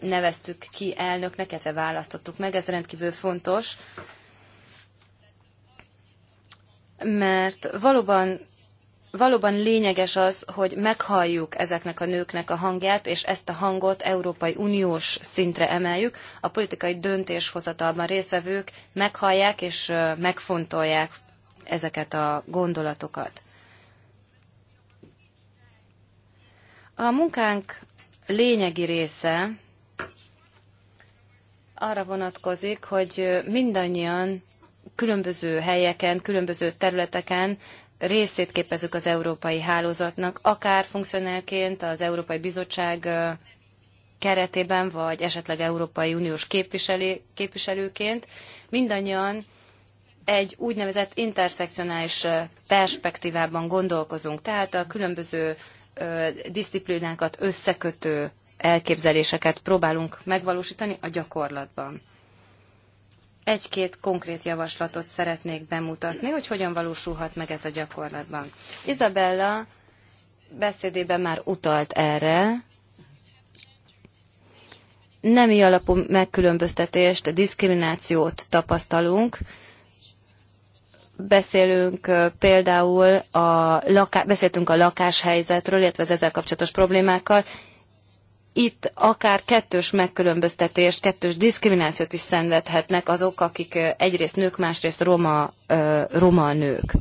neveztük ki elnöknek, illetve választottuk meg, ez rendkívül fontos, mert valóban valóban lényeges az, hogy meghalljuk ezeknek a nőknek a hangját, és ezt a hangot Európai Uniós szintre emeljük. A politikai döntéshozatalban résztvevők meghallják és megfontolják ezeket a gondolatokat. A munkánk lényegi része arra vonatkozik, hogy mindannyian különböző helyeken, különböző területeken részét képezzük az európai hálózatnak, akár funkcionálként az Európai Bizottság keretében, vagy esetleg Európai Uniós képviselő, képviselőként, mindannyian egy úgynevezett interszekcionális perspektívában gondolkozunk, tehát a különböző disziplinákat összekötő elképzeléseket próbálunk megvalósítani a gyakorlatban egy-két konkrét javaslatot szeretnék bemutatni, hogy hogyan valósulhat meg ez a gyakorlatban. Izabella beszédében már utalt erre, nemi alapú megkülönböztetést, diszkriminációt tapasztalunk. Beszélünk például a laká- beszéltünk a lakáshelyzetről, illetve az ezzel kapcsolatos problémákkal, itt akár kettős megkülönböztetést, kettős diszkriminációt is szenvedhetnek azok, akik egyrészt nők, másrészt roma, roma nők.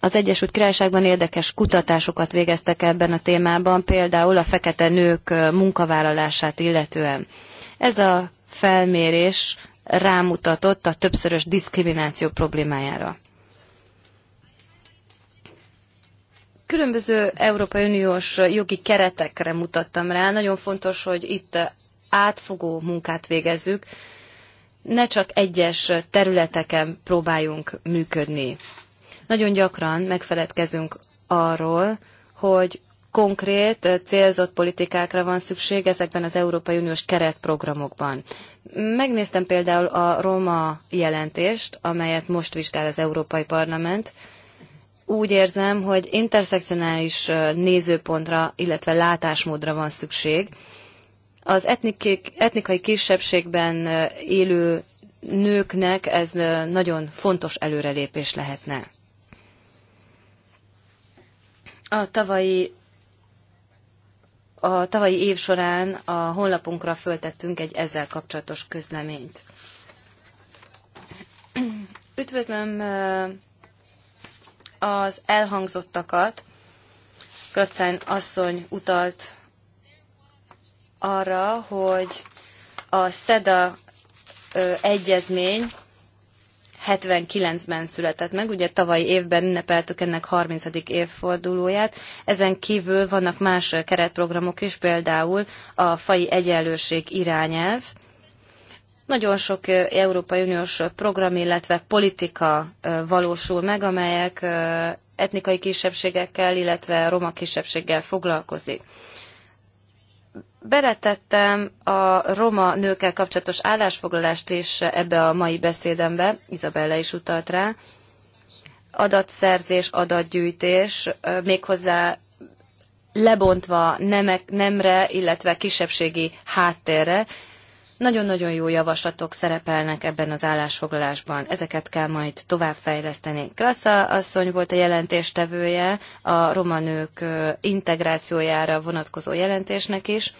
Az Egyesült Királyságban érdekes kutatásokat végeztek ebben a témában, például a fekete nők munkavállalását illetően. Ez a felmérés rámutatott a többszörös diszkrimináció problémájára. Különböző Európai Uniós jogi keretekre mutattam rá. Nagyon fontos, hogy itt átfogó munkát végezzük, ne csak egyes területeken próbáljunk működni. Nagyon gyakran megfeledkezünk arról, hogy konkrét, célzott politikákra van szükség ezekben az Európai Uniós keretprogramokban. Megnéztem például a Roma jelentést, amelyet most vizsgál az Európai Parlament, úgy érzem, hogy interszekcionális nézőpontra, illetve látásmódra van szükség. Az etnikai kisebbségben élő nőknek ez nagyon fontos előrelépés lehetne. A tavalyi a tavalyi év során a honlapunkra föltettünk egy ezzel kapcsolatos közleményt. Üdvözlöm az elhangzottakat. Kötszány asszony utalt arra, hogy a SEDA egyezmény 79-ben született meg, ugye tavalyi évben ünnepeltük ennek 30. évfordulóját. Ezen kívül vannak más keretprogramok is, például a fai egyenlőség irányelv, nagyon sok Európai Uniós program, illetve politika valósul meg, amelyek etnikai kisebbségekkel, illetve roma kisebbséggel foglalkozik. Beletettem a roma nőkkel kapcsolatos állásfoglalást is ebbe a mai beszédembe, Izabella is utalt rá. Adatszerzés, adatgyűjtés, méghozzá lebontva nemek, nemre, illetve kisebbségi háttérre. Nagyon-nagyon jó javaslatok szerepelnek ebben az állásfoglalásban, ezeket kell majd továbbfejleszteni. Krasza asszony volt a jelentéstevője a roma nők integrációjára vonatkozó jelentésnek is,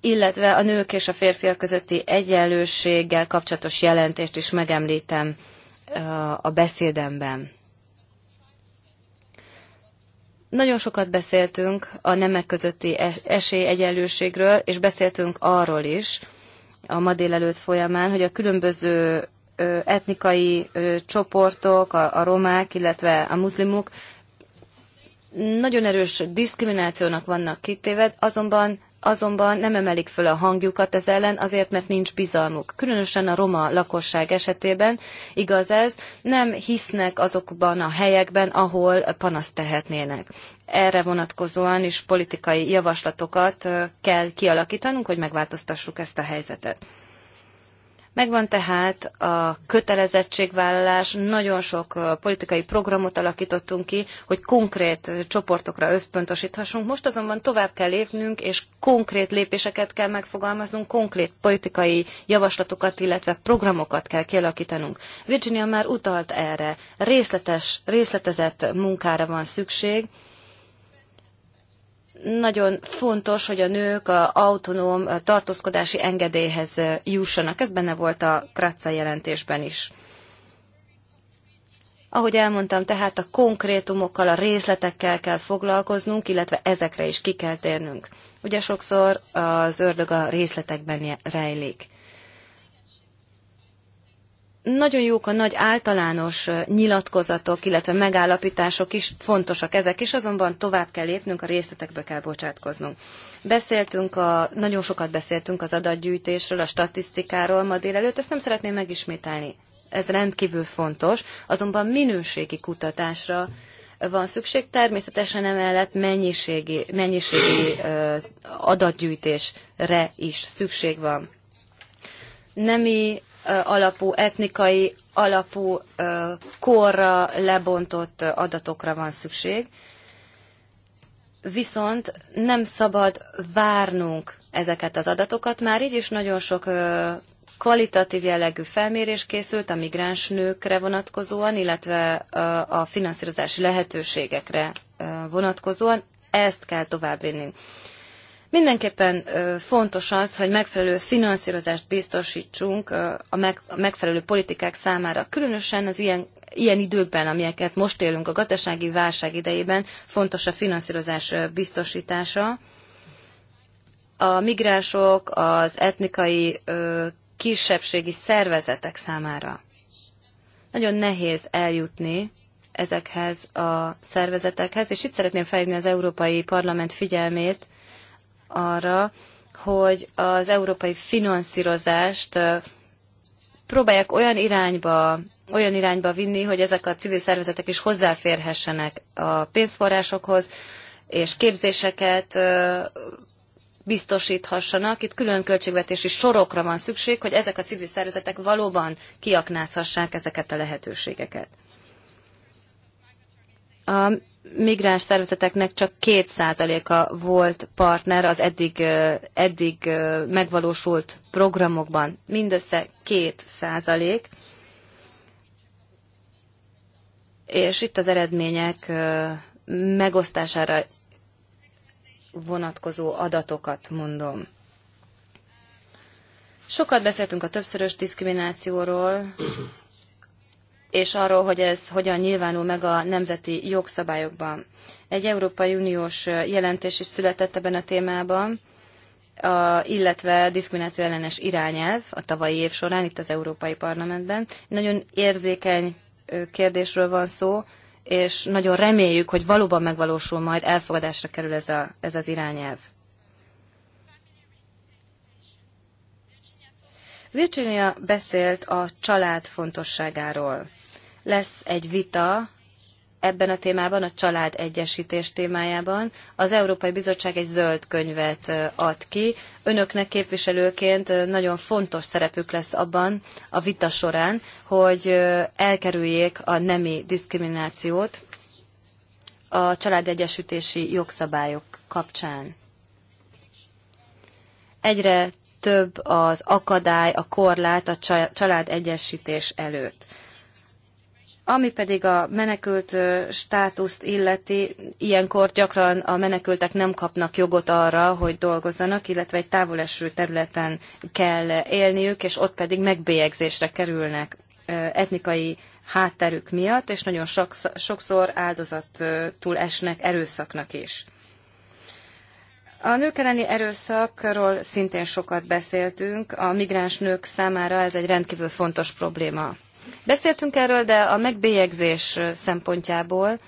illetve a nők és a férfiak közötti egyenlőséggel kapcsolatos jelentést is megemlítem a beszédemben. Nagyon sokat beszéltünk a nemek közötti esélyegyenlőségről, és beszéltünk arról is a ma délelőtt folyamán, hogy a különböző etnikai csoportok, a, a romák, illetve a muszlimok nagyon erős diszkriminációnak vannak kitéve, azonban azonban nem emelik föl a hangjukat ez ellen, azért, mert nincs bizalmuk. Különösen a roma lakosság esetében igaz ez, nem hisznek azokban a helyekben, ahol panaszt tehetnének. Erre vonatkozóan is politikai javaslatokat kell kialakítanunk, hogy megváltoztassuk ezt a helyzetet. Megvan tehát a kötelezettségvállalás, nagyon sok politikai programot alakítottunk ki, hogy konkrét csoportokra összpontosíthassunk. Most azonban tovább kell lépnünk, és konkrét lépéseket kell megfogalmaznunk, konkrét politikai javaslatokat, illetve programokat kell kialakítanunk. Virginia már utalt erre. Részletes, részletezett munkára van szükség, nagyon fontos, hogy a nők a autonóm tartózkodási engedélyhez jussanak. Ez benne volt a Kratza jelentésben is. Ahogy elmondtam, tehát a konkrétumokkal, a részletekkel kell foglalkoznunk, illetve ezekre is ki kell térnünk. Ugye sokszor az ördög a részletekben rejlik nagyon jók a nagy általános nyilatkozatok, illetve megállapítások is, fontosak ezek is, azonban tovább kell lépnünk, a részletekbe kell bocsátkoznunk. Beszéltünk a, nagyon sokat beszéltünk az adatgyűjtésről, a statisztikáról ma délelőtt, ezt nem szeretném megismételni. Ez rendkívül fontos, azonban minőségi kutatásra van szükség, természetesen emellett mennyiségi, mennyiségi adatgyűjtésre is szükség van nemi alapú, etnikai alapú korra lebontott adatokra van szükség. Viszont nem szabad várnunk ezeket az adatokat. Már így is nagyon sok kvalitatív jellegű felmérés készült a migráns nőkre vonatkozóan, illetve a finanszírozási lehetőségekre vonatkozóan. Ezt kell továbbvinni. Mindenképpen fontos az, hogy megfelelő finanszírozást biztosítsunk a megfelelő politikák számára. Különösen az ilyen, ilyen időkben, amelyeket most élünk a gazdasági válság idejében, fontos a finanszírozás biztosítása. A migránsok, az etnikai kisebbségi szervezetek számára. Nagyon nehéz eljutni ezekhez a szervezetekhez, és itt szeretném felhívni az Európai Parlament figyelmét, arra, hogy az európai finanszírozást próbálják olyan irányba, olyan irányba vinni, hogy ezek a civil szervezetek is hozzáférhessenek a pénzforrásokhoz, és képzéseket biztosíthassanak. Itt külön költségvetési sorokra van szükség, hogy ezek a civil szervezetek valóban kiaknázhassák ezeket a lehetőségeket. A migráns szervezeteknek csak 2%-a volt partner az eddig, eddig megvalósult programokban. Mindössze 2%. És itt az eredmények megosztására vonatkozó adatokat mondom. Sokat beszéltünk a többszörös diszkriminációról, és arról, hogy ez hogyan nyilvánul meg a nemzeti jogszabályokban. Egy Európai Uniós jelentés is született ebben a témában, a, illetve diszkrimináció ellenes irányelv a tavalyi év során itt az Európai Parlamentben. Nagyon érzékeny kérdésről van szó, és nagyon reméljük, hogy valóban megvalósul majd, elfogadásra kerül ez, a, ez az irányelv. Virginia beszélt a család fontosságáról lesz egy vita ebben a témában, a család egyesítés témájában. Az Európai Bizottság egy zöld könyvet ad ki. Önöknek képviselőként nagyon fontos szerepük lesz abban a vita során, hogy elkerüljék a nemi diszkriminációt a családegyesítési jogszabályok kapcsán. Egyre több az akadály, a korlát a családegyesítés előtt. Ami pedig a menekült státuszt illeti, ilyenkor gyakran a menekültek nem kapnak jogot arra, hogy dolgozzanak, illetve egy távoleső területen kell élniük, és ott pedig megbélyegzésre kerülnek etnikai hátterük miatt, és nagyon sokszor áldozatul esnek erőszaknak is. A nők elleni erőszakról szintén sokat beszéltünk, a migráns nők számára ez egy rendkívül fontos probléma. Beszéltünk erről, de a megbélyegzés szempontjából,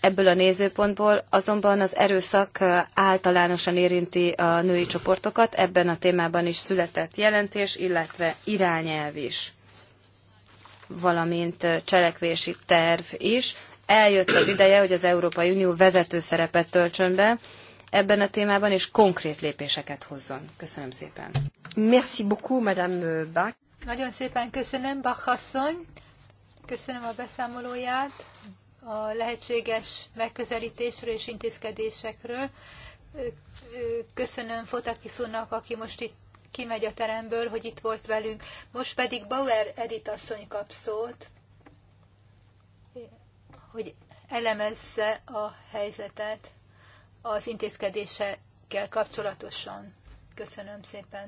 ebből a nézőpontból azonban az erőszak általánosan érinti a női csoportokat, ebben a témában is született jelentés, illetve irányelv is, valamint cselekvési terv is. Eljött az ideje, hogy az Európai Unió vezető szerepet töltsön be, ebben a témában, és konkrét lépéseket hozzon. Köszönöm szépen. Merci beaucoup, Madame Bach. Nagyon szépen köszönöm, Bachasszony. Köszönöm a beszámolóját a lehetséges megközelítésről és intézkedésekről. Köszönöm Fotakis úrnak, aki most itt kimegy a teremből, hogy itt volt velünk. Most pedig Bauer Edith asszony kap szót, hogy elemezze a helyzetet az intézkedésekkel kapcsolatosan. Köszönöm szépen.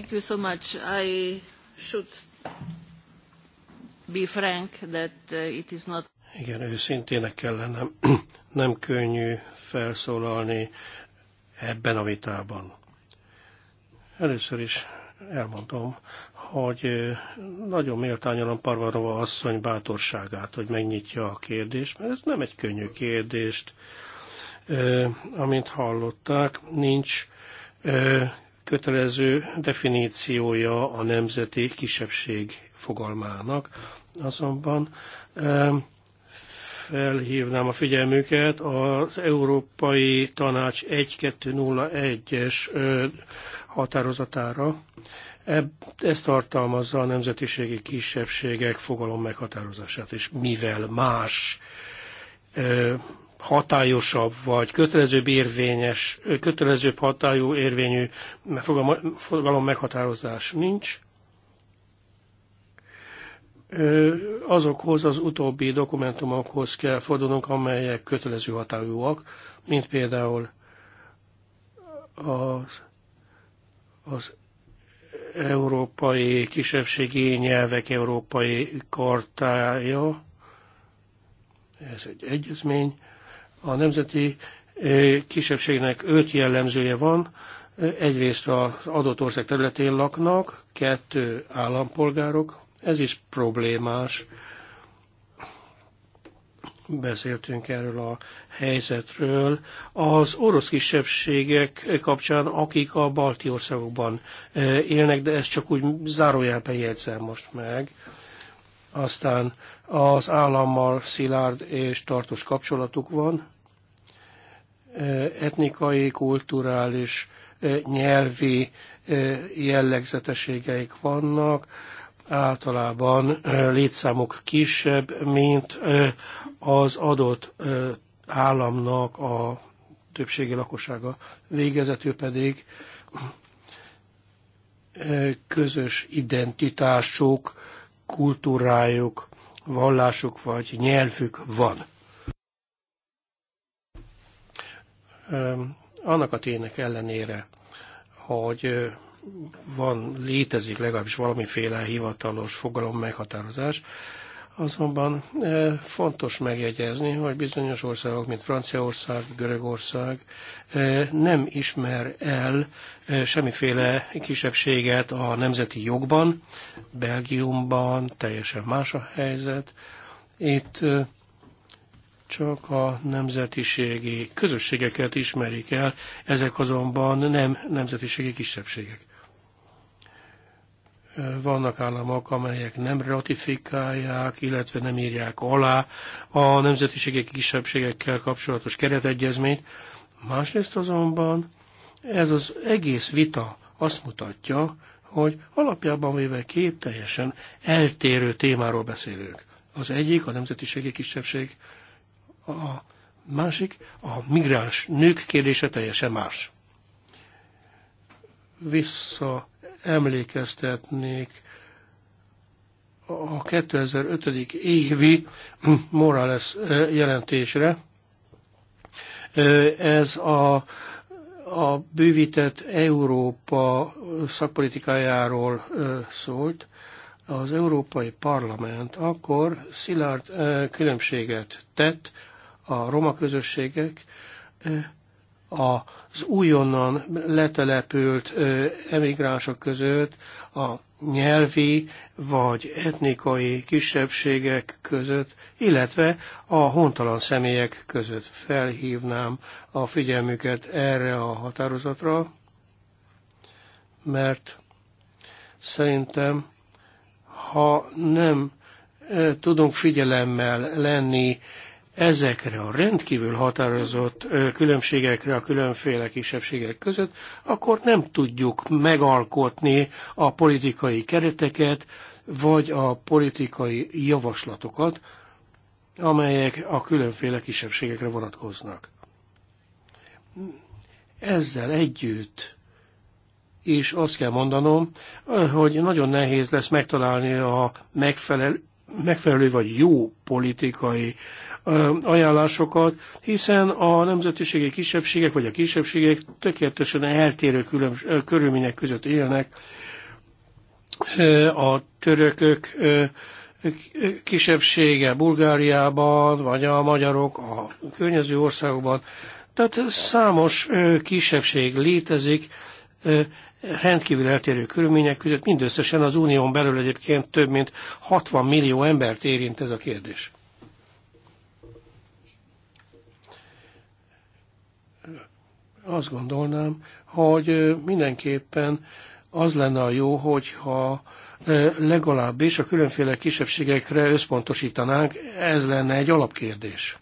Thank you so much. I should be frank that uh, it is not... Igen, őszintének kellene. Nem könnyű felszólalni ebben a vitában. Először is elmondom, hogy nagyon méltányolom Parvarova asszony bátorságát, hogy megnyitja a kérdést, mert ez nem egy könnyű kérdést. Amint hallották, nincs kötelező definíciója a nemzeti kisebbség fogalmának, azonban felhívnám a figyelmüket az Európai Tanács 1201-es határozatára. Ez tartalmazza a nemzetiségi kisebbségek fogalom meghatározását, és mivel más hatályosabb vagy kötelezőbb érvényes, kötelezőbb hatályú érvényű fogalom meghatározás nincs. Azokhoz az utóbbi dokumentumokhoz kell fordulnunk, amelyek kötelező hatályúak, mint például az, az európai kisebbségi nyelvek európai kartája, ez egy egyezmény, a nemzeti kisebbségnek öt jellemzője van. Egyrészt az adott ország területén laknak, kettő állampolgárok. Ez is problémás. Beszéltünk erről a helyzetről. Az orosz kisebbségek kapcsán, akik a balti országokban élnek, de ezt csak úgy zárójelben jegyzem most meg. Aztán az állammal szilárd és tartós kapcsolatuk van, e, etnikai, kulturális, e, nyelvi e, jellegzetességeik vannak, általában létszámuk kisebb, mint az adott államnak a többségi lakossága. Végezetül pedig közös identitásuk, kultúrájuk vallásuk vagy nyelvük van. Annak a tények ellenére, hogy van, létezik legalábbis valamiféle hivatalos fogalom meghatározás, Azonban e, fontos megjegyezni, hogy bizonyos országok, mint Franciaország, Görögország e, nem ismer el e, semmiféle kisebbséget a nemzeti jogban. Belgiumban teljesen más a helyzet. Itt csak a nemzetiségi közösségeket ismerik el, ezek azonban nem nemzetiségi kisebbségek vannak államok, amelyek nem ratifikálják, illetve nem írják alá a nemzetiségek kisebbségekkel kapcsolatos keretegyezményt. Másrészt azonban ez az egész vita azt mutatja, hogy alapjában véve két teljesen eltérő témáról beszélünk. Az egyik a nemzetiségi kisebbség, a másik a migráns nők kérdése teljesen más. Vissza emlékeztetnék a 2005. évi Morales eh, jelentésre. Eh, ez a, a bővített Európa szakpolitikájáról eh, szólt. Az Európai Parlament akkor szilárd különbséget tett a roma közösségek az újonnan letelepült emigránsok között, a nyelvi vagy etnikai kisebbségek között, illetve a hontalan személyek között felhívnám a figyelmüket erre a határozatra, mert szerintem, ha nem tudunk figyelemmel lenni ezekre a rendkívül határozott különbségekre a különféle kisebbségek között, akkor nem tudjuk megalkotni a politikai kereteket, vagy a politikai javaslatokat, amelyek a különféle kisebbségekre vonatkoznak. Ezzel együtt és azt kell mondanom, hogy nagyon nehéz lesz megtalálni a megfelelő, megfelelő vagy jó politikai ajánlásokat, hiszen a nemzetiségi kisebbségek vagy a kisebbségek tökéletesen eltérő külön, körülmények között élnek. A törökök kisebbsége Bulgáriában, vagy a magyarok a környező országokban. Tehát számos kisebbség létezik, rendkívül eltérő körülmények között, mindösszesen az unión belül egyébként több mint 60 millió embert érint ez a kérdés. azt gondolnám, hogy mindenképpen az lenne a jó, hogyha legalábbis a különféle kisebbségekre összpontosítanánk, ez lenne egy alapkérdés.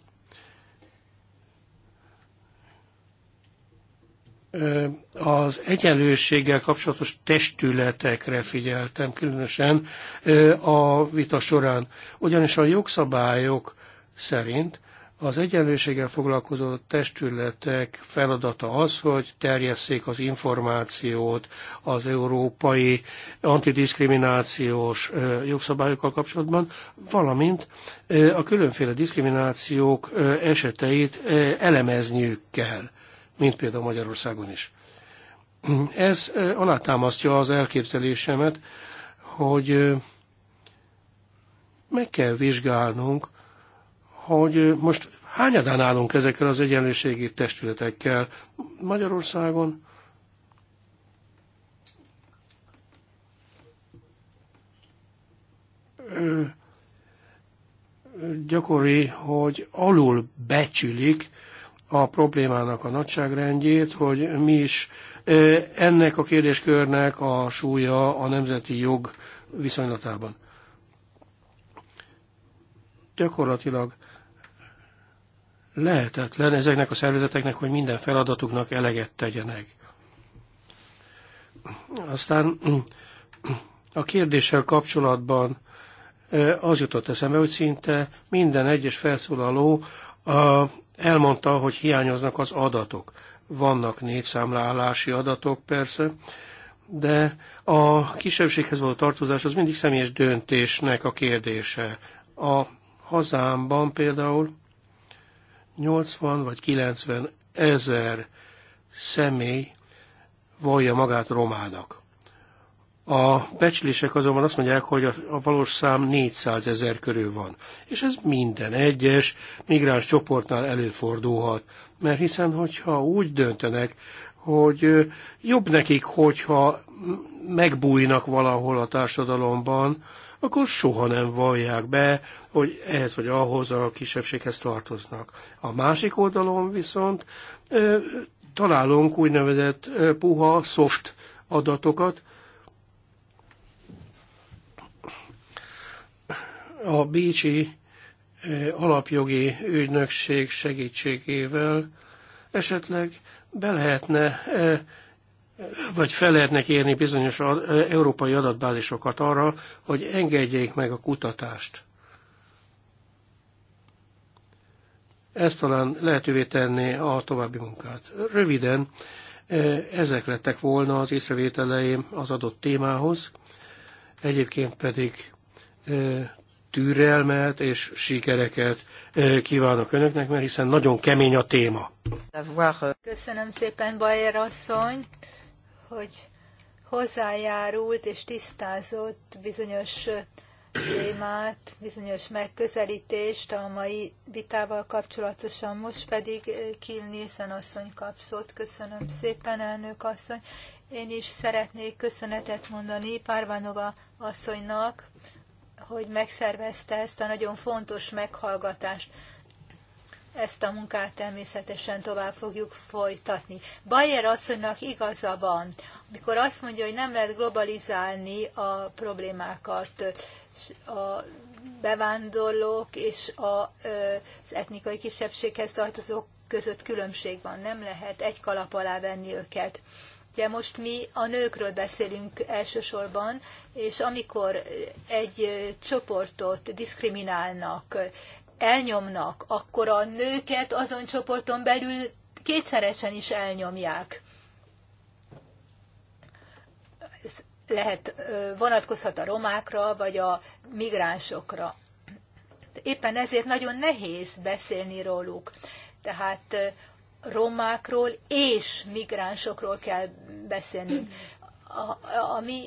az egyenlősséggel kapcsolatos testületekre figyeltem különösen a vita során. Ugyanis a jogszabályok szerint az egyenlőséggel foglalkozó testületek feladata az, hogy terjesszék az információt az európai antidiszkriminációs jogszabályokkal kapcsolatban, valamint a különféle diszkriminációk eseteit elemezniük kell, mint például Magyarországon is. Ez alátámasztja az elképzelésemet, hogy meg kell vizsgálnunk, hogy most hányadán állunk ezekkel az egyenlőségi testületekkel Magyarországon? gyakori, hogy alul becsülik a problémának a nagyságrendjét, hogy mi is ennek a kérdéskörnek a súlya a nemzeti jog viszonylatában. Gyakorlatilag lehetetlen ezeknek a szervezeteknek, hogy minden feladatuknak eleget tegyenek. Aztán a kérdéssel kapcsolatban az jutott eszembe, hogy szinte minden egyes felszólaló elmondta, hogy hiányoznak az adatok. Vannak népszámlálási adatok persze, de a kisebbséghez való tartozás az mindig személyes döntésnek a kérdése. A hazámban például 80 vagy 90 ezer személy vallja magát romának. A becslések azonban azt mondják, hogy a valós szám 400 ezer körül van. És ez minden egyes migráns csoportnál előfordulhat. Mert hiszen, hogyha úgy döntenek, hogy jobb nekik, hogyha megbújnak valahol a társadalomban, akkor soha nem vallják be, hogy ehhez vagy ahhoz a kisebbséghez tartoznak. A másik oldalon viszont találunk úgynevezett puha, soft adatokat, a Bécsi alapjogi ügynökség segítségével esetleg be lehetne vagy fel lehetnek érni bizonyos európai adatbázisokat arra, hogy engedjék meg a kutatást. Ez talán lehetővé tenné a további munkát. Röviden, ezek lettek volna az észrevételeim az adott témához, egyébként pedig türelmet és sikereket kívánok önöknek, mert hiszen nagyon kemény a téma. Köszönöm szépen, Bajer asszony! hogy hozzájárult és tisztázott bizonyos témát, bizonyos megközelítést a mai vitával kapcsolatosan. Most pedig eh, Kill Nielsen asszony kap szót. Köszönöm szépen, elnök asszony. Én is szeretnék köszönetet mondani Párvanova asszonynak, hogy megszervezte ezt a nagyon fontos meghallgatást ezt a munkát természetesen tovább fogjuk folytatni. Bayer asszonynak igaza van, mikor azt mondja, hogy nem lehet globalizálni a problémákat, a bevándorlók és az etnikai kisebbséghez tartozók között különbség van, nem lehet egy kalap alá venni őket. Ugye most mi a nőkről beszélünk elsősorban, és amikor egy csoportot diszkriminálnak, elnyomnak, akkor a nőket azon csoporton belül kétszeresen is elnyomják. Ez lehet, vonatkozhat a romákra, vagy a migránsokra. Éppen ezért nagyon nehéz beszélni róluk. Tehát romákról és migránsokról kell beszélnünk a, a mi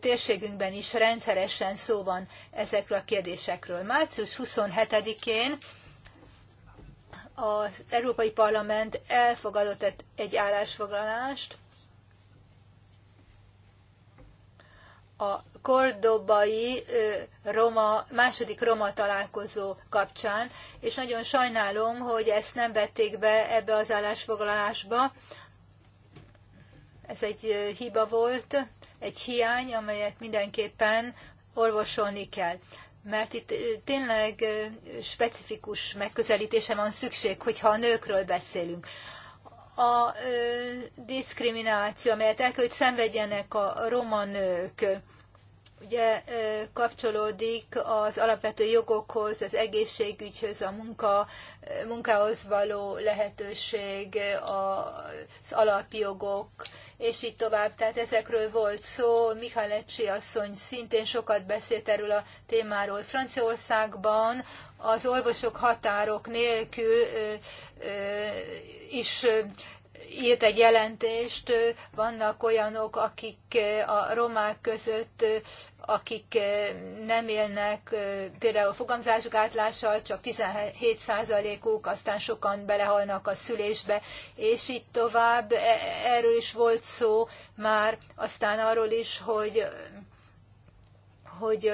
térségünkben is rendszeresen szó van ezekről a kérdésekről. Március 27-én az Európai Parlament elfogadott egy állásfoglalást a kordobai roma, második roma találkozó kapcsán, és nagyon sajnálom, hogy ezt nem vették be ebbe az állásfoglalásba, ez egy hiba volt, egy hiány, amelyet mindenképpen orvosolni kell. Mert itt tényleg specifikus megközelítése van szükség, hogyha a nőkről beszélünk a diszkrimináció, amelyet el kell, hogy szenvedjenek a roma nők, ugye kapcsolódik az alapvető jogokhoz, az egészségügyhöz, a munka, munkához való lehetőség, az alapjogok, és így tovább. Tehát ezekről volt szó, Mihály asszony szintén sokat beszélt erről a témáról. Franciaországban az orvosok határok nélkül is írt egy jelentést, vannak olyanok, akik a romák között, akik nem élnek például fogamzásgátlással, csak 17%-uk, aztán sokan belehalnak a szülésbe, és így tovább. E, erről is volt szó már, aztán arról is, hogy hogy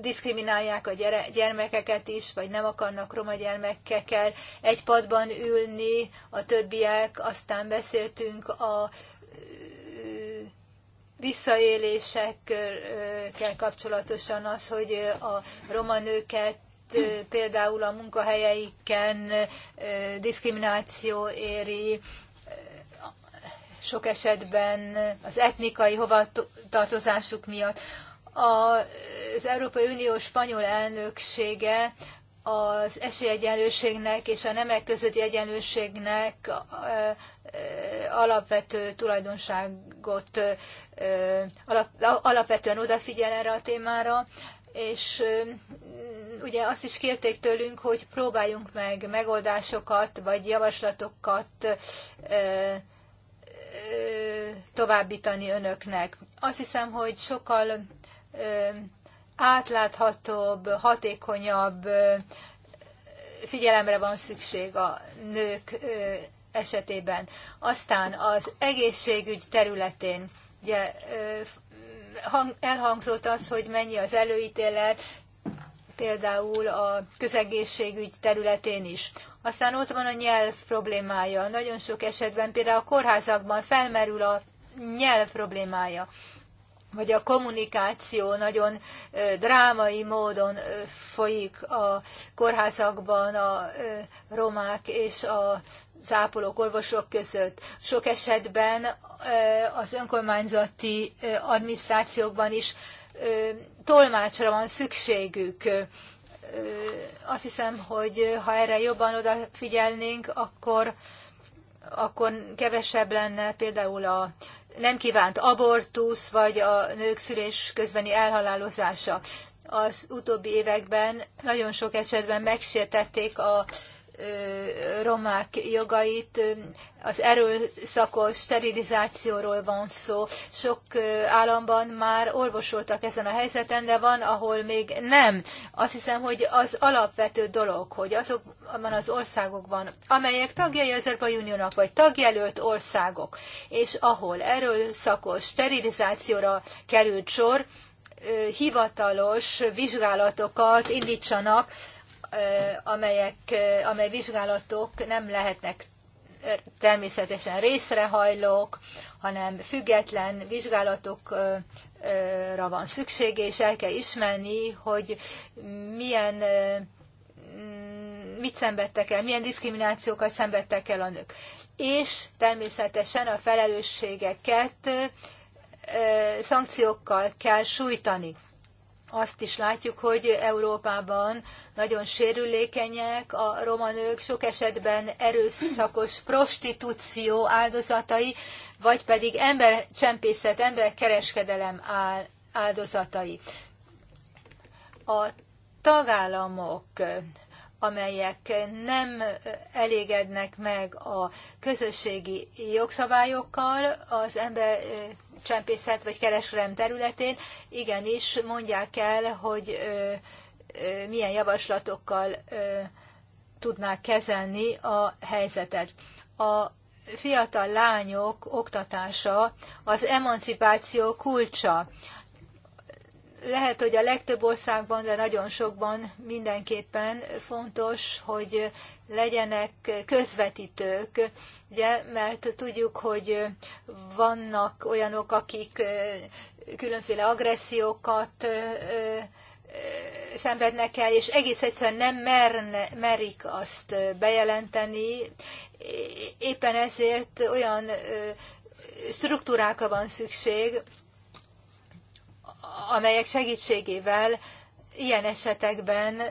diszkriminálják a gyermekeket is, vagy nem akarnak roma gyermekekkel egy padban ülni, a többiek, aztán beszéltünk a visszaélésekkel kapcsolatosan az, hogy a roma nőket például a munkahelyeiken diszkrimináció éri, sok esetben az etnikai hovatartozásuk miatt. Az Európai Unió spanyol elnöksége az esélyegyenlőségnek és a nemek közötti egyenlőségnek alapvető tulajdonságot alap, alapvetően odafigyel erre a témára, és ugye azt is kérték tőlünk, hogy próbáljunk meg megoldásokat vagy javaslatokat továbbítani önöknek. Azt hiszem, hogy sokkal átláthatóbb, hatékonyabb figyelemre van szükség a nők esetében. Aztán az egészségügy területén ugye, elhangzott az, hogy mennyi az előítélet, például a közegészségügy területén is. Aztán ott van a nyelv problémája. Nagyon sok esetben például a kórházakban felmerül a nyelv problémája vagy a kommunikáció nagyon drámai módon folyik a kórházakban a romák és a ápolók, orvosok között. Sok esetben az önkormányzati adminisztrációkban is tolmácsra van szükségük. Azt hiszem, hogy ha erre jobban odafigyelnénk, akkor, akkor kevesebb lenne például a nem kívánt abortusz, vagy a nők szülés közbeni elhalálozása. Az utóbbi években nagyon sok esetben megsértették a romák jogait, az erőszakos sterilizációról van szó. Sok államban már orvosoltak ezen a helyzeten, de van, ahol még nem. Azt hiszem, hogy az alapvető dolog, hogy azokban az országokban, amelyek tagjai az Európai Uniónak, vagy tagjelölt országok, és ahol erőszakos sterilizációra került sor, hivatalos vizsgálatokat indítsanak amelyek, amely vizsgálatok nem lehetnek természetesen részrehajlók, hanem független vizsgálatokra van szükség, és el kell ismerni, hogy milyen mit szenvedtek el, milyen diszkriminációkat szenvedtek el a nők. És természetesen a felelősségeket szankciókkal kell sújtani azt is látjuk, hogy Európában nagyon sérülékenyek a roma nők, sok esetben erőszakos prostitúció áldozatai, vagy pedig embercsempészet, emberkereskedelem áldozatai. A tagállamok, amelyek nem elégednek meg a közösségi jogszabályokkal, az ember csempészet vagy kereskedelem területén, igenis mondják el, hogy milyen javaslatokkal tudnák kezelni a helyzetet. A fiatal lányok oktatása az emancipáció kulcsa lehet, hogy a legtöbb országban, de nagyon sokban mindenképpen fontos, hogy legyenek közvetítők, ugye, mert tudjuk, hogy vannak olyanok, akik különféle agressziókat szenvednek el, és egész egyszerűen nem merne, merik azt bejelenteni. Éppen ezért olyan struktúrákra van szükség, amelyek segítségével ilyen esetekben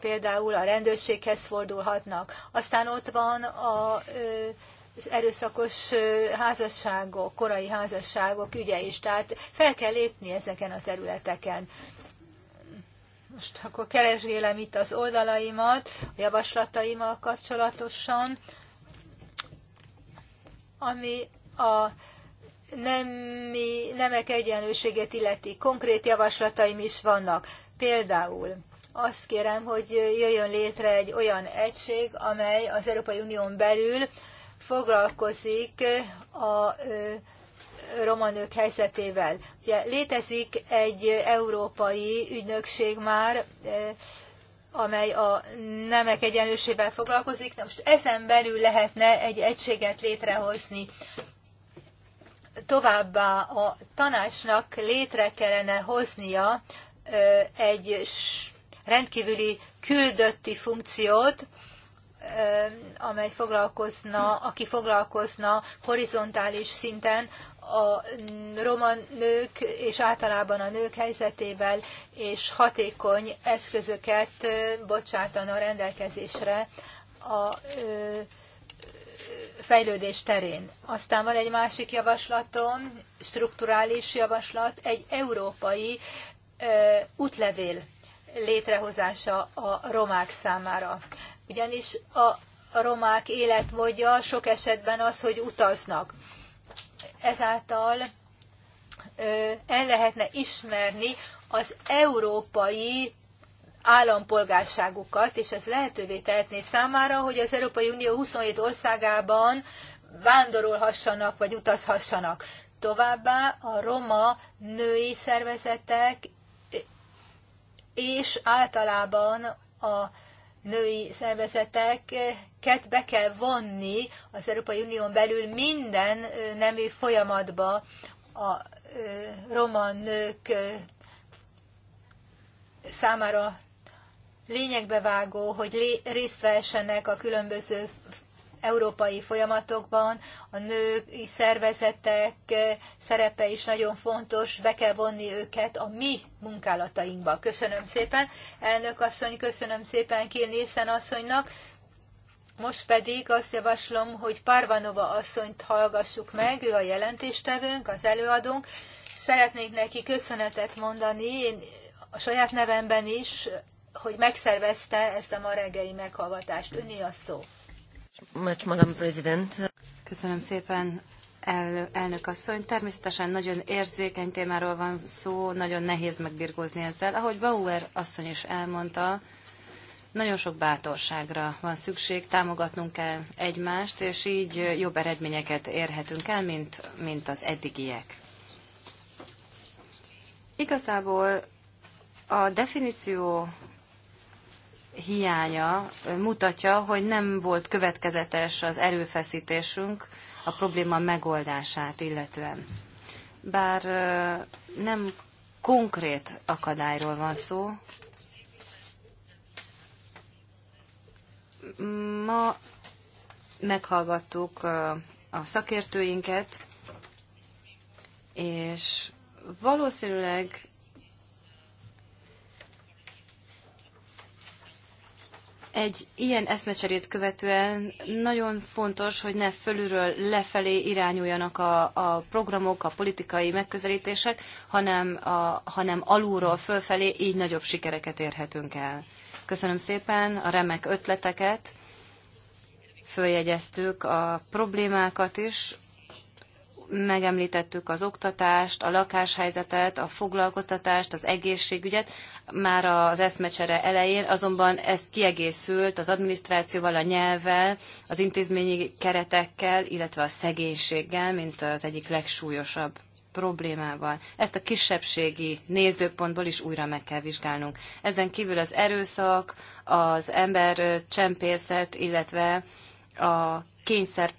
például a rendőrséghez fordulhatnak. Aztán ott van a az erőszakos házasságok, korai házasságok ügye is, tehát fel kell lépni ezeken a területeken. Most akkor keresgélem itt az oldalaimat, a javaslataimmal kapcsolatosan, ami a nemi, nemek egyenlőséget illeti. Konkrét javaslataim is vannak. Például azt kérem, hogy jöjjön létre egy olyan egység, amely az Európai Unión belül foglalkozik a roma nők helyzetével. Ugye létezik egy európai ügynökség már, amely a nemek egyenlőségével foglalkozik. Na most ezen belül lehetne egy egységet létrehozni. Továbbá a tanácsnak létre kellene hoznia egy rendkívüli küldötti funkciót, amely foglalkozna, aki foglalkozna horizontális szinten a roma nők és általában a nők helyzetével, és hatékony eszközöket bocsátana rendelkezésre a fejlődés terén. Aztán van egy másik javaslatom, strukturális javaslat, egy európai ö, útlevél létrehozása a romák számára. Ugyanis a romák életmódja sok esetben az, hogy utaznak. Ezáltal ö, el lehetne ismerni az európai állampolgárságukat, és ez lehetővé tehetné számára, hogy az Európai Unió 27 országában vándorolhassanak vagy utazhassanak. Továbbá a roma női szervezetek és általában a női szervezeteket be kell vonni az Európai Unión belül minden nemű folyamatba a roma nők számára lényegbe vágó, hogy részt vehessenek a különböző európai folyamatokban, a női szervezetek eh, szerepe is nagyon fontos, be kell vonni őket a mi munkálatainkba. Köszönöm szépen, elnök asszony, köszönöm szépen Kill Nielsen asszonynak. Most pedig azt javaslom, hogy Parvanova asszonyt hallgassuk meg, ő a jelentéstevőnk, az előadónk. Szeretnék neki köszönetet mondani, én a saját nevemben is hogy megszervezte ezt a ma reggeli meghallgatást. Öni a szó. Köszönöm szépen, el, elnök asszony. Természetesen nagyon érzékeny témáról van szó, nagyon nehéz megbirkózni ezzel. Ahogy Bauer asszony is elmondta, nagyon sok bátorságra van szükség, támogatnunk kell egymást, és így jobb eredményeket érhetünk el, mint, mint az eddigiek. Igazából a definíció hiánya mutatja, hogy nem volt következetes az erőfeszítésünk a probléma megoldását illetően. Bár nem konkrét akadályról van szó, ma meghallgattuk a szakértőinket, és valószínűleg Egy ilyen eszmecserét követően nagyon fontos, hogy ne fölülről lefelé irányuljanak a, a programok, a politikai megközelítések, hanem, a, hanem alulról fölfelé, így nagyobb sikereket érhetünk el. Köszönöm szépen a remek ötleteket, följegyeztük a problémákat is, megemlítettük az oktatást, a lakáshelyzetet, a foglalkoztatást, az egészségügyet már az eszmecsere elején, azonban ez kiegészült az adminisztrációval, a nyelvvel, az intézményi keretekkel, illetve a szegénységgel, mint az egyik legsúlyosabb problémával. Ezt a kisebbségi nézőpontból is újra meg kell vizsgálnunk. Ezen kívül az erőszak, az ember csempészet, illetve a kényszer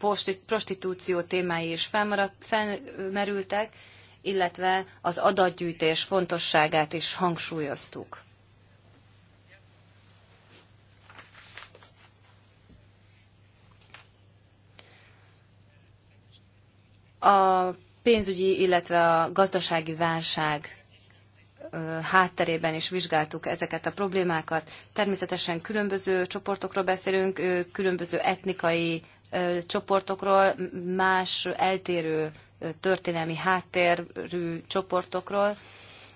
prostitúció témái is felmaradt, felmerültek, illetve az adatgyűjtés fontosságát is hangsúlyoztuk. A pénzügyi, illetve a gazdasági válság hátterében is vizsgáltuk ezeket a problémákat. Természetesen különböző csoportokról beszélünk, különböző etnikai csoportokról, más eltérő történelmi háttérű csoportokról.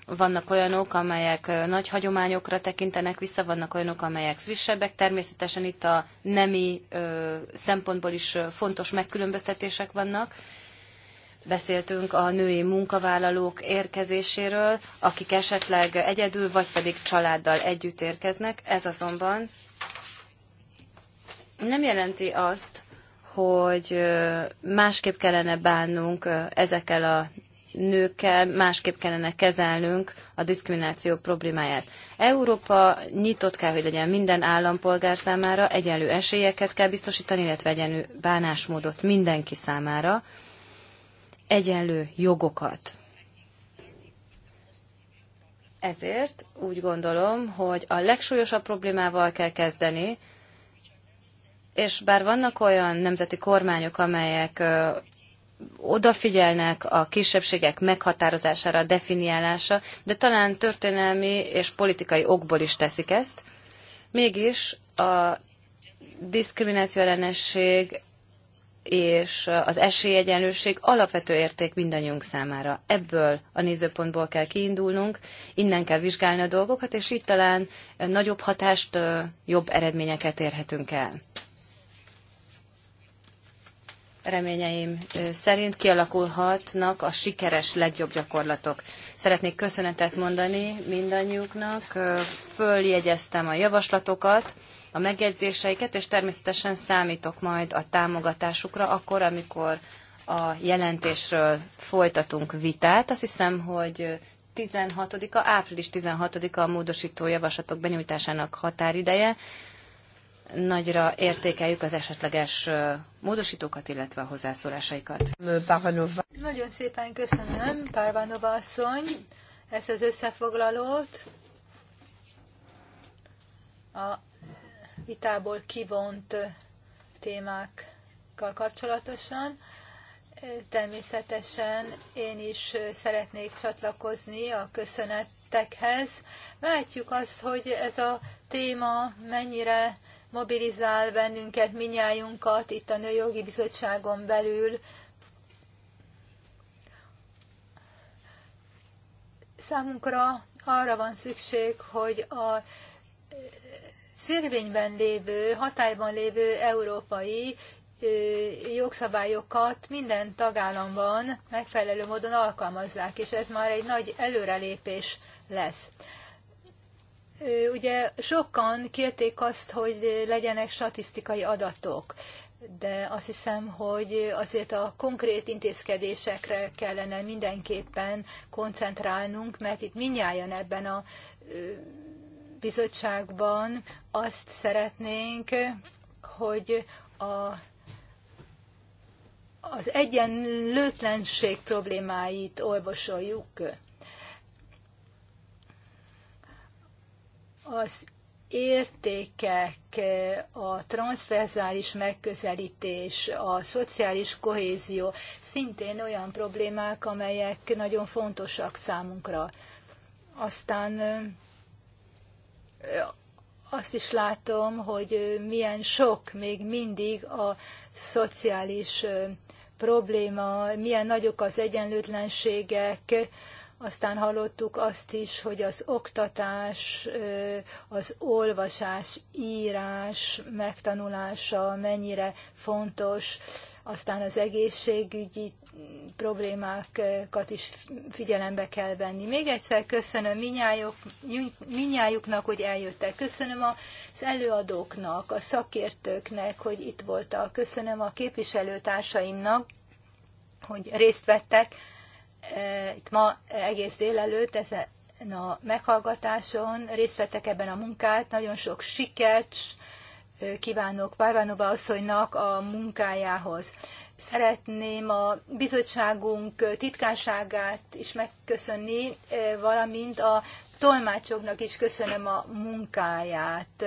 Vannak olyanok, amelyek nagy hagyományokra tekintenek vissza, vannak olyanok, amelyek frissebbek. Természetesen itt a nemi szempontból is fontos megkülönböztetések vannak beszéltünk a női munkavállalók érkezéséről, akik esetleg egyedül vagy pedig családdal együtt érkeznek. Ez azonban nem jelenti azt, hogy másképp kellene bánnunk ezekkel a nőkkel, másképp kellene kezelnünk a diszkrimináció problémáját. Európa nyitott kell, hogy legyen minden állampolgár számára, egyenlő esélyeket kell biztosítani, illetve egyenlő bánásmódot mindenki számára egyenlő jogokat. Ezért úgy gondolom, hogy a legsúlyosabb problémával kell kezdeni, és bár vannak olyan nemzeti kormányok, amelyek odafigyelnek a kisebbségek meghatározására, a definiálása, de talán történelmi és politikai okból is teszik ezt. Mégis a diszkrimináció ellenesség és az esélyegyenlőség alapvető érték mindannyiunk számára. Ebből a nézőpontból kell kiindulnunk, innen kell vizsgálni a dolgokat, és így talán nagyobb hatást, jobb eredményeket érhetünk el. Reményeim szerint kialakulhatnak a sikeres legjobb gyakorlatok. Szeretnék köszönetet mondani mindannyiuknak, följegyeztem a javaslatokat, a megjegyzéseiket, és természetesen számítok majd a támogatásukra akkor, amikor a jelentésről folytatunk vitát. Azt hiszem, hogy 16-a, április 16-a a módosító javaslatok benyújtásának határideje. Nagyra értékeljük az esetleges módosítókat, illetve a hozzászólásaikat. Nagyon szépen köszönöm, Párvanova asszony, ezt az összefoglalót. A vitából kivont témákkal kapcsolatosan. Természetesen én is szeretnék csatlakozni a köszönetekhez. Látjuk azt, hogy ez a téma mennyire mobilizál bennünket, minnyájunkat itt a Nőjogi Bizottságon belül. Számunkra arra van szükség, hogy a szérvényben lévő, hatályban lévő európai jogszabályokat minden tagállamban megfelelő módon alkalmazzák, és ez már egy nagy előrelépés lesz. Ugye sokan kérték azt, hogy legyenek statisztikai adatok, de azt hiszem, hogy azért a konkrét intézkedésekre kellene mindenképpen koncentrálnunk, mert itt minnyáján ebben a bizottságban azt szeretnénk, hogy a, az egyenlőtlenség problémáit orvosoljuk. Az értékek, a transzverzális megközelítés, a szociális kohézió szintén olyan problémák, amelyek nagyon fontosak számunkra. Aztán azt is látom, hogy milyen sok még mindig a szociális probléma, milyen nagyok az egyenlőtlenségek, aztán hallottuk azt is, hogy az oktatás, az olvasás, írás megtanulása mennyire fontos, aztán az egészségügyi problémákat is figyelembe kell venni. Még egyszer köszönöm minnyájuk, minnyájuknak, hogy eljöttek. Köszönöm az előadóknak, a szakértőknek, hogy itt voltak. Köszönöm a képviselőtársaimnak, hogy részt vettek itt ma egész délelőtt ezen a meghallgatáson részt vettek ebben a munkát. Nagyon sok sikert kívánok Párvánova asszonynak a munkájához. Szeretném a bizottságunk titkárságát is megköszönni, valamint a tolmácsoknak is köszönöm a munkáját.